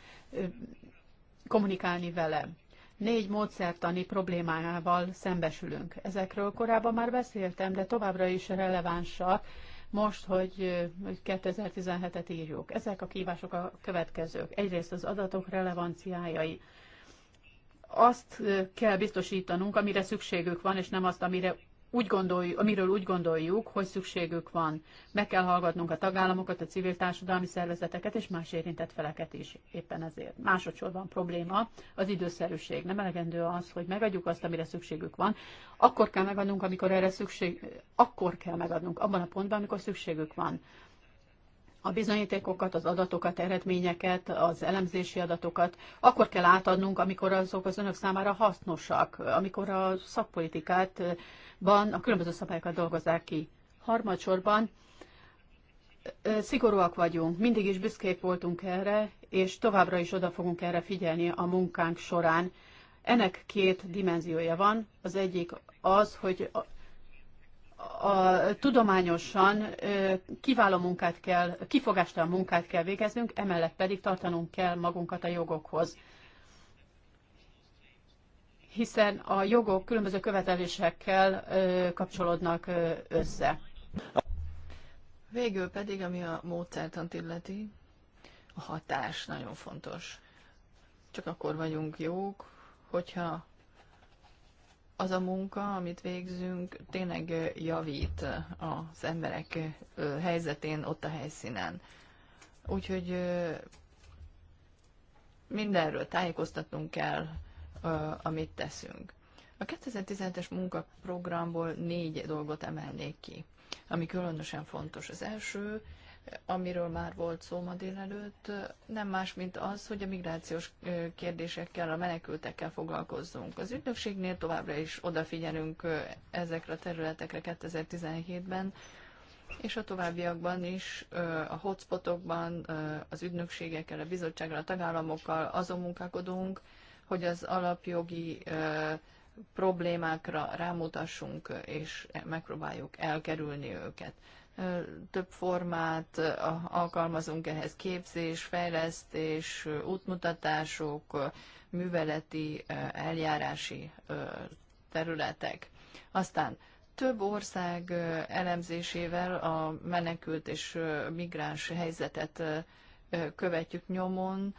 kommunikálni vele négy módszertani problémával szembesülünk. Ezekről korábban már beszéltem, de továbbra is relevánsak most, hogy 2017-et írjuk. Ezek a kívások a következők. Egyrészt az adatok relevanciájai. Azt kell biztosítanunk, amire szükségük van, és nem azt, amire úgy gondoljuk, amiről úgy gondoljuk, hogy szükségük van. Meg kell hallgatnunk a tagállamokat, a civil társadalmi szervezeteket és más érintett feleket is éppen ezért. Másodszorban probléma az időszerűség. Nem elegendő az, hogy megadjuk azt, amire szükségük van. Akkor kell megadnunk, amikor erre szükség, akkor kell megadnunk, abban a pontban, amikor szükségük van a bizonyítékokat, az adatokat, eredményeket, az elemzési adatokat akkor kell átadnunk, amikor azok az önök számára hasznosak, amikor a szakpolitikát a különböző szabályokat dolgozzák ki. Harmadsorban szigorúak vagyunk, mindig is büszkék voltunk erre, és továbbra is oda fogunk erre figyelni a munkánk során. Ennek két dimenziója van. Az egyik az, hogy a, tudományosan kiváló munkát kell, kifogástalan munkát kell végeznünk, emellett pedig tartanunk kell magunkat a jogokhoz. Hiszen a jogok különböző követelésekkel kapcsolódnak össze. Végül pedig, ami a módszertant illeti, a hatás nagyon fontos. Csak akkor vagyunk jók, hogyha az a munka, amit végzünk, tényleg javít az emberek helyzetén, ott a helyszínen. Úgyhogy mindenről tájékoztatnunk kell, amit teszünk. A 2017-es munkaprogramból négy dolgot emelnék ki, ami különösen fontos. Az első, amiről már volt szó ma délelőtt, nem más, mint az, hogy a migrációs kérdésekkel, a menekültekkel foglalkozzunk. Az ügynökségnél továbbra is odafigyelünk ezekre a területekre 2017-ben, és a továbbiakban is a hotspotokban, az ügynökségekkel, a bizottsággal, a tagállamokkal azon munkálkodunk, hogy az alapjogi problémákra rámutassunk, és megpróbáljuk elkerülni őket több formát alkalmazunk ehhez, képzés, fejlesztés, útmutatások, műveleti, eljárási területek. Aztán több ország elemzésével a menekült és migráns helyzetet követjük nyomon,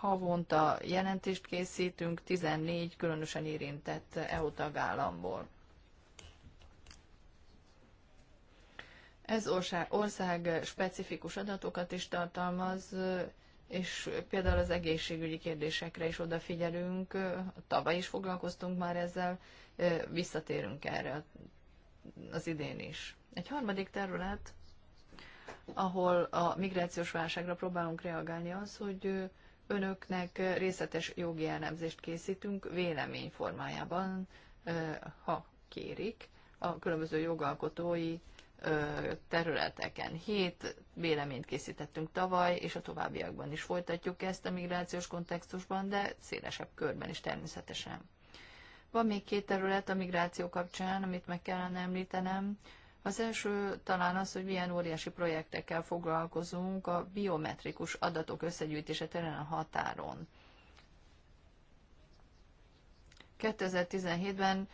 havonta jelentést készítünk 14 különösen érintett EU tagállamból. Ez ország, ország specifikus adatokat is tartalmaz, és például az egészségügyi kérdésekre is odafigyelünk. Tavaly is foglalkoztunk már ezzel, visszatérünk erre az idén is. Egy harmadik terület, ahol a migrációs válságra próbálunk reagálni az, hogy önöknek részletes jogi elemzést készítünk vélemény formájában, ha kérik, a különböző jogalkotói területeken. Hét véleményt készítettünk tavaly, és a továbbiakban is folytatjuk ezt a migrációs kontextusban, de szélesebb körben is természetesen. Van még két terület a migráció kapcsán, amit meg kellene említenem. Az első talán az, hogy milyen óriási projektekkel foglalkozunk a biometrikus adatok összegyűjtése terén a határon. 2017-ben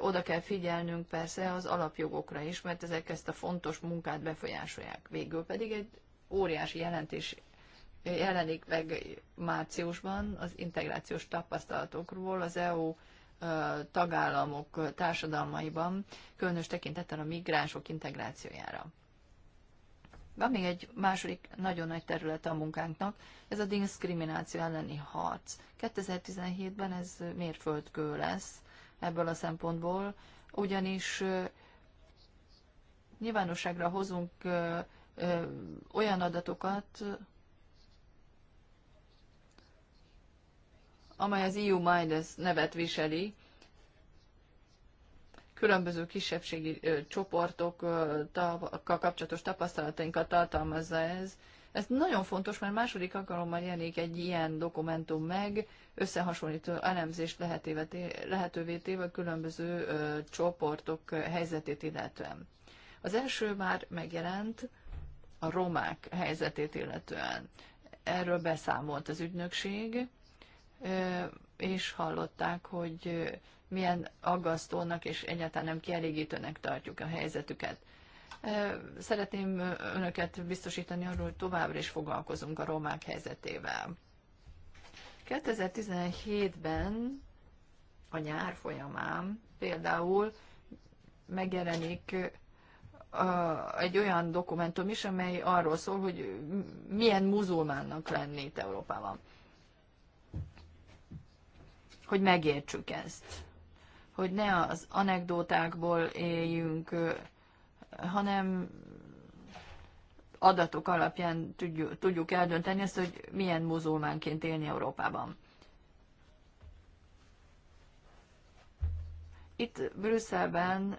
oda kell figyelnünk persze az alapjogokra is, mert ezek ezt a fontos munkát befolyásolják. Végül pedig egy óriási jelentés jelenik meg márciusban az integrációs tapasztalatokról az EU tagállamok társadalmaiban, különös tekintettel a migránsok integrációjára. Van még egy második nagyon nagy terület a munkánknak, ez a diszkrimináció elleni harc. 2017-ben ez mérföldkő lesz ebből a szempontból, ugyanis nyilvánosságra hozunk olyan adatokat, amely az EU Minds nevet viseli, különböző kisebbségi csoportokkal kapcsolatos tapasztalatainkat tartalmazza ez. Ez nagyon fontos, mert második alkalommal jelenik egy ilyen dokumentum meg, összehasonlító elemzést lehetővé téve különböző csoportok helyzetét illetően. Az első már megjelent a romák helyzetét illetően. Erről beszámolt az ügynökség, és hallották, hogy milyen aggasztónak és egyáltalán nem kielégítőnek tartjuk a helyzetüket. Szeretném önöket biztosítani arról, hogy továbbra is foglalkozunk a romák helyzetével. 2017-ben a nyár folyamán például megjelenik egy olyan dokumentum is, amely arról szól, hogy milyen muzulmánnak lenni itt Európában. Hogy megértsük ezt hogy ne az anekdótákból éljünk, hanem adatok alapján tudjuk, tudjuk eldönteni azt, hogy milyen muzulmánként élni Európában. Itt Brüsszelben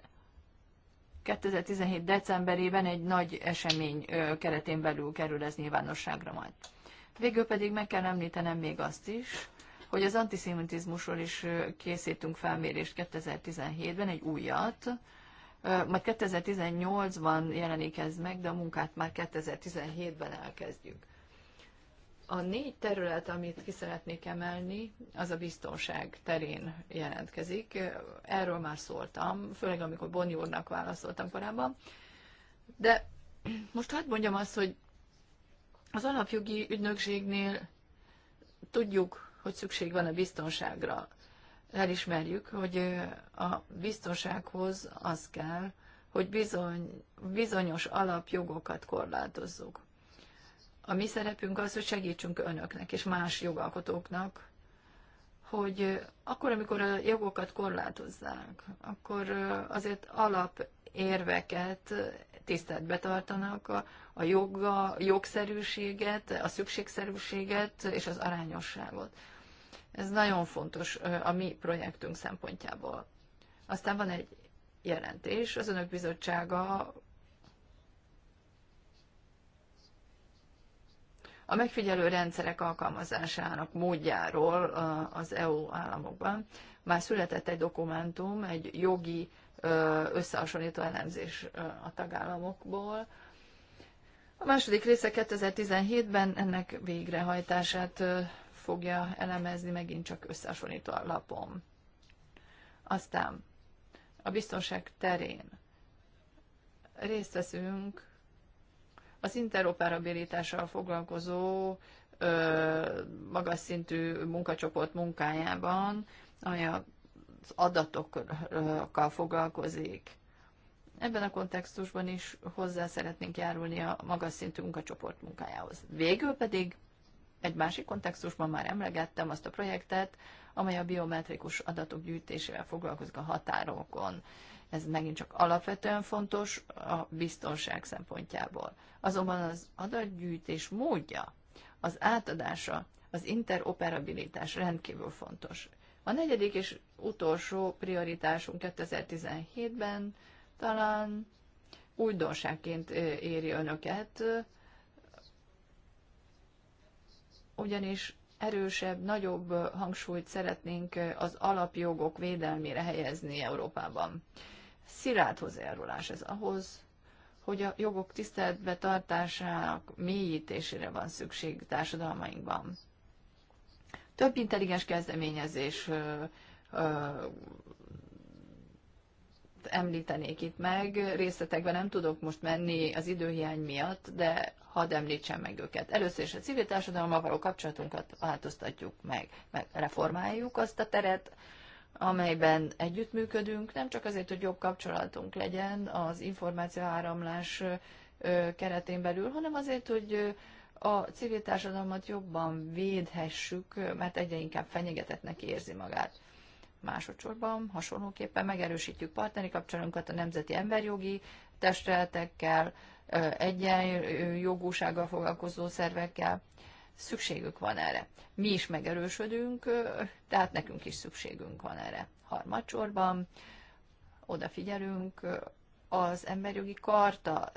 2017. decemberében egy nagy esemény keretén belül kerül ez nyilvánosságra majd. Végül pedig meg kell említenem még azt is, hogy az antiszemitizmusról is készítünk felmérést 2017-ben, egy újat, majd 2018-ban jelenik ez meg, de a munkát már 2017-ben elkezdjük. A négy terület, amit ki szeretnék emelni, az a biztonság terén jelentkezik. Erről már szóltam, főleg amikor Boni úrnak válaszoltam korábban. De most hadd mondjam azt, hogy az alapjogi ügynökségnél tudjuk, hogy szükség van a biztonságra. Elismerjük, hogy a biztonsághoz az kell, hogy bizony, bizonyos alapjogokat korlátozzuk. A mi szerepünk az, hogy segítsünk önöknek és más jogalkotóknak, hogy akkor, amikor a jogokat korlátozzák, akkor azért alapérveket tisztelt tartanak, a, a joga, jogszerűséget, a szükségszerűséget és az arányosságot. Ez nagyon fontos a mi projektünk szempontjából. Aztán van egy jelentés, az Önök Bizottsága a megfigyelő rendszerek alkalmazásának módjáról az EU államokban. Már született egy dokumentum, egy jogi összehasonlító elemzés a tagállamokból. A második része 2017-ben ennek végrehajtását fogja elemezni megint csak összehasonlító alapon. Aztán a biztonság terén részt veszünk az interoperabilitással foglalkozó ö, magas szintű munkacsoport munkájában, amely az adatokkal foglalkozik. Ebben a kontextusban is hozzá szeretnénk járulni a magas szintű munkacsoport munkájához. Végül pedig egy másik kontextusban már emlegettem azt a projektet, amely a biometrikus adatok gyűjtésével foglalkozik a határokon. Ez megint csak alapvetően fontos a biztonság szempontjából. Azonban az adatgyűjtés módja, az átadása, az interoperabilitás rendkívül fontos. A negyedik és utolsó prioritásunk 2017-ben talán újdonságként éri önöket, ugyanis erősebb, nagyobb hangsúlyt szeretnénk az alapjogok védelmére helyezni Európában. Szilárd hozzájárulás ez ahhoz, hogy a jogok tiszteletbe tartásának mélyítésére van szükség társadalmainkban. Több intelligens kezdeményezés említenék itt meg. Részletekben nem tudok most menni az időhiány miatt, de hadd említsem meg őket. Először is a civil társadalommal való kapcsolatunkat változtatjuk meg, meg reformáljuk azt a teret, amelyben együttműködünk, nem csak azért, hogy jobb kapcsolatunk legyen az információ áramlás keretén belül, hanem azért, hogy a civil társadalmat jobban védhessük, mert egyre inkább fenyegetetnek érzi magát. Másodszorban hasonlóképpen megerősítjük partneri kapcsolatunkat a nemzeti emberjogi testületekkel, egyenjogúsággal foglalkozó szervekkel. Szükségük van erre. Mi is megerősödünk, tehát nekünk is szükségünk van erre. Harmadsorban odafigyelünk az emberjogi karta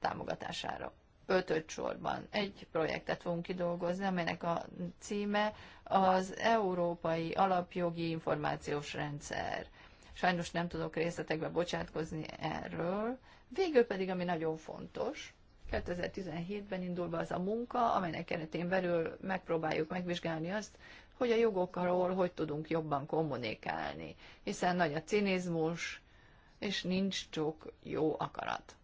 támogatására. Ötöd sorban egy projektet fogunk kidolgozni, amelynek a címe az Európai Alapjogi Információs Rendszer. Sajnos nem tudok részletekbe bocsátkozni erről. Végül pedig, ami nagyon fontos, 2017-ben indul be az a munka, amelynek keretén belül megpróbáljuk megvizsgálni azt, hogy a jogokról hogy tudunk jobban kommunikálni, hiszen nagy a cinizmus, és nincs csak jó akarat.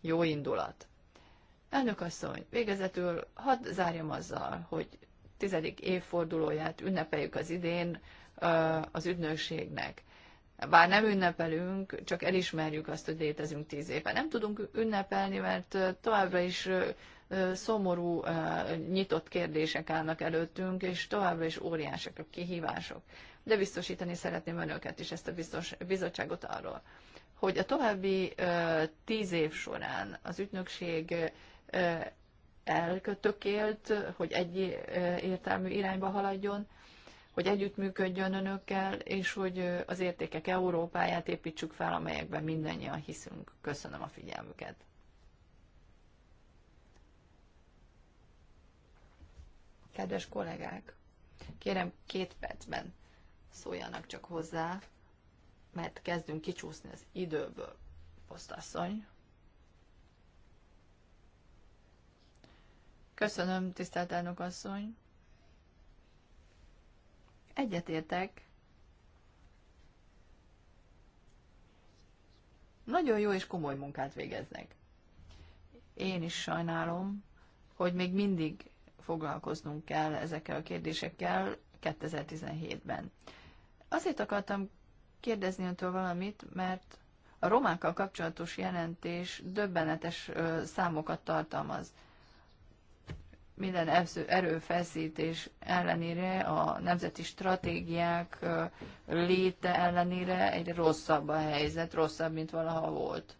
Jó indulat. Elnök asszony, végezetül hadd zárjam azzal, hogy tizedik évfordulóját ünnepeljük az idén az ügynökségnek. Bár nem ünnepelünk, csak elismerjük azt, hogy létezünk tíz éve. Nem tudunk ünnepelni, mert továbbra is szomorú, nyitott kérdések állnak előttünk, és továbbra is óriások a kihívások. De biztosítani szeretném önöket is ezt a biztos, bizottságot arról, hogy a további tíz év során az ügynökség elkötökélt, hogy egy eh, értelmű irányba haladjon, hogy együttműködjön önökkel, és hogy eh, az értékek Európáját építsük fel, amelyekben mindannyian hiszünk. Köszönöm a figyelmüket. Kedves kollégák, kérem két percben szóljanak csak hozzá, mert kezdünk kicsúszni az időből, posztasszony. Köszönöm, tisztelt elnök asszony. Egyetértek. Nagyon jó és komoly munkát végeznek. Én is sajnálom, hogy még mindig foglalkoznunk kell ezekkel a kérdésekkel 2017-ben. Azért akartam kérdezni öntől valamit, mert a romákkal kapcsolatos jelentés döbbenetes számokat tartalmaz minden erőfeszítés ellenére, a nemzeti stratégiák léte ellenére egyre rosszabb a helyzet, rosszabb, mint valaha volt.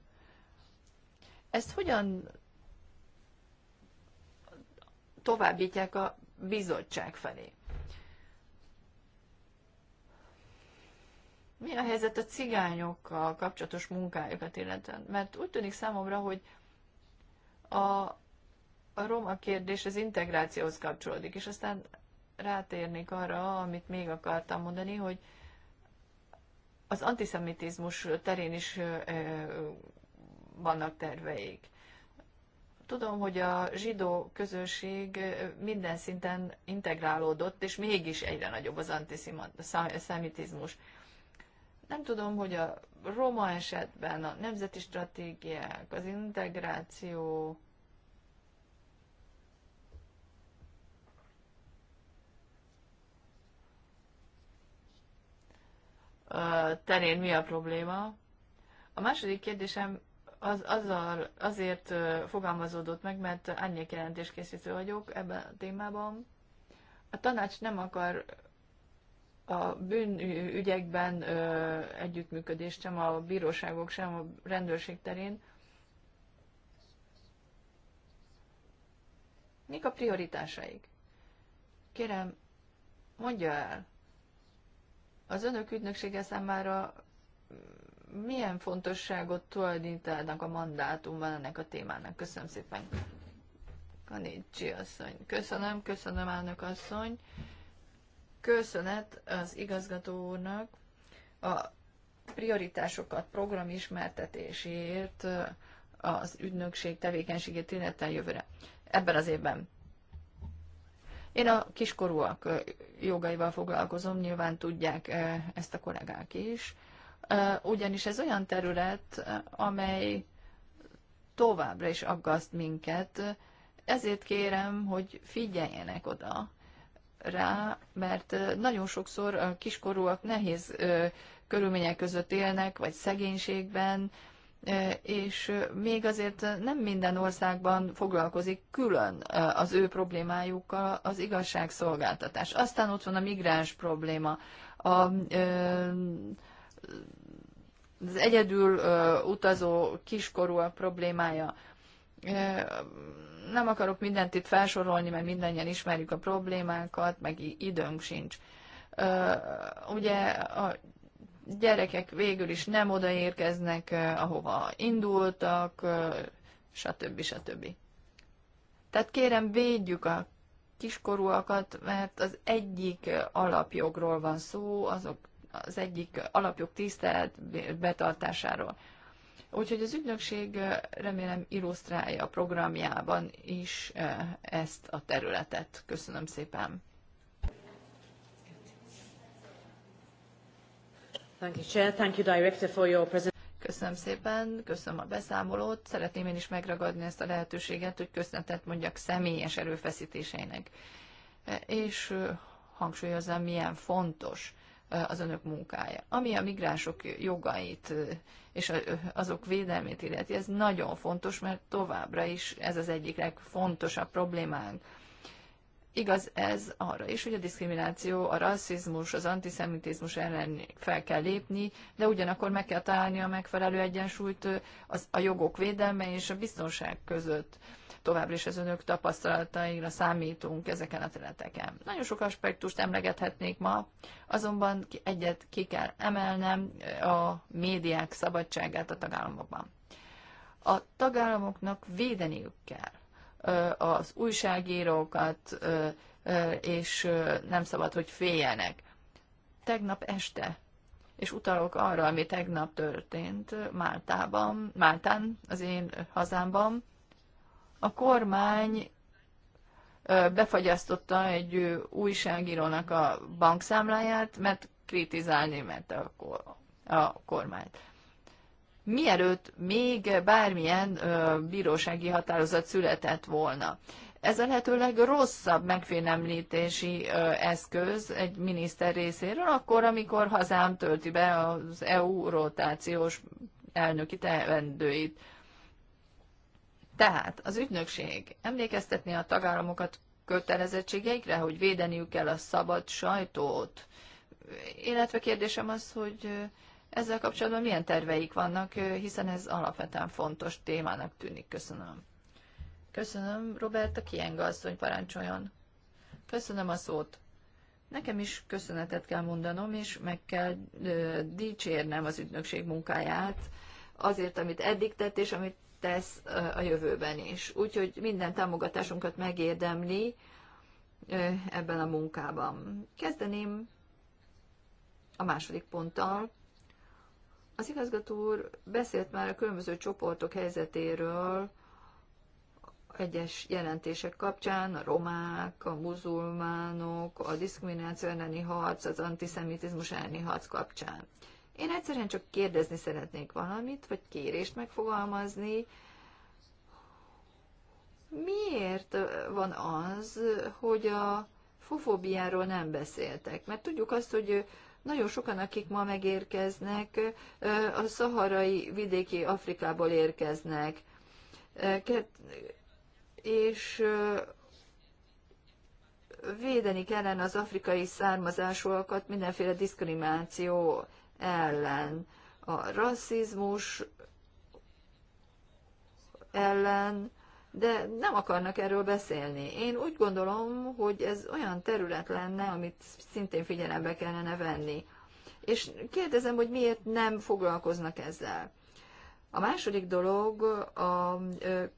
Ezt hogyan továbbítják a bizottság felé? Mi a helyzet a cigányokkal kapcsolatos munkájukat illetően? Mert úgy tűnik számomra, hogy a a roma kérdés az integrációhoz kapcsolódik, és aztán rátérnék arra, amit még akartam mondani, hogy az antiszemitizmus terén is vannak terveik. Tudom, hogy a zsidó közösség minden szinten integrálódott, és mégis egyre nagyobb az antiszemitizmus. Nem tudom, hogy a roma esetben a nemzeti stratégiák, az integráció, terén mi a probléma. A második kérdésem az, azzal, azért fogalmazódott meg, mert annyi jelentéskészítő vagyok ebben a témában. A tanács nem akar a bűnügyekben együttműködést sem a bíróságok, sem a rendőrség terén. Mik a prioritásaik? Kérem, mondja el, az önök ügynöksége számára milyen fontosságot tulajdonítanak a mandátumban ennek a témának? Köszönöm szépen. Kanicsi asszony. Köszönöm, köszönöm elnök asszony. Köszönet az igazgató úrnak a prioritásokat programismertetéséért az ügynökség tevékenységét illetve jövőre. Ebben az évben én a kiskorúak jogaival foglalkozom, nyilván tudják ezt a kollégák is, ugyanis ez olyan terület, amely továbbra is aggaszt minket, ezért kérem, hogy figyeljenek oda rá, mert nagyon sokszor a kiskorúak nehéz körülmények között élnek, vagy szegénységben, E, és még azért nem minden országban foglalkozik külön e, az ő problémájukkal az igazságszolgáltatás. Aztán ott van a migráns probléma, a, az egyedül utazó a problémája. E, nem akarok mindent itt felsorolni, mert mindannyian ismerjük a problémákat, meg időnk sincs. Ugye a gyerekek végül is nem odaérkeznek, eh, ahova indultak, eh, stb. stb. Tehát kérem, védjük a kiskorúakat, mert az egyik alapjogról van szó, azok az egyik alapjog tisztelet betartásáról. Úgyhogy az ügynökség eh, remélem illusztrálja a programjában is ezt a területet. Köszönöm szépen! Köszönöm szépen, köszönöm a beszámolót. Szeretném én is megragadni ezt a lehetőséget, hogy köszönetet mondjak személyes erőfeszítéseinek. E, és hangsúlyozom, milyen fontos e, az önök munkája. Ami a migránsok jogait e, és azok védelmét illeti, ez nagyon fontos, mert továbbra is ez az egyik legfontosabb problémánk. Igaz ez arra is, hogy a diszkrimináció, a rasszizmus, az antiszemitizmus ellen fel kell lépni, de ugyanakkor meg kell találni a megfelelő egyensúlyt az, a jogok védelme és a biztonság között. Továbbra is az önök tapasztalataira számítunk ezeken a területeken. Nagyon sok aspektust emlegethetnék ma, azonban egyet ki kell emelnem a médiák szabadságát a tagállamokban. A tagállamoknak védeniük kell az újságírókat, és nem szabad, hogy féljenek. Tegnap este, és utalok arra, ami tegnap történt Máltában, Máltán, az én hazámban, a kormány befagyasztotta egy újságírónak a bankszámláját, mert kritizálni mert a, a kormányt mielőtt még bármilyen bírósági határozat született volna. Ez a lehetőleg rosszabb megfélemlítési eszköz egy miniszter részéről, akkor, amikor hazám tölti be az EU rotációs elnöki teendőit. Tehát az ügynökség emlékeztetni a tagállamokat kötelezettségeikre, hogy védeniük kell a szabad sajtót. Illetve kérdésem az, hogy ezzel kapcsolatban milyen terveik vannak, hiszen ez alapvetően fontos témának tűnik. Köszönöm. Köszönöm, Roberta Kienga asszony parancsoljon. Köszönöm a szót. Nekem is köszönetet kell mondanom, és meg kell ö, dicsérnem az ügynökség munkáját azért, amit eddig tett, és amit tesz ö, a jövőben is. Úgyhogy minden támogatásunkat megérdemli ö, ebben a munkában. Kezdeném a második ponttal, az igazgató úr beszélt már a különböző csoportok helyzetéről, egyes jelentések kapcsán, a romák, a muzulmánok, a diszkrimináció elleni harc, az antiszemitizmus elleni harc kapcsán. Én egyszerűen csak kérdezni szeretnék valamit, vagy kérést megfogalmazni, miért van az, hogy a fofóbiáról nem beszéltek? Mert tudjuk azt, hogy nagyon sokan, akik ma megérkeznek, a szaharai vidéki Afrikából érkeznek. És védeni kellene az afrikai származásúakat mindenféle diszkrimináció ellen, a rasszizmus ellen, de nem akarnak erről beszélni. Én úgy gondolom, hogy ez olyan terület lenne, amit szintén figyelembe kellene venni. És kérdezem, hogy miért nem foglalkoznak ezzel. A második dolog a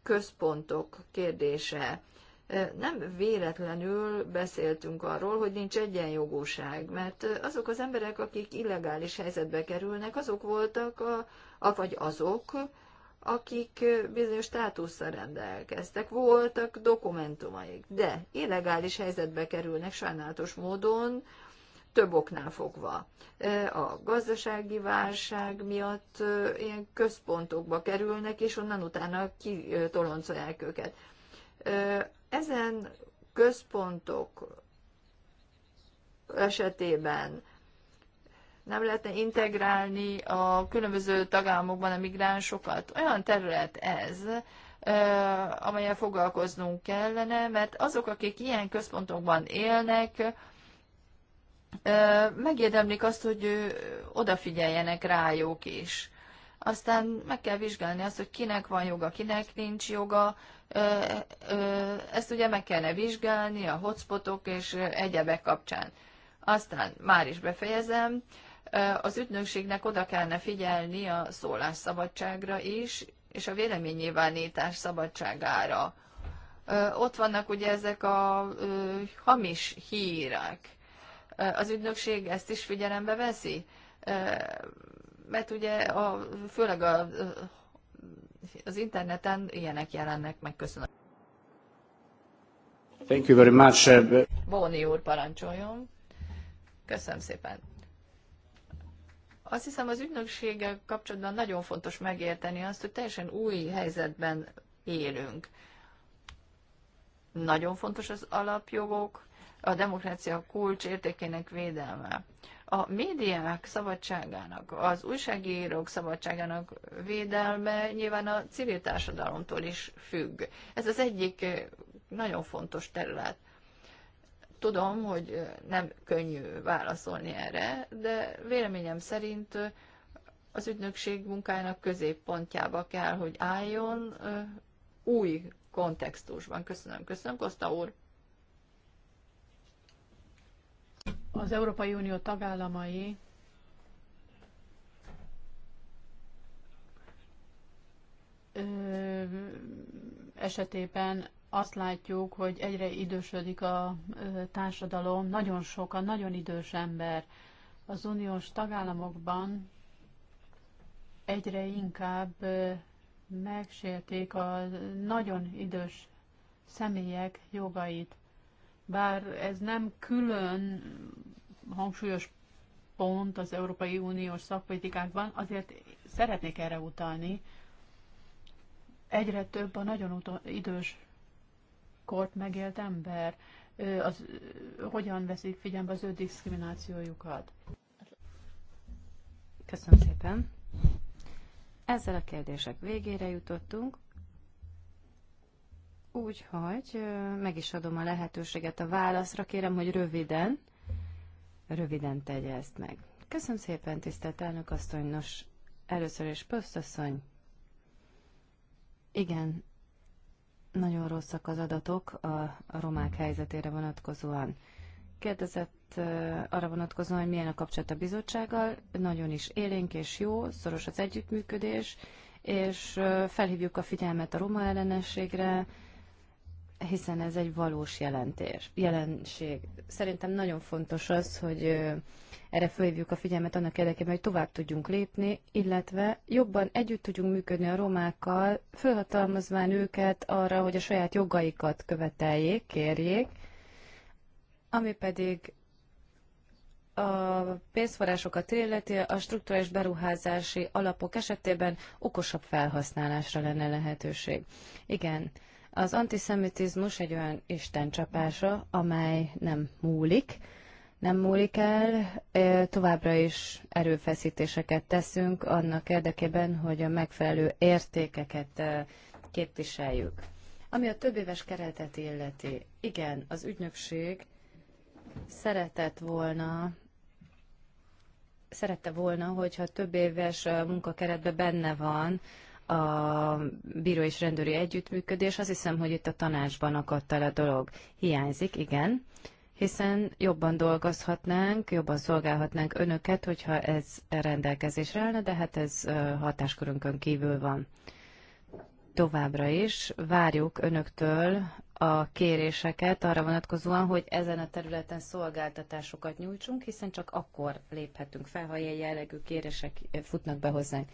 központok kérdése. Nem véletlenül beszéltünk arról, hogy nincs egyenjogúság, mert azok az emberek, akik illegális helyzetbe kerülnek, azok voltak, a, vagy azok, akik bizonyos státusszal rendelkeztek, voltak dokumentumaik, de illegális helyzetbe kerülnek sajnálatos módon, több oknál fogva. A gazdasági válság miatt ilyen központokba kerülnek, és onnan utána kitoloncolják őket. Ezen központok esetében nem lehetne integrálni a különböző tagállamokban a migránsokat. Olyan terület ez, amelyel foglalkoznunk kellene, mert azok, akik ilyen központokban élnek, megérdemlik azt, hogy odafigyeljenek rájuk is. Aztán meg kell vizsgálni azt, hogy kinek van joga, kinek nincs joga. Ezt ugye meg kellene vizsgálni a hotspotok és egyebek kapcsán. Aztán már is befejezem az ügynökségnek oda kellene figyelni a szólásszabadságra is, és a véleménynyilvánítás szabadságára. Ott vannak ugye ezek a hamis hírek. Az ügynökség ezt is figyelembe veszi? Mert ugye a, főleg a, az interneten ilyenek jelennek meg. Köszönöm. Thank you very much. Bóni úr, parancsoljon. Köszönöm szépen. Azt hiszem az ügynökséggel kapcsolatban nagyon fontos megérteni azt, hogy teljesen új helyzetben élünk. Nagyon fontos az alapjogok, a demokrácia értékének védelme. A médiák szabadságának, az újságírók szabadságának védelme nyilván a civil társadalomtól is függ. Ez az egyik nagyon fontos terület. Tudom, hogy nem könnyű válaszolni erre, de véleményem szerint az ügynökség munkájának középpontjába kell, hogy álljon új kontextusban. Köszönöm, köszönöm, Kosta úr. Az Európai Unió tagállamai esetében azt látjuk, hogy egyre idősödik a társadalom, nagyon sokan, nagyon idős ember. Az uniós tagállamokban egyre inkább megsérték a nagyon idős személyek jogait. Bár ez nem külön hangsúlyos pont az Európai Uniós szakpolitikákban, azért szeretnék erre utalni. Egyre több a nagyon idős kort megélt ember, az, hogyan veszik figyelembe az ő diszkriminációjukat. Köszönöm szépen. Ezzel a kérdések végére jutottunk. Úgyhogy meg is adom a lehetőséget a válaszra. Kérem, hogy röviden, röviden tegye ezt meg. Köszönöm szépen, tisztelt elnök asszony. Nos, először is Pöszt asszony. Igen, nagyon rosszak az adatok a romák helyzetére vonatkozóan. Kérdezett arra vonatkozóan, hogy milyen a kapcsolat a bizottsággal. Nagyon is élénk és jó, szoros az együttműködés, és felhívjuk a figyelmet a roma ellenességre, hiszen ez egy valós jelentés, jelenség. Szerintem nagyon fontos az, hogy erre fölhívjuk a figyelmet annak érdekében, hogy tovább tudjunk lépni, illetve jobban együtt tudjunk működni a romákkal, fölhatalmazván őket arra, hogy a saját jogaikat követeljék, kérjék, ami pedig a pénzforrásokat illeti, a struktúrás beruházási alapok esetében okosabb felhasználásra lenne lehetőség. Igen, az antiszemitizmus egy olyan istencsapása, amely nem múlik, nem múlik el, továbbra is erőfeszítéseket teszünk annak érdekében, hogy a megfelelő értékeket képviseljük. Ami a több éves keretet illeti, igen, az ügynökség szeretett volna, szerette volna, hogyha több éves munkakeretben benne van a bíró és rendőri együttműködés, azt hiszem, hogy itt a tanácsban akadt el a dolog. Hiányzik, igen, hiszen jobban dolgozhatnánk, jobban szolgálhatnánk önöket, hogyha ez rendelkezésre állna, de hát ez hatáskörünkön kívül van. Továbbra is várjuk önöktől a kéréseket arra vonatkozóan, hogy ezen a területen szolgáltatásokat nyújtsunk, hiszen csak akkor léphetünk fel, ha ilyen jellegű kérések futnak be hozzánk.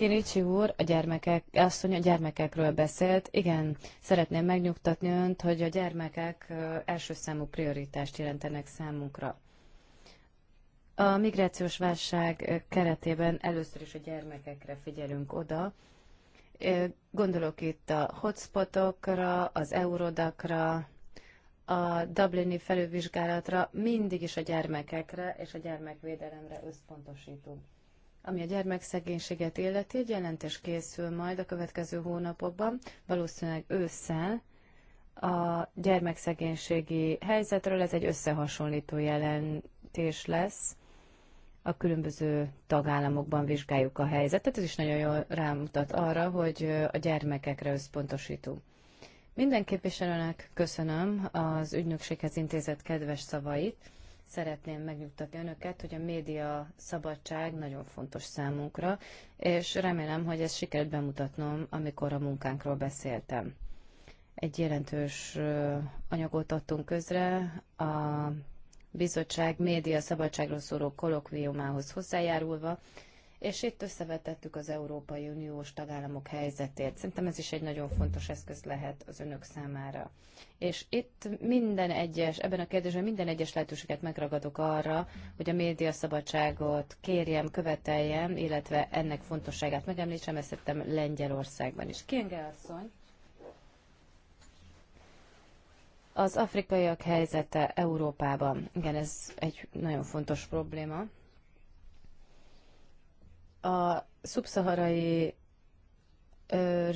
Kinicsi úr a gyermekek, asszony a gyermekekről beszélt. Igen, szeretném megnyugtatni önt, hogy a gyermekek első számú prioritást jelentenek számunkra. A migrációs válság keretében először is a gyermekekre figyelünk oda. Gondolok itt a hotspotokra, az eurodakra, a Dublini felülvizsgálatra, mindig is a gyermekekre és a gyermekvédelemre összpontosítunk. Ami a gyermekszegénységet illeti, egy jelentés készül majd a következő hónapokban, valószínűleg ősszel, a gyermekszegénységi helyzetről. Ez egy összehasonlító jelentés lesz. A különböző tagállamokban vizsgáljuk a helyzetet. Ez is nagyon jól rámutat arra, hogy a gyermekekre összpontosítunk. Minden képviselőnek köszönöm az ügynökséghez intézett kedves szavait szeretném megnyugtatni önöket, hogy a média szabadság nagyon fontos számunkra, és remélem, hogy ezt sikerült bemutatnom, amikor a munkánkról beszéltem. Egy jelentős anyagot adtunk közre a bizottság média szabadságról szóló kolokviumához hozzájárulva, és itt összevetettük az Európai Uniós tagállamok helyzetét. Szerintem ez is egy nagyon fontos eszköz lehet az önök számára. És itt minden egyes, ebben a kérdésben minden egyes lehetőséget megragadok arra, hogy a média szabadságot kérjem, követeljem, illetve ennek fontosságát megemlítsem, ezt tettem Lengyelországban is. Kienge asszony. Az afrikaiak helyzete Európában. Igen, ez egy nagyon fontos probléma a szubszaharai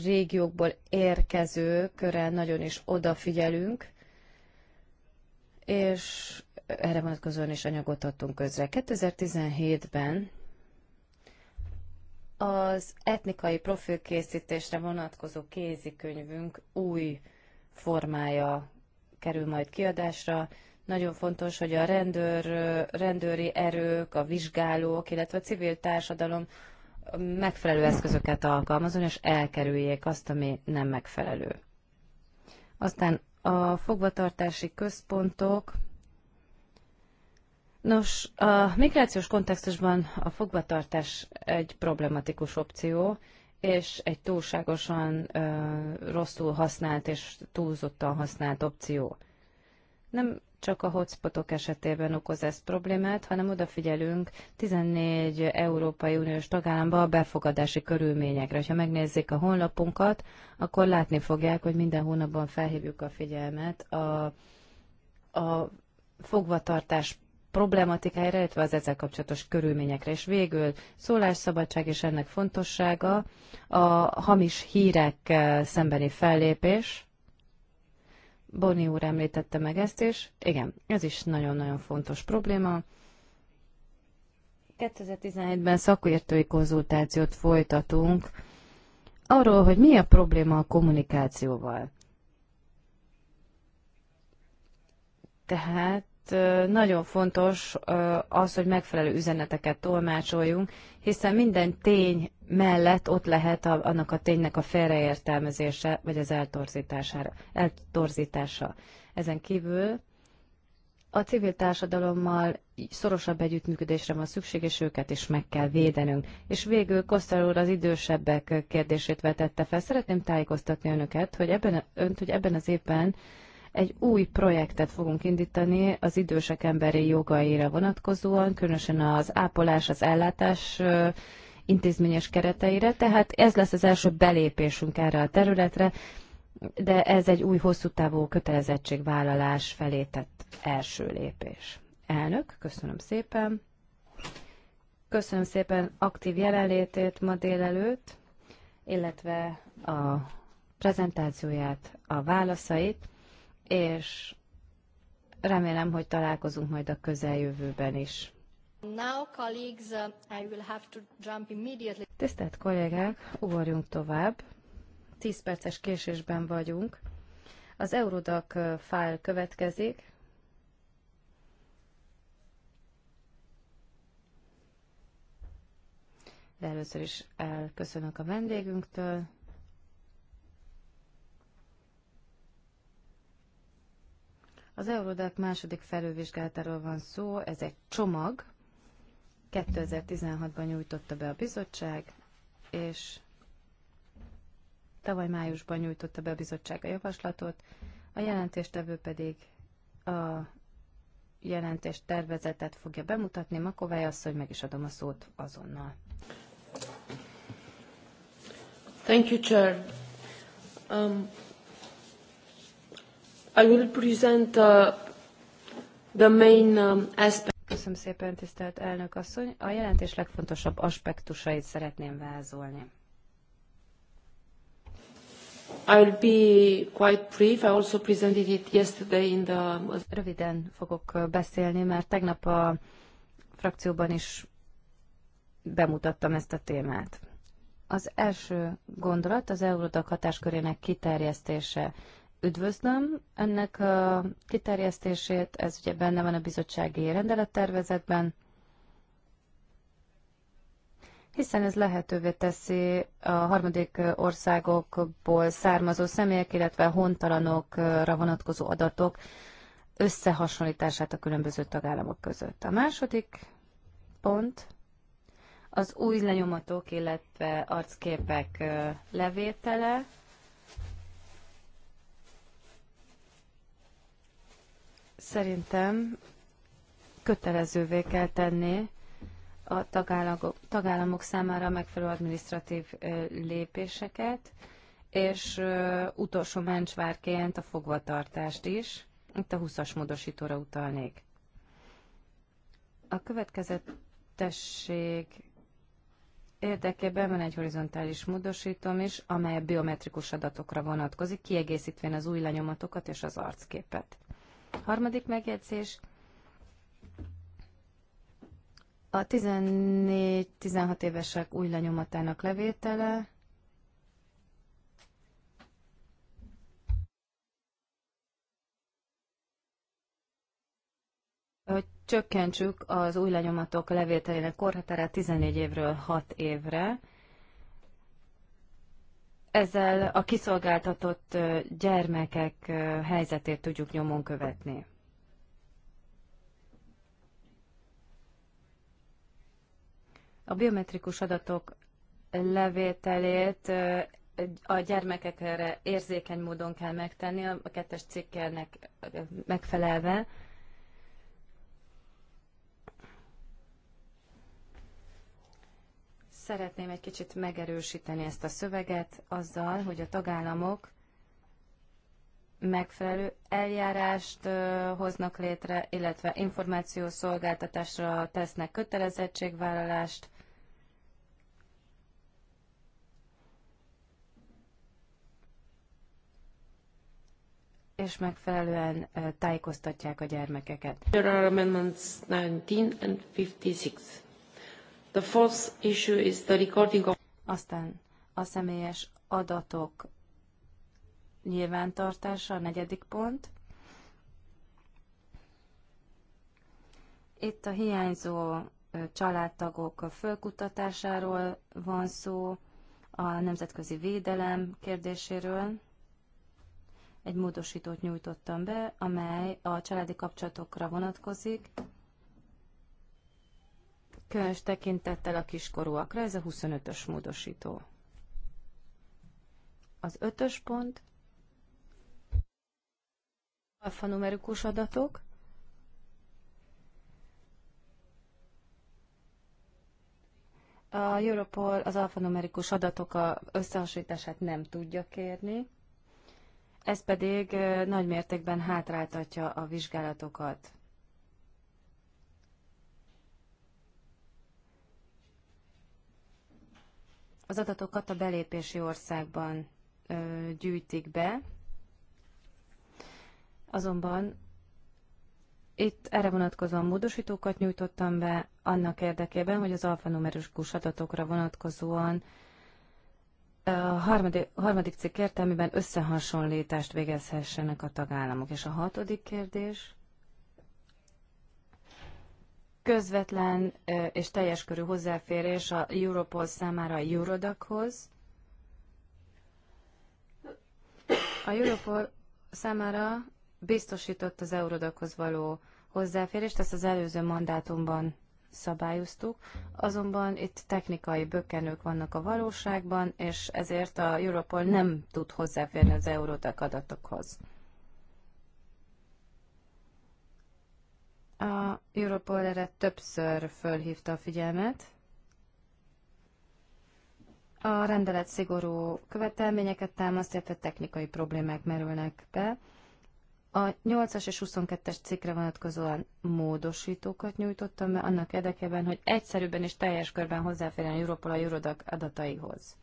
régiókból érkező köre nagyon is odafigyelünk, és erre vonatkozóan is anyagot adtunk közre. 2017-ben az etnikai profilkészítésre vonatkozó kézikönyvünk új formája kerül majd kiadásra. Nagyon fontos, hogy a rendőr, rendőri erők, a vizsgálók, illetve a civil társadalom megfelelő eszközöket alkalmazon, és elkerüljék azt, ami nem megfelelő. Aztán a fogvatartási központok. Nos, a migrációs kontextusban a fogvatartás egy problematikus opció, és egy túlságosan ö, rosszul használt és túlzottan használt opció. Nem csak a hotspotok esetében okoz ez problémát, hanem odafigyelünk 14 Európai Uniós tagállamba a befogadási körülményekre. Ha megnézzék a honlapunkat, akkor látni fogják, hogy minden hónapban felhívjuk a figyelmet a, a fogvatartás problematikájára, illetve az ezzel kapcsolatos körülményekre. És végül szólásszabadság és ennek fontossága, a hamis hírek szembeni fellépés, Boni úr említette meg ezt is. Igen, ez is nagyon-nagyon fontos probléma. 2017-ben szakértői konzultációt folytatunk arról, hogy mi a probléma a kommunikációval. Tehát nagyon fontos az, hogy megfelelő üzeneteket tolmácsoljunk, hiszen minden tény mellett ott lehet a, annak a ténynek a félreértelmezése, vagy az eltorzítására, eltorzítása. Ezen kívül a civil társadalommal szorosabb együttműködésre van szükség, és őket is meg kell védenünk. És végül Kosztal úr az idősebbek kérdését vetette fel. Szeretném tájékoztatni önöket, hogy ebben, önt, hogy ebben az évben egy új projektet fogunk indítani az idősek emberi jogaira vonatkozóan, különösen az ápolás, az ellátás intézményes kereteire, tehát ez lesz az első belépésünk erre a területre, de ez egy új hosszú távú kötelezettségvállalás felé tett első lépés. Elnök, köszönöm szépen. Köszönöm szépen aktív jelenlétét ma délelőtt, illetve a prezentációját, a válaszait, és remélem, hogy találkozunk majd a közeljövőben is. Now, colleagues, uh, I will have to jump immediately. Tisztelt kollégák, ugorjunk tovább. 10 perces késésben vagyunk. Az Eurodac uh, fájl következik. De először is elköszönök a vendégünktől. Az Eurodac második felülvizsgálatáról van szó, ez egy csomag, 2016-ban nyújtotta be a bizottság, és tavaly májusban nyújtotta be a bizottság a javaslatot, a jelentéstevő pedig a jelentés tervezetet fogja bemutatni. Makovály asszony, meg is adom a szót azonnal. Thank you, Chair. Um, I will present uh, the main um, aspect. Köszönöm szépen, tisztelt elnök asszony. A jelentés legfontosabb aspektusait szeretném vázolni. I will be quite brief. I also presented it yesterday in the... Röviden fogok beszélni, mert tegnap a frakcióban is bemutattam ezt a témát. Az első gondolat az Eurodac hatáskörének kiterjesztése üdvözlöm ennek a kiterjesztését, ez ugye benne van a bizottsági rendelettervezetben, hiszen ez lehetővé teszi a harmadik országokból származó személyek, illetve hontalanokra vonatkozó adatok összehasonlítását a különböző tagállamok között. A második pont az új lenyomatok, illetve arcképek levétele, szerintem kötelezővé kell tenni a tagállamok, tagállamok számára megfelelő administratív lépéseket, és utolsó mencsvárként a fogvatartást is. Itt a 20-as módosítóra utalnék. A következetesség érdekében van egy horizontális módosítom is, amely a biometrikus adatokra vonatkozik, kiegészítvén az új lenyomatokat és az arcképet. Harmadik megjegyzés. A 14-16 évesek új lenyomatának levétele. Hogy csökkentsük az új lenyomatok levételének korhatárát 14 évről 6 évre ezzel a kiszolgáltatott gyermekek helyzetét tudjuk nyomon követni. A biometrikus adatok levételét a gyermekekre érzékeny módon kell megtenni, a kettes cikkelnek megfelelve. Szeretném egy kicsit megerősíteni ezt a szöveget azzal, hogy a tagállamok megfelelő eljárást hoznak létre, illetve információszolgáltatásra tesznek kötelezettségvállalást, és megfelelően tájékoztatják a gyermekeket. There are amendments 19 and 56. The fourth issue is the recording of... Aztán a személyes adatok nyilvántartása, a negyedik pont. Itt a hiányzó családtagok fölkutatásáról van szó, a nemzetközi védelem kérdéséről. Egy módosítót nyújtottam be, amely a családi kapcsolatokra vonatkozik, Különös tekintettel a kiskorúakra, ez a 25-ös módosító. Az ötös pont, alfanumerikus adatok, A Europol az alfanumerikus adatok a összehasonlítását nem tudja kérni, ez pedig nagy mértékben hátráltatja a vizsgálatokat. az adatokat a belépési országban ö, gyűjtik be, azonban itt erre vonatkozóan módosítókat nyújtottam be annak érdekében, hogy az alfanumerikus adatokra vonatkozóan a harmadik, harmadik cikk értelmében összehasonlítást végezhessenek a tagállamok. És a hatodik kérdés közvetlen és teljes körű hozzáférés a Europol számára a Eurodachoz. A Europol számára biztosított az Eurodachoz való hozzáférést, ezt az előző mandátumban szabályoztuk, azonban itt technikai bökkenők vannak a valóságban, és ezért a Europol nem tud hozzáférni az Eurodac adatokhoz. A Europol erre többször fölhívta a figyelmet. A rendelet szigorú követelményeket támaszt, illetve technikai problémák merülnek be. A 8-as és 22-es cikkre vonatkozóan módosítókat nyújtottam be annak érdekében, hogy egyszerűbben és teljes körben hozzáférjen a Europol a Eurodac adataihoz.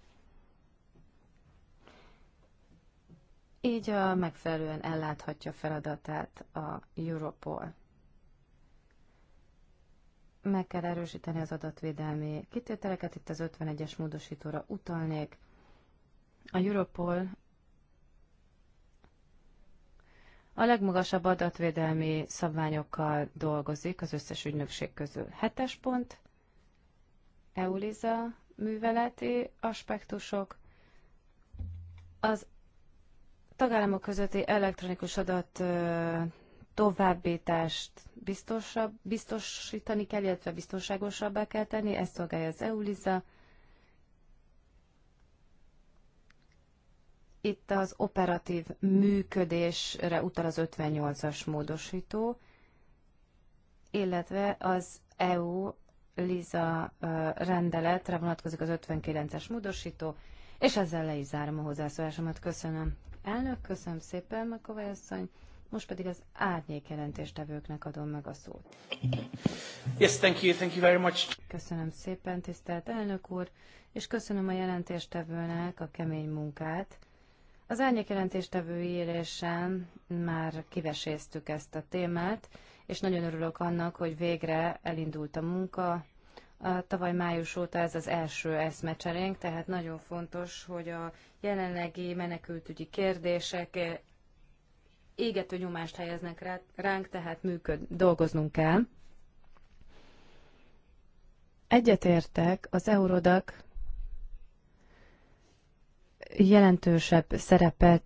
Így a megfelelően elláthatja feladatát a Europol meg kell erősíteni az adatvédelmi kitételeket, itt az 51-es módosítóra utalnék. A Europol a legmagasabb adatvédelmi szabványokkal dolgozik az összes ügynökség közül. Hetes pont, EULISA műveleti aspektusok, az tagállamok közötti elektronikus adat továbbítást biztosabb, biztosítani kell, illetve biztonságosabbá kell tenni, ezt szolgálja az EULISA. Itt az operatív működésre utal az 58-as módosító, illetve az EU Liza rendeletre vonatkozik az 59-es módosító, és ezzel le is zárom a hozzászólásomat. Köszönöm. Elnök, köszönöm szépen, Makovai asszony. Most pedig az árnyék jelentéstevőknek adom meg a szót. Yes, thank you, thank you very much. Köszönöm szépen, tisztelt elnök úr, és köszönöm a jelentéstevőnek a kemény munkát. Az árnyék jelentéstevő élésen már kiveséztük ezt a témát, és nagyon örülök annak, hogy végre elindult a munka. A tavaly május óta ez az első eszmecserénk, tehát nagyon fontos, hogy a jelenlegi menekültügyi kérdések égető nyomást helyeznek ránk, tehát működ, dolgoznunk kell. Egyetértek az eurodak jelentősebb szerepet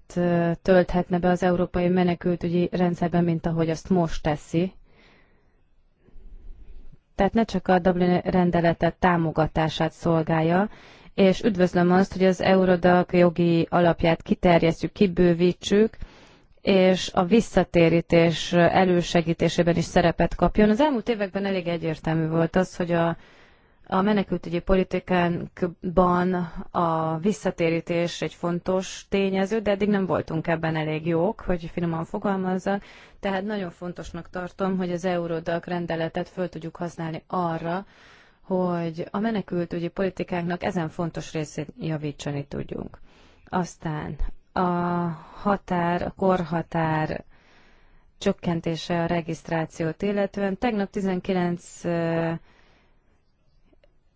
tölthetne be az európai menekültügyi rendszerben, mint ahogy azt most teszi. Tehát ne csak a Dublin rendeletet támogatását szolgálja, és üdvözlöm azt, hogy az Eurodac jogi alapját kiterjesztjük, kibővítsük, és a visszatérítés elősegítésében is szerepet kapjon. Az elmúlt években elég egyértelmű volt az, hogy a, a menekültügyi politikánkban a visszatérítés egy fontos tényező, de eddig nem voltunk ebben elég jók, hogy finoman fogalmazza. Tehát nagyon fontosnak tartom, hogy az Eurodac rendeletet föl tudjuk használni arra, hogy a menekültügyi politikánknak ezen fontos részét javítani tudjunk. Aztán a határ, a korhatár csökkentése a regisztrációt illetően. Tegnap 19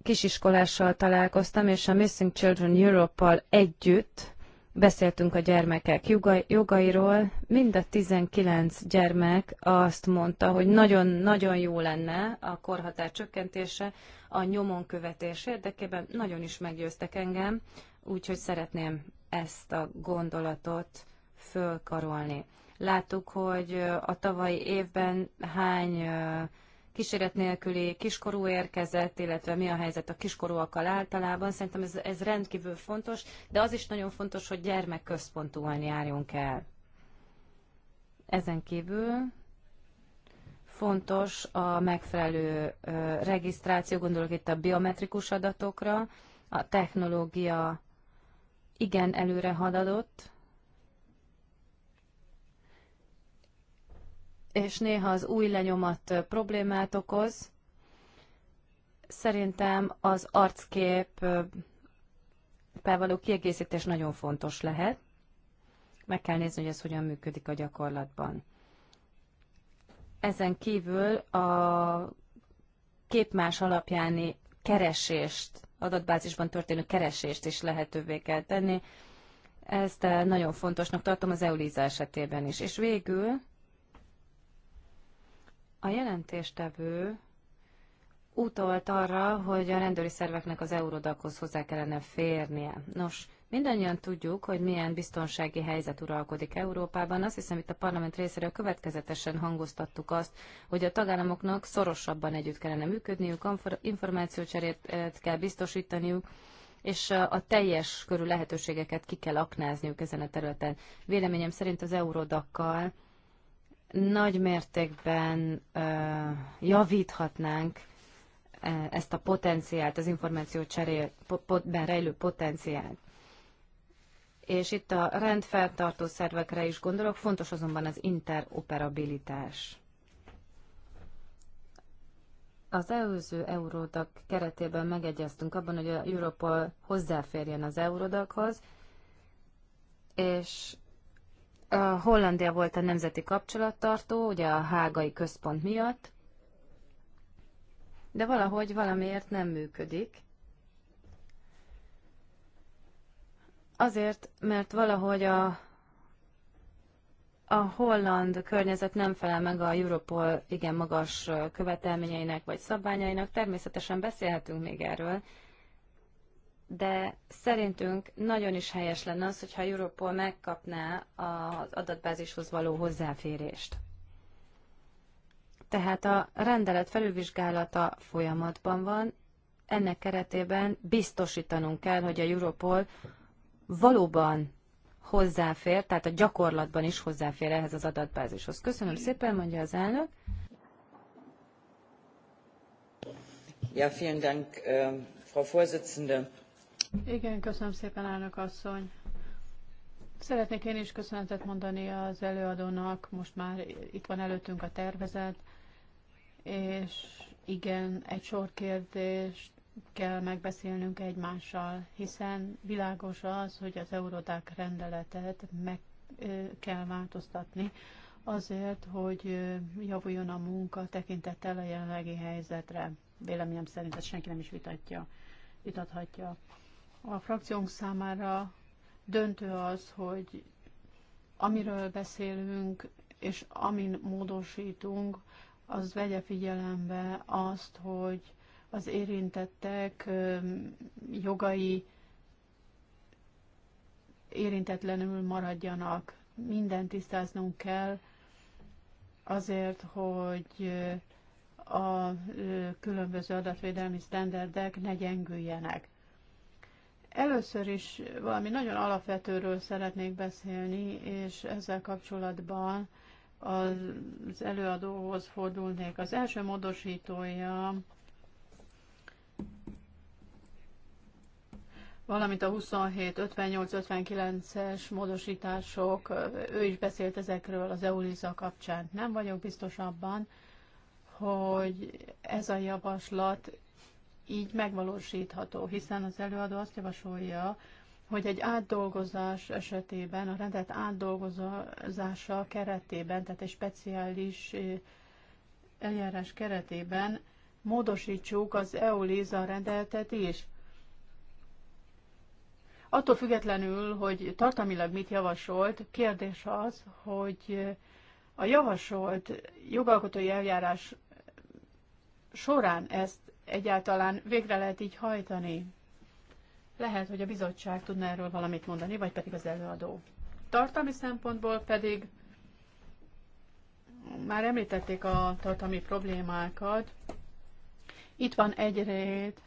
kisiskolással találkoztam, és a Missing Children Europe-al együtt beszéltünk a gyermekek jogairól. Mind a 19 gyermek azt mondta, hogy nagyon-nagyon jó lenne a korhatár csökkentése a nyomon követés érdekében. Nagyon is meggyőztek engem, úgyhogy szeretném ezt a gondolatot fölkarolni. Láttuk, hogy a tavalyi évben hány kíséret nélküli kiskorú érkezett, illetve mi a helyzet a kiskorúakkal általában. Szerintem ez, ez rendkívül fontos, de az is nagyon fontos, hogy gyermekközpontúan járjunk el. Ezen kívül fontos a megfelelő regisztráció, gondolok itt a biometrikus adatokra, a technológia igen előre haladott, és néha az új lenyomat problémát okoz. Szerintem az arckép való kiegészítés nagyon fontos lehet. Meg kell nézni, hogy ez hogyan működik a gyakorlatban. Ezen kívül a képmás alapjáni keresést adatbázisban történő keresést is lehetővé kell tenni. Ezt eh, nagyon fontosnak tartom az EULIZA esetében is. És végül a jelentéstevő utolt arra, hogy a rendőri szerveknek az eurodakhoz hozzá kellene férnie. Nos, Mindannyian tudjuk, hogy milyen biztonsági helyzet uralkodik Európában. Azt hiszem, itt a parlament részéről következetesen hangoztattuk azt, hogy a tagállamoknak szorosabban együtt kellene működniük, információcserét eh, kell biztosítaniuk, és eh, a teljes körű lehetőségeket ki kell aknázniuk ezen a területen. Véleményem szerint az eurodakkal nagy mértékben eh, javíthatnánk ezt a potenciált, az információ cserében rejlő potenciált és itt a rendfeltartó szervekre is gondolok, fontos azonban az interoperabilitás. Az előző Eurodac keretében megegyeztünk abban, hogy a Europol hozzáférjen az Eurodachoz, és a Hollandia volt a nemzeti kapcsolattartó, ugye a hágai központ miatt, de valahogy valamiért nem működik. Azért, mert valahogy a, a holland környezet nem felel meg a Europol igen magas követelményeinek vagy szabványainak. Természetesen beszélhetünk még erről, de szerintünk nagyon is helyes lenne az, hogyha Europol megkapná az adatbázishoz való hozzáférést. Tehát a rendelet felülvizsgálata folyamatban van, ennek keretében biztosítanunk kell, hogy a Europol valóban hozzáfér, tehát a gyakorlatban is hozzáfér ehhez az adatbázishoz. Köszönöm szépen, mondja az elnök. Ja, vielen Dank, ähm, Frau Vorsitzende. Igen, köszönöm szépen, elnök asszony. Szeretnék én is köszönetet mondani az előadónak, most már itt van előttünk a tervezet, és igen, egy sor kérdést kell megbeszélnünk egymással, hiszen világos az, hogy az Eurodák rendeletet meg kell változtatni azért, hogy javuljon a munka tekintettel a jelenlegi helyzetre. Véleményem szerint ezt senki nem is vitatja, vitathatja. A frakciónk számára döntő az, hogy amiről beszélünk, és amin módosítunk, az vegye figyelembe azt, hogy az érintettek jogai érintetlenül maradjanak. Mindent tisztáznunk kell azért, hogy a különböző adatvédelmi sztenderdek ne gyengüljenek. Először is valami nagyon alapvetőről szeretnék beszélni, és ezzel kapcsolatban az előadóhoz fordulnék. Az első módosítója valamint a 27-58-59-es módosítások, ő is beszélt ezekről az EULISA kapcsán. Nem vagyok biztos abban, hogy ez a javaslat így megvalósítható, hiszen az előadó azt javasolja, hogy egy átdolgozás esetében, a rendet átdolgozása keretében, tehát egy speciális eljárás keretében módosítsuk az EULISA rendeltet is. Attól függetlenül, hogy tartalmilag mit javasolt, kérdés az, hogy a javasolt jogalkotói eljárás során ezt egyáltalán végre lehet így hajtani. Lehet, hogy a bizottság tudna erről valamit mondani, vagy pedig az előadó. Tartalmi szempontból pedig már említették a tartalmi problémákat. Itt van egyrészt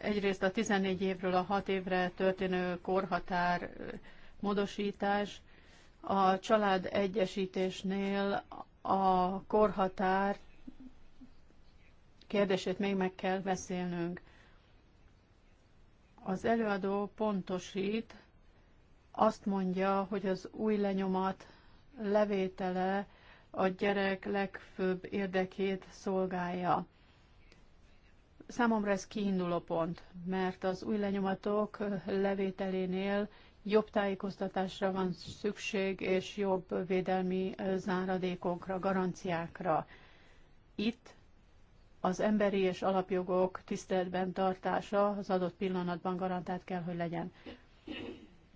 Egyrészt a 14 évről a 6 évre történő korhatár módosítás, a család egyesítésnél a korhatár kérdését még meg kell beszélnünk. Az előadó pontosít, azt mondja, hogy az új lenyomat levétele a gyerek legfőbb érdekét szolgálja számomra ez kiinduló pont, mert az új lenyomatok levételénél jobb tájékoztatásra van szükség, és jobb védelmi záradékokra, garanciákra. Itt az emberi és alapjogok tiszteletben tartása az adott pillanatban garantált kell, hogy legyen.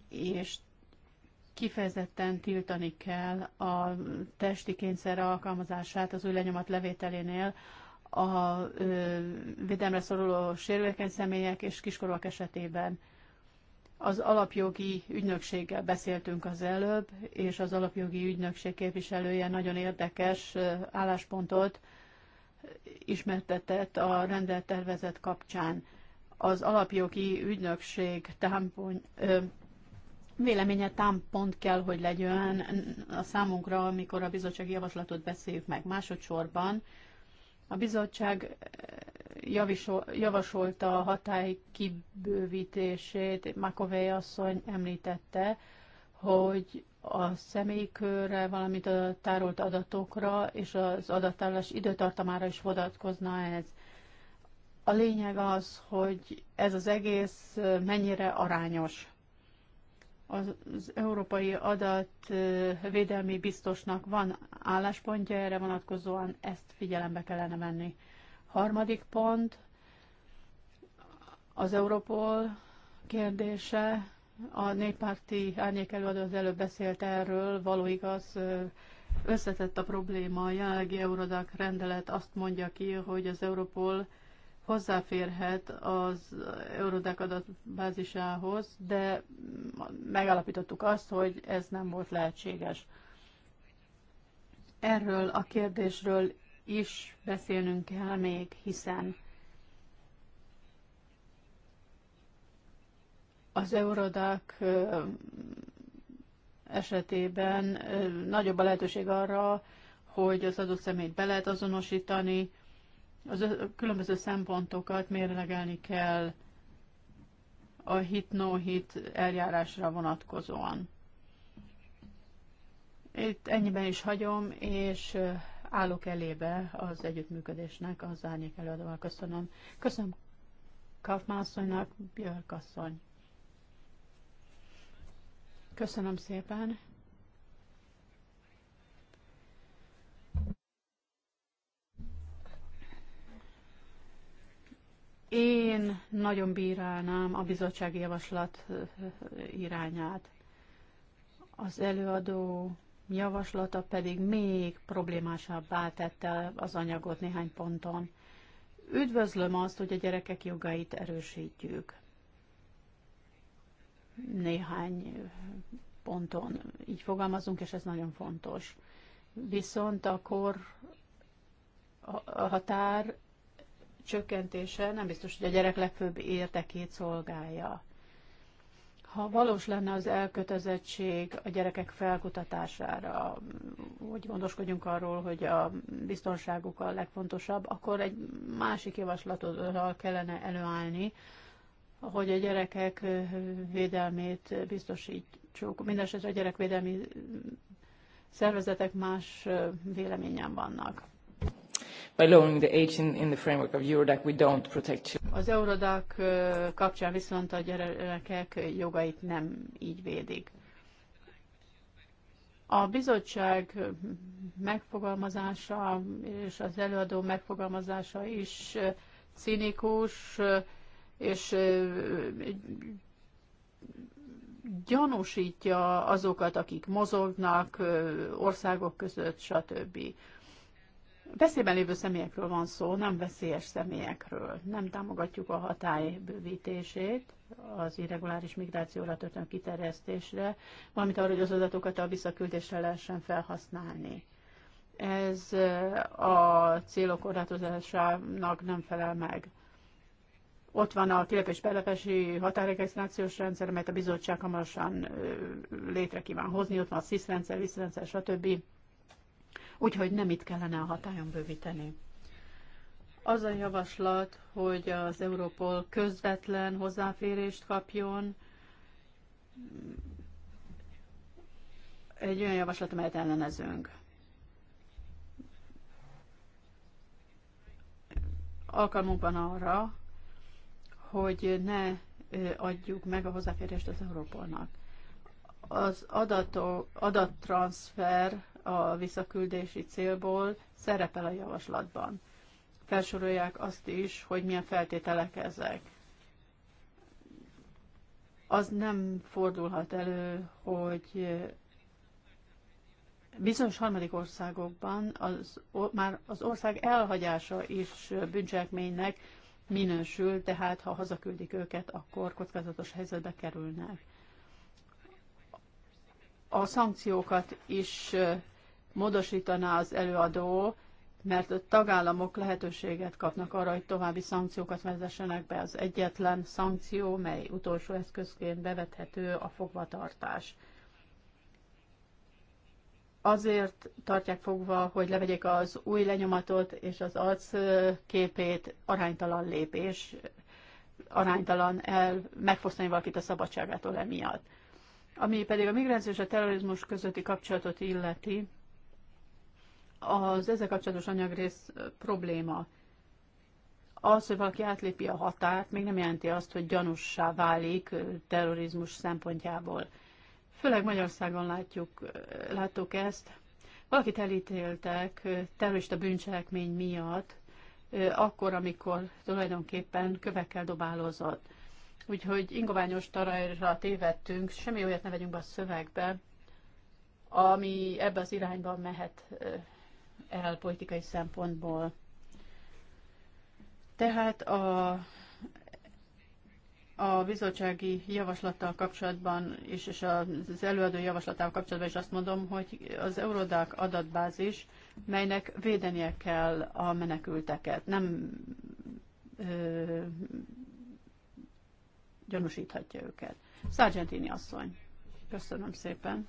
És kifejezetten tiltani kell a testi kényszer alkalmazását az új lenyomat levételénél, a védelemre szoruló sérülékeny személyek és kiskorúak esetében. Az alapjogi ügynökséggel beszéltünk az előbb, és az alapjogi ügynökség képviselője nagyon érdekes álláspontot ismertetett a rendeltervezet kapcsán. Az alapjogi ügynökség támpony, ö, véleménye támpont kell, hogy legyen a számunkra, amikor a bizottsági javaslatot beszéljük meg másodszorban. A bizottság eh, javasolta a hatály kibővítését, Makovei asszony említette, hogy a személykörre, valamint a tárolt adatokra és az adattárolás időtartamára is vonatkozna ez. A lényeg az, hogy ez az egész mennyire arányos az Európai Adatvédelmi Biztosnak van álláspontja erre vonatkozóan, ezt figyelembe kellene venni. Harmadik pont, az Europol kérdése, a néppárti árnyékelőadó az előbb beszélt erről, való igaz, összetett a probléma. A jelenlegi Eurodac rendelet azt mondja ki, hogy az Europol hozzáférhet az Eurodac adatbázisához, de megállapítottuk azt, hogy ez nem volt lehetséges. Erről a kérdésről is beszélnünk kell még, hiszen az Eurodac esetében nagyobb a lehetőség arra, hogy az adott személyt be lehet azonosítani, az különböző szempontokat mérlegelni kell a hit-no-hit eljárásra vonatkozóan. Itt ennyiben is hagyom, és állok elébe az együttműködésnek az árnyék előadóval. Köszönöm. Köszönöm Kaufmann Björk asszony. Köszönöm szépen. Én nagyon bírálnám a bizottsági javaslat irányát. Az előadó javaslata pedig még problémásabbá tette az anyagot néhány ponton. Üdvözlöm azt, hogy a gyerekek jogait erősítjük. Néhány ponton így fogalmazunk, és ez nagyon fontos. Viszont a kor a határ csökkentése nem biztos, hogy a gyerek legfőbb érdekét szolgálja. Ha valós lenne az elkötelezettség a gyerekek felkutatására, hogy gondoskodjunk arról, hogy a biztonságuk a legfontosabb, akkor egy másik javaslatodal kellene előállni, hogy a gyerekek védelmét biztosítsuk. Mindenesetre a gyerekvédelmi szervezetek más véleményen vannak by lowering the age in, in the framework of Eurodac, we don't protect children. Az Eurodac kapcsán viszont a gyerekek jogait nem így védik. A bizottság megfogalmazása és az előadó megfogalmazása is cinikus, és gyanúsítja azokat, akik mozognak országok között, stb. Veszélyben lévő személyekről van szó, nem veszélyes személyekről. Nem támogatjuk a hatály bővítését, az irreguláris migrációra történő kiterjesztésre, valamint arra, hogy az adatokat a visszaküldésre lehessen felhasználni. Ez eh, a célok korlátozásának nem felel meg. Ott van a kilépés belepesi határregisztrációs rendszer, amelyet a bizottság hamarosan eh, létre kíván hozni, ott van a SZISZ rendszer, VISZ rendszer, stb úgyhogy nem itt kellene a hatályon bővíteni. Az a javaslat, hogy az Europol közvetlen hozzáférést kapjon, egy olyan javaslat, amelyet ellenezünk. Alkalmunk van arra, hogy ne adjuk meg a hozzáférést az Európolnak. Az adatok, adattranszfer a visszaküldési célból szerepel a javaslatban. Felsorolják azt is, hogy milyen feltételek ezek. Az nem fordulhat elő, hogy bizonyos harmadik országokban az, már az ország elhagyása is bűncselekménynek minősül, tehát ha hazaküldik őket, akkor kockázatos helyzetbe kerülnek. A szankciókat is módosítaná az előadó, mert a tagállamok lehetőséget kapnak arra, hogy további szankciókat vezessenek be. Az egyetlen szankció, mely utolsó eszközként bevethető a fogvatartás. Azért tartják fogva, hogy levegyék az új lenyomatot és az arc képét aránytalan lépés, aránytalan el megfosztani valakit a szabadságától emiatt. Ami pedig a migráció és a terrorizmus közötti kapcsolatot illeti, az ezzel kapcsolatos anyagrész probléma. Az, hogy valaki átlépi a határt, még nem jelenti azt, hogy gyanussá válik terrorizmus szempontjából. Főleg Magyarországon látjuk, láttuk ezt. Valakit elítéltek terrorista bűncselekmény miatt, akkor, amikor tulajdonképpen kövekkel dobálozott. Úgyhogy ingoványos tarajra tévedtünk, semmi olyat ne vegyünk be a szövegbe, ami ebbe az irányba mehet el politikai szempontból. Tehát a, a bizottsági javaslattal kapcsolatban is, és az előadó javaslatával kapcsolatban is azt mondom, hogy az Eurodák adatbázis, melynek védenie kell a menekülteket. Nem ö, gyanúsíthatja őket. Sargentini asszony, köszönöm szépen,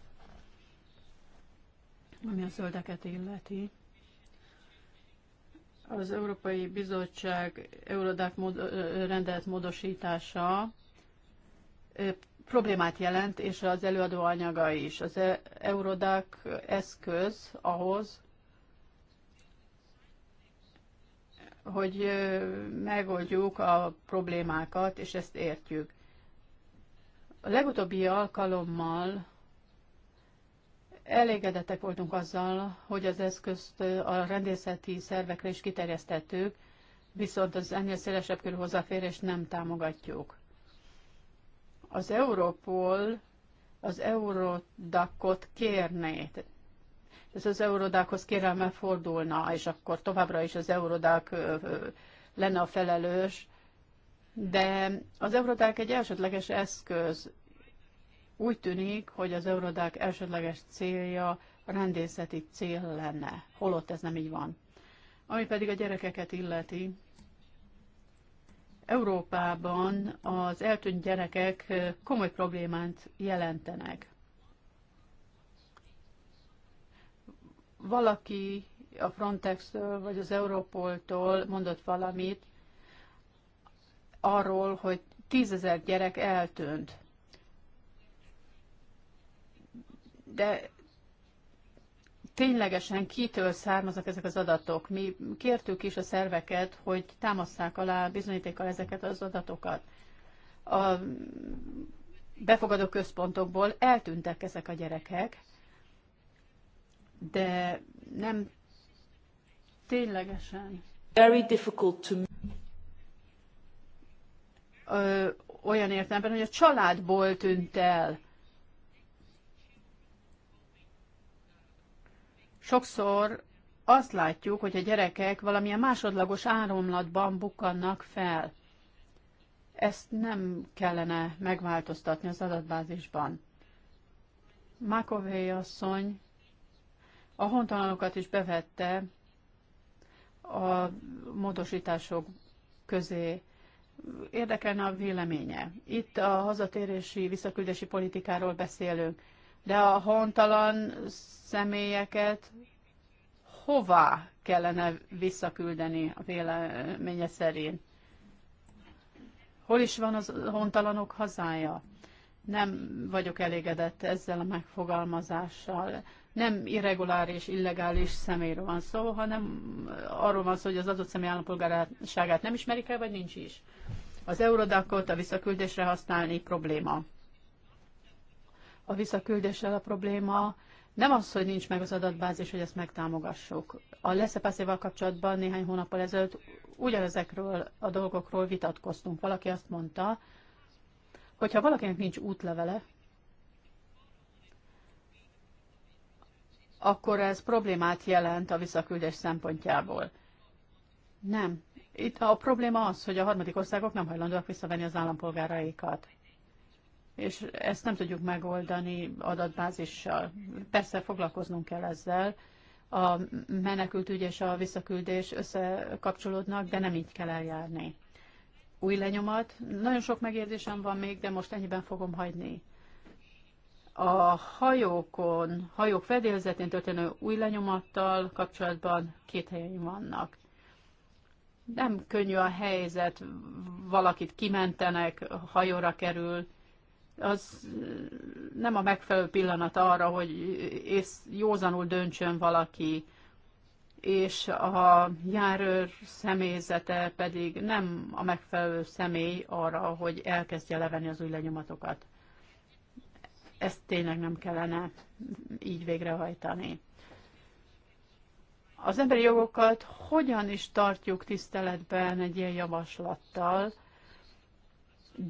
ami a zöldeket illeti. Az Európai Bizottság Eurodac mod, rendelet módosítása problémát jelent, és az előadó anyaga is. Az e- Eurodac eszköz ahhoz, hogy megoldjuk a problémákat, és ezt értjük. A legutóbbi alkalommal Elégedettek voltunk azzal, hogy az eszközt a rendészeti szervekre is kiterjesztettük, viszont az ennél szélesebb körű hozzáférést nem támogatjuk. Az Europol az Eurodakot kérné, ez az Eurodákhoz kérelme fordulna, és akkor továbbra is az Eurodák lenne a felelős, de az Eurodák egy elsődleges eszköz, úgy tűnik, hogy az Eurodák elsődleges célja rendészeti cél lenne, holott ez nem így van. Ami pedig a gyerekeket illeti, Európában az eltűnt gyerekek komoly problémát jelentenek. Valaki a frontex vagy az Európoltól mondott valamit arról, hogy tízezer gyerek eltűnt. de ténylegesen kitől származnak ezek az adatok. Mi kértük is a szerveket, hogy támasszák alá bizonyítékkal ezeket az adatokat. A befogadó központokból eltűntek ezek a gyerekek, de nem ténylegesen. Very difficult to... Ö, olyan értelemben, hogy a családból tűnt el sokszor azt látjuk, hogy a gyerekek valamilyen másodlagos áromlatban bukkannak fel. Ezt nem kellene megváltoztatni az adatbázisban. Makovei asszony a hontalanokat is bevette a módosítások közé. Érdekelne a véleménye. Itt a hazatérési, visszaküldési politikáról beszélünk de a hontalan személyeket hová kellene visszaküldeni a véleménye szerint? Hol is van az hontalanok hazája? Nem vagyok elégedett ezzel a megfogalmazással. Nem irreguláris, illegális személyről van szó, hanem arról van szó, hogy az adott személy állampolgárságát nem ismerik el, vagy nincs is. Az eurodakot a visszaküldésre használni probléma a visszaküldéssel a probléma nem az, hogy nincs meg az adatbázis, hogy ezt megtámogassuk. A leszepászéval kapcsolatban néhány hónappal ezelőtt ugyanezekről a dolgokról vitatkoztunk. Valaki azt mondta, hogyha valakinek nincs útlevele, akkor ez problémát jelent a visszaküldés szempontjából. Nem. Itt a probléma az, hogy a harmadik országok nem hajlandóak visszavenni az állampolgáraikat és ezt nem tudjuk megoldani adatbázissal. Persze foglalkoznunk kell ezzel, a menekültügy és a visszaküldés összekapcsolódnak, de nem így kell eljárni. Új lenyomat. Nagyon sok megérzésem van még, de most ennyiben fogom hagyni. A hajókon, hajók fedélzetén történő új lenyomattal kapcsolatban két helyen vannak. Nem könnyű a helyzet, valakit kimentenek, hajóra kerül, az nem a megfelelő pillanat arra, hogy ész, józanul döntsön valaki, és a járőr személyzete pedig nem a megfelelő személy arra, hogy elkezdje levenni az új lenyomatokat. Ezt tényleg nem kellene így végrehajtani. Az emberi jogokat hogyan is tartjuk tiszteletben egy ilyen javaslattal,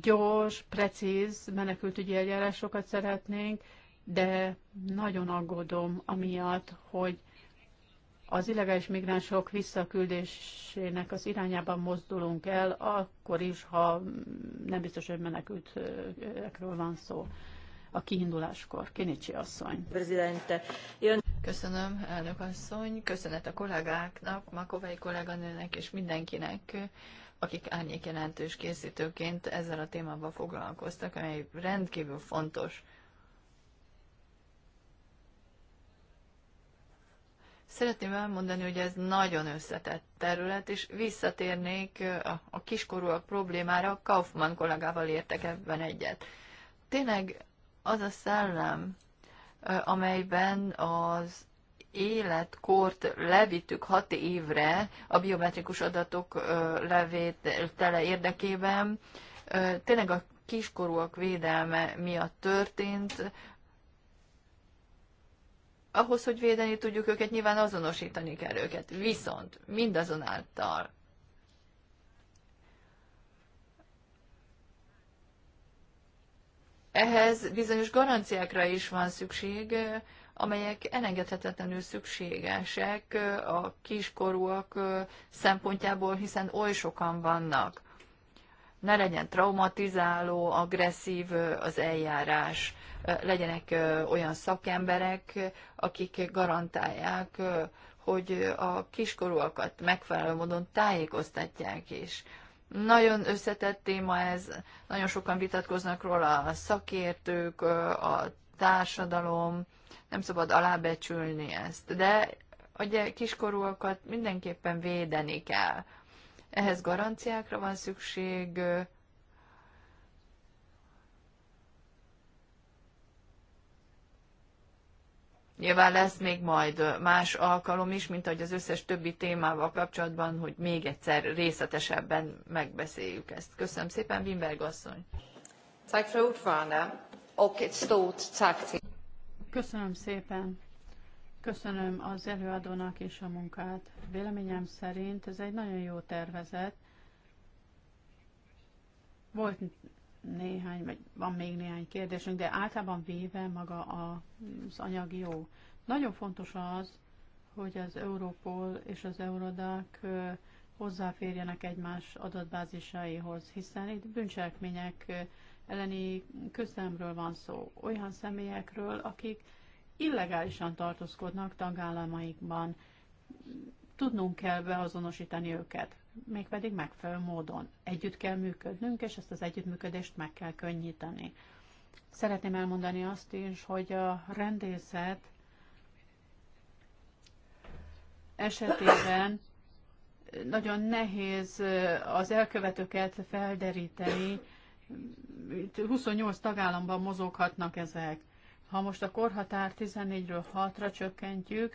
gyors, precíz menekültügyi eljárásokat szeretnénk, de nagyon aggódom amiatt, hogy az illegális migránsok visszaküldésének az irányában mozdulunk el, akkor is, ha nem biztos, hogy menekültekről van szó a kiinduláskor. Kinicsi asszony. Presidente. Köszönöm, elnök asszony. Köszönet a kollégáknak, Makovai kolléganőnek és mindenkinek, akik árnyék jelentős készítőként ezzel a témával foglalkoztak, amely rendkívül fontos. Szeretném elmondani, hogy ez nagyon összetett terület, és visszatérnék a kiskorúak problémára, Kaufmann kollégával értek ebben egyet. Tényleg az a szellem, amelyben az életkort levittük hat évre a biometrikus adatok levétele érdekében. Tényleg a kiskorúak védelme miatt történt, ahhoz, hogy védeni tudjuk őket, nyilván azonosítani kell őket. Viszont mindazonáltal ehhez bizonyos garanciákra is van szükség, amelyek elengedhetetlenül szükségesek a kiskorúak szempontjából, hiszen oly sokan vannak. Ne legyen traumatizáló, agresszív az eljárás, legyenek olyan szakemberek, akik garantálják, hogy a kiskorúakat megfelelő módon tájékoztatják is. Nagyon összetett téma ez, nagyon sokan vitatkoznak róla a szakértők, a társadalom, nem szabad alábecsülni ezt, de ugye kiskorúakat mindenképpen védeni kell. Ehhez garanciákra van szükség, Nyilván lesz még majd más alkalom is, mint ahogy az összes többi témával kapcsolatban, hogy még egyszer részletesebben megbeszéljük ezt. Köszönöm szépen, Wimberg asszony. Tack för ordförande och ett stort tack till... Köszönöm szépen. Köszönöm az előadónak és a munkát. Véleményem szerint ez egy nagyon jó tervezet. Volt néhány, vagy van még néhány kérdésünk, de általában véve maga az anyag jó. Nagyon fontos az, hogy az Europol és az Eurodac hozzáférjenek egymás adatbázisaihoz, hiszen itt bűncselekmények elleni küzdelemről van szó, olyan személyekről, akik illegálisan tartózkodnak tagállamaikban. Tudnunk kell beazonosítani őket, mégpedig megfelelő módon. Együtt kell működnünk, és ezt az együttműködést meg kell könnyíteni. Szeretném elmondani azt is, hogy a rendészet esetében nagyon nehéz az elkövetőket felderíteni, 28 tagállamban mozoghatnak ezek. Ha most a korhatár 14-ről 6-ra csökkentjük,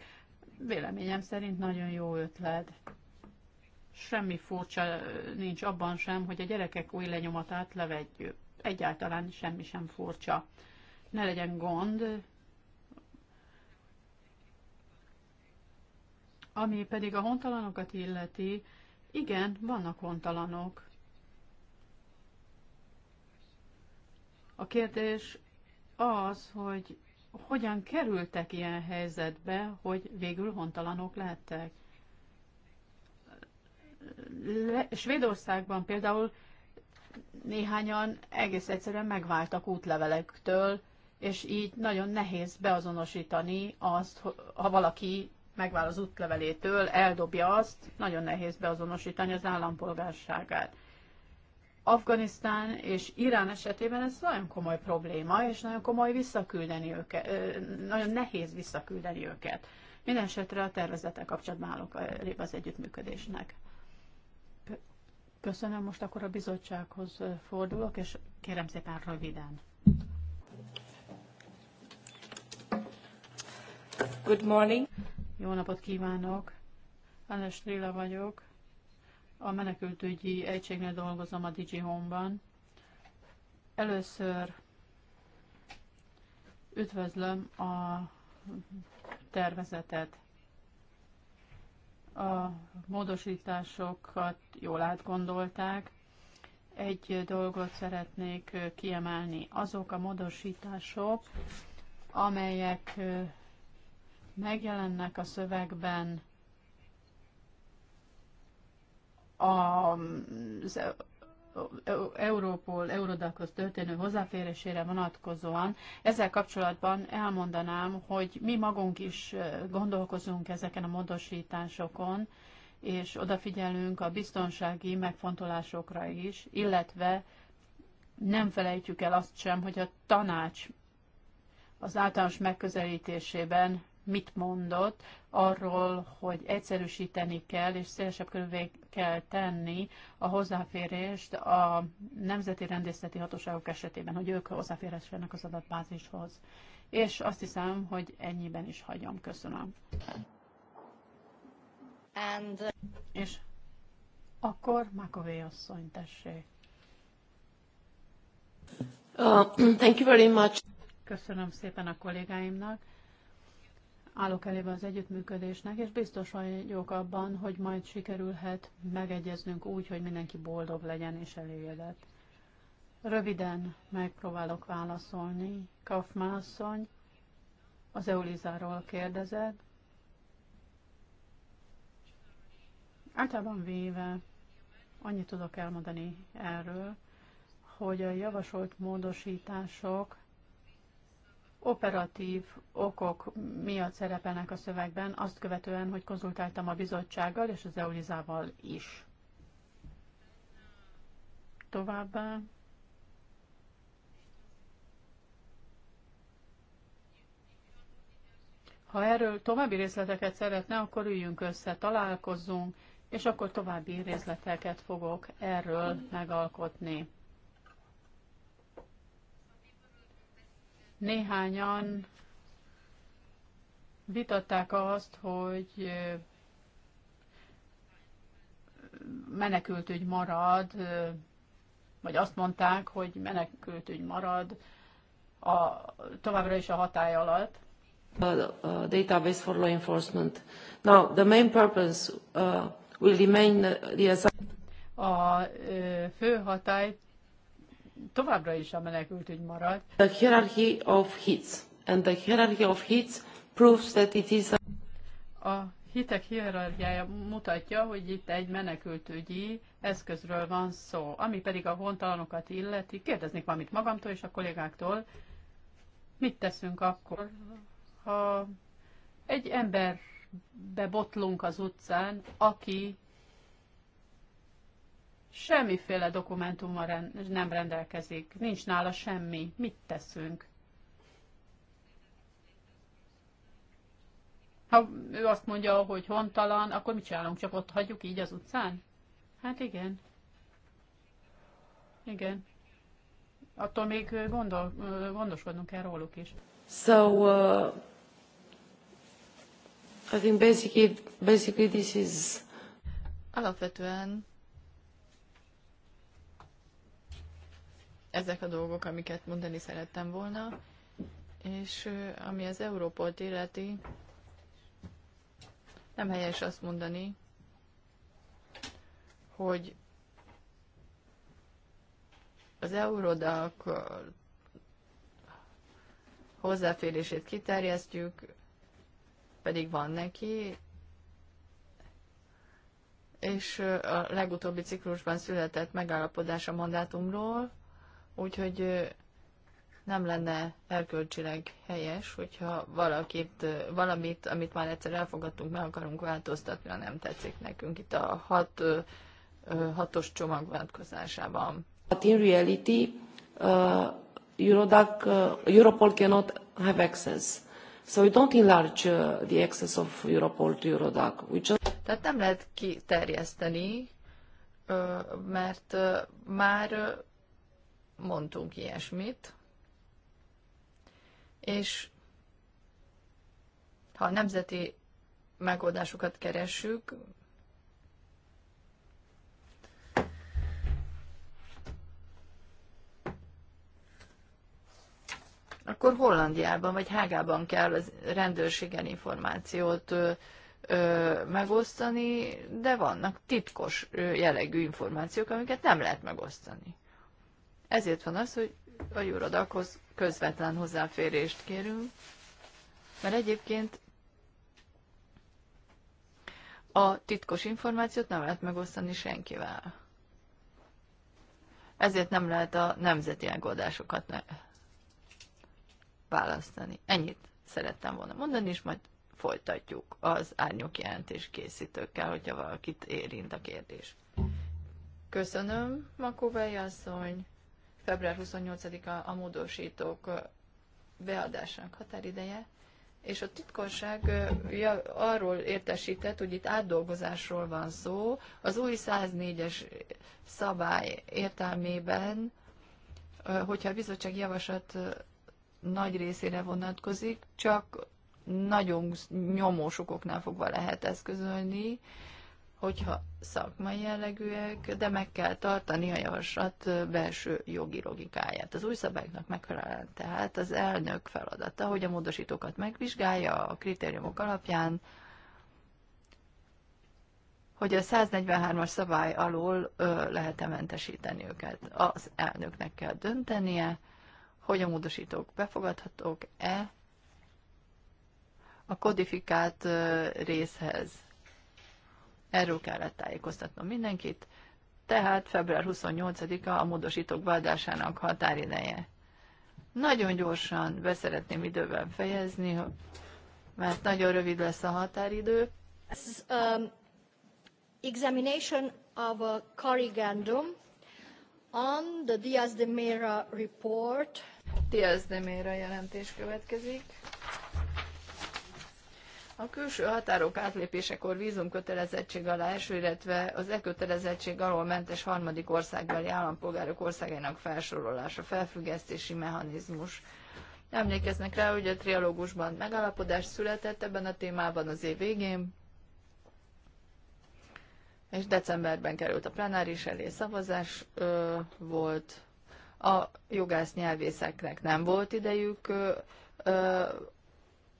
véleményem szerint nagyon jó ötlet. Semmi furcsa nincs abban sem, hogy a gyerekek új lenyomatát levedjük. Egyáltalán semmi sem furcsa. Ne legyen gond, Ami pedig a hontalanokat illeti, igen, vannak hontalanok. A kérdés az, hogy hogyan kerültek ilyen helyzetbe, hogy végül hontalanok lettek. Le, Svédországban például néhányan egész egyszerűen megváltak útlevelektől, és így nagyon nehéz beazonosítani azt, ha valaki megvál az útlevelétől, eldobja azt, nagyon nehéz beazonosítani az állampolgárságát. Afganisztán és Irán esetében ez nagyon komoly probléma, és nagyon komoly visszaküldeni őket, nagyon nehéz visszaküldeni őket. Minden esetre a tervezettel kapcsolatban állok elébb az együttműködésnek. Köszönöm, most akkor a bizottsághoz fordulok, és kérem szépen röviden. Good morning. Jó napot kívánok! Anna Strilla vagyok a menekültügyi egységnél dolgozom a Digi Home-ban. Először üdvözlöm a tervezetet. A módosításokat jól átgondolták. Egy dolgot szeretnék kiemelni. Azok a módosítások, amelyek megjelennek a szövegben az e, e, Európol, Eurodakhoz történő hozzáférésére vonatkozóan. Ezzel kapcsolatban elmondanám, hogy mi magunk is e, gondolkozunk ezeken a módosításokon, és odafigyelünk a biztonsági megfontolásokra is, illetve nem felejtjük el azt sem, hogy a tanács az általános megközelítésében mit mondott arról, hogy egyszerűsíteni kell és szélesebb körülvé kell tenni a hozzáférést a nemzeti rendészeti hatóságok esetében, hogy ők hozzáférhessenek az adatbázishoz. És azt hiszem, hogy ennyiben is hagyom. Köszönöm. And, És akkor Makové asszony, tessék. Uh, thank you very much. Köszönöm szépen a kollégáimnak állok elébe az együttműködésnek, és biztos vagyok abban, hogy majd sikerülhet megegyeznünk úgy, hogy mindenki boldog legyen és elégedett. Röviden megpróbálok válaszolni. Kafmászony, az Eulizáról kérdezed. Általában véve annyit tudok elmondani erről, hogy a javasolt módosítások operatív okok miatt szerepelnek a szövegben, azt követően, hogy konzultáltam a bizottsággal és az EULIZával is. Továbbá Ha erről további részleteket szeretne, akkor üljünk össze, találkozzunk, és akkor további részleteket fogok erről megalkotni. Néhányan vitatták azt, hogy menekültügy marad, vagy azt mondták, hogy menekültügy marad a, továbbra is a hatály alatt. A uh, database for law enforcement. Now, the main purpose uh, will remain the... A fő hatály továbbra is a menekültügy marad. The hierarchy of hits and the hierarchy of hits proves that it is a... a hitek hierarchiája mutatja, hogy itt egy menekültügyi eszközről van szó, ami pedig a hontalanokat illeti. Kérdeznék valamit magamtól és a kollégáktól, mit teszünk akkor, ha egy emberbe botlunk az utcán, aki semmiféle dokumentummal nem rendelkezik, nincs nála semmi. Mit teszünk? Ha ő azt mondja, hogy hontalan, akkor mit csinálunk? Csak ott hagyjuk így az utcán? Hát igen. Igen. Attól még gondol, gondoskodnunk kell róluk is. So, uh, I think basically, basically this is... Alapvetően ezek a dolgok, amiket mondani szerettem volna, és ami az Európolt illeti, nem helyes azt mondani, hogy az eurodak hozzáférését kiterjesztjük, pedig van neki, és a legutóbbi ciklusban született megállapodás a mandátumról, Úgyhogy nem lenne erkölcsileg helyes, hogyha valakit, valamit, amit már egyszer elfogadtunk, meg akarunk változtatni, ha nem tetszik nekünk itt a hat, hatos csomag változásában. But in reality, uh, Eurodac, uh, Europol cannot have access. So we don't enlarge uh, the access of Europol to Eurodac. We just... Tehát nem lehet kiterjeszteni, mert már mondtunk ilyesmit, és ha a nemzeti megoldásokat keressük, akkor Hollandiában vagy Hágában kell a rendőrségen információt ö, ö, megosztani, de vannak titkos jellegű információk, amiket nem lehet megosztani. Ezért van az, hogy a jurodakhoz közvetlen hozzáférést kérünk, mert egyébként a titkos információt nem lehet megosztani senkivel. Ezért nem lehet a nemzeti elgódásokat ne választani. Ennyit szerettem volna mondani, és majd folytatjuk az árnyok jelentés készítőkkel, hogyha valakit érint a kérdés. Köszönöm, Makovei asszony február 28-a a módosítók beadásának határideje, és a titkosság arról értesített, hogy itt átdolgozásról van szó. Az új 104-es szabály értelmében, hogyha a bizottság javaslat nagy részére vonatkozik, csak nagyon nyomós okoknál fogva lehet eszközölni, hogyha szakmai jellegűek, de meg kell tartani a javaslat belső jogi logikáját. Az új szabályoknak megfelelően tehát az elnök feladata, hogy a módosítókat megvizsgálja a kritériumok alapján, hogy a 143-as szabály alól lehet-e mentesíteni őket. Az elnöknek kell döntenie, hogy a módosítók befogadhatók-e a kodifikált részhez Erről kellett tájékoztatnom mindenkit, tehát február 28-a a módosítók vádásának határideje. Nagyon gyorsan beszeretném időben fejezni, mert nagyon rövid lesz a határidő. As, um, examination of a corrigendum on the Diaz de Mera report. Diaz de Mera jelentés következik. A külső határok átlépésekor vízumkötelezettség alá eső, illetve az e kötelezettség alól mentes harmadik országbeli állampolgárok országainak felsorolása, felfüggesztési mechanizmus. Emlékeznek rá, hogy a trialógusban megállapodás született ebben a témában az év végén, és decemberben került a plenáris elé szavazás ö, volt. A jogász nyelvészeknek nem volt idejük ö, ö,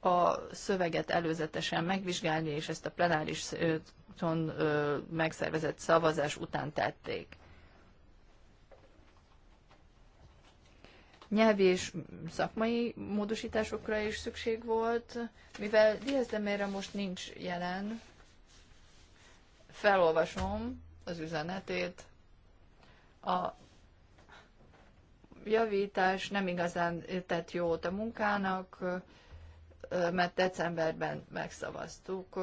a szöveget előzetesen megvizsgálni, és ezt a ton megszervezett szavazás után tették. Nyelvi és szakmai módosításokra is szükség volt, mivel Diaz de Mera most nincs jelen, felolvasom az üzenetét. A javítás nem igazán tett jót a munkának, mert decemberben megszavaztuk.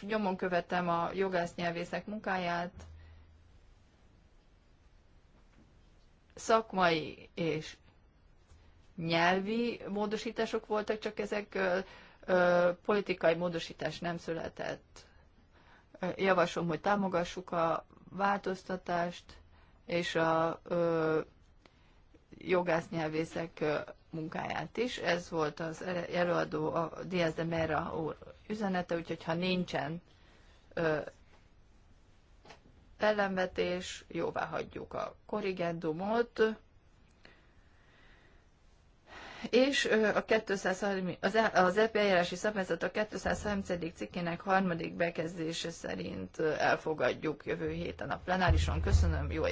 Nyomon követem a jogásznyelvészek munkáját, szakmai és nyelvi módosítások voltak, csak ezek ö, ö, politikai módosítás nem született. Javaslom, hogy támogassuk a változtatást, és a ö, jogásznyelvészek munkáját is. Ez volt az előadó a Diaz de Mera úr üzenete, úgyhogy ha nincsen ö, ellenvetés, jóvá hagyjuk a korrigendumot, és a 230, az, e- az EP eljárási szabályzat a 230. cikkének harmadik bekezdése szerint elfogadjuk jövő héten a plenárison. Köszönöm, jó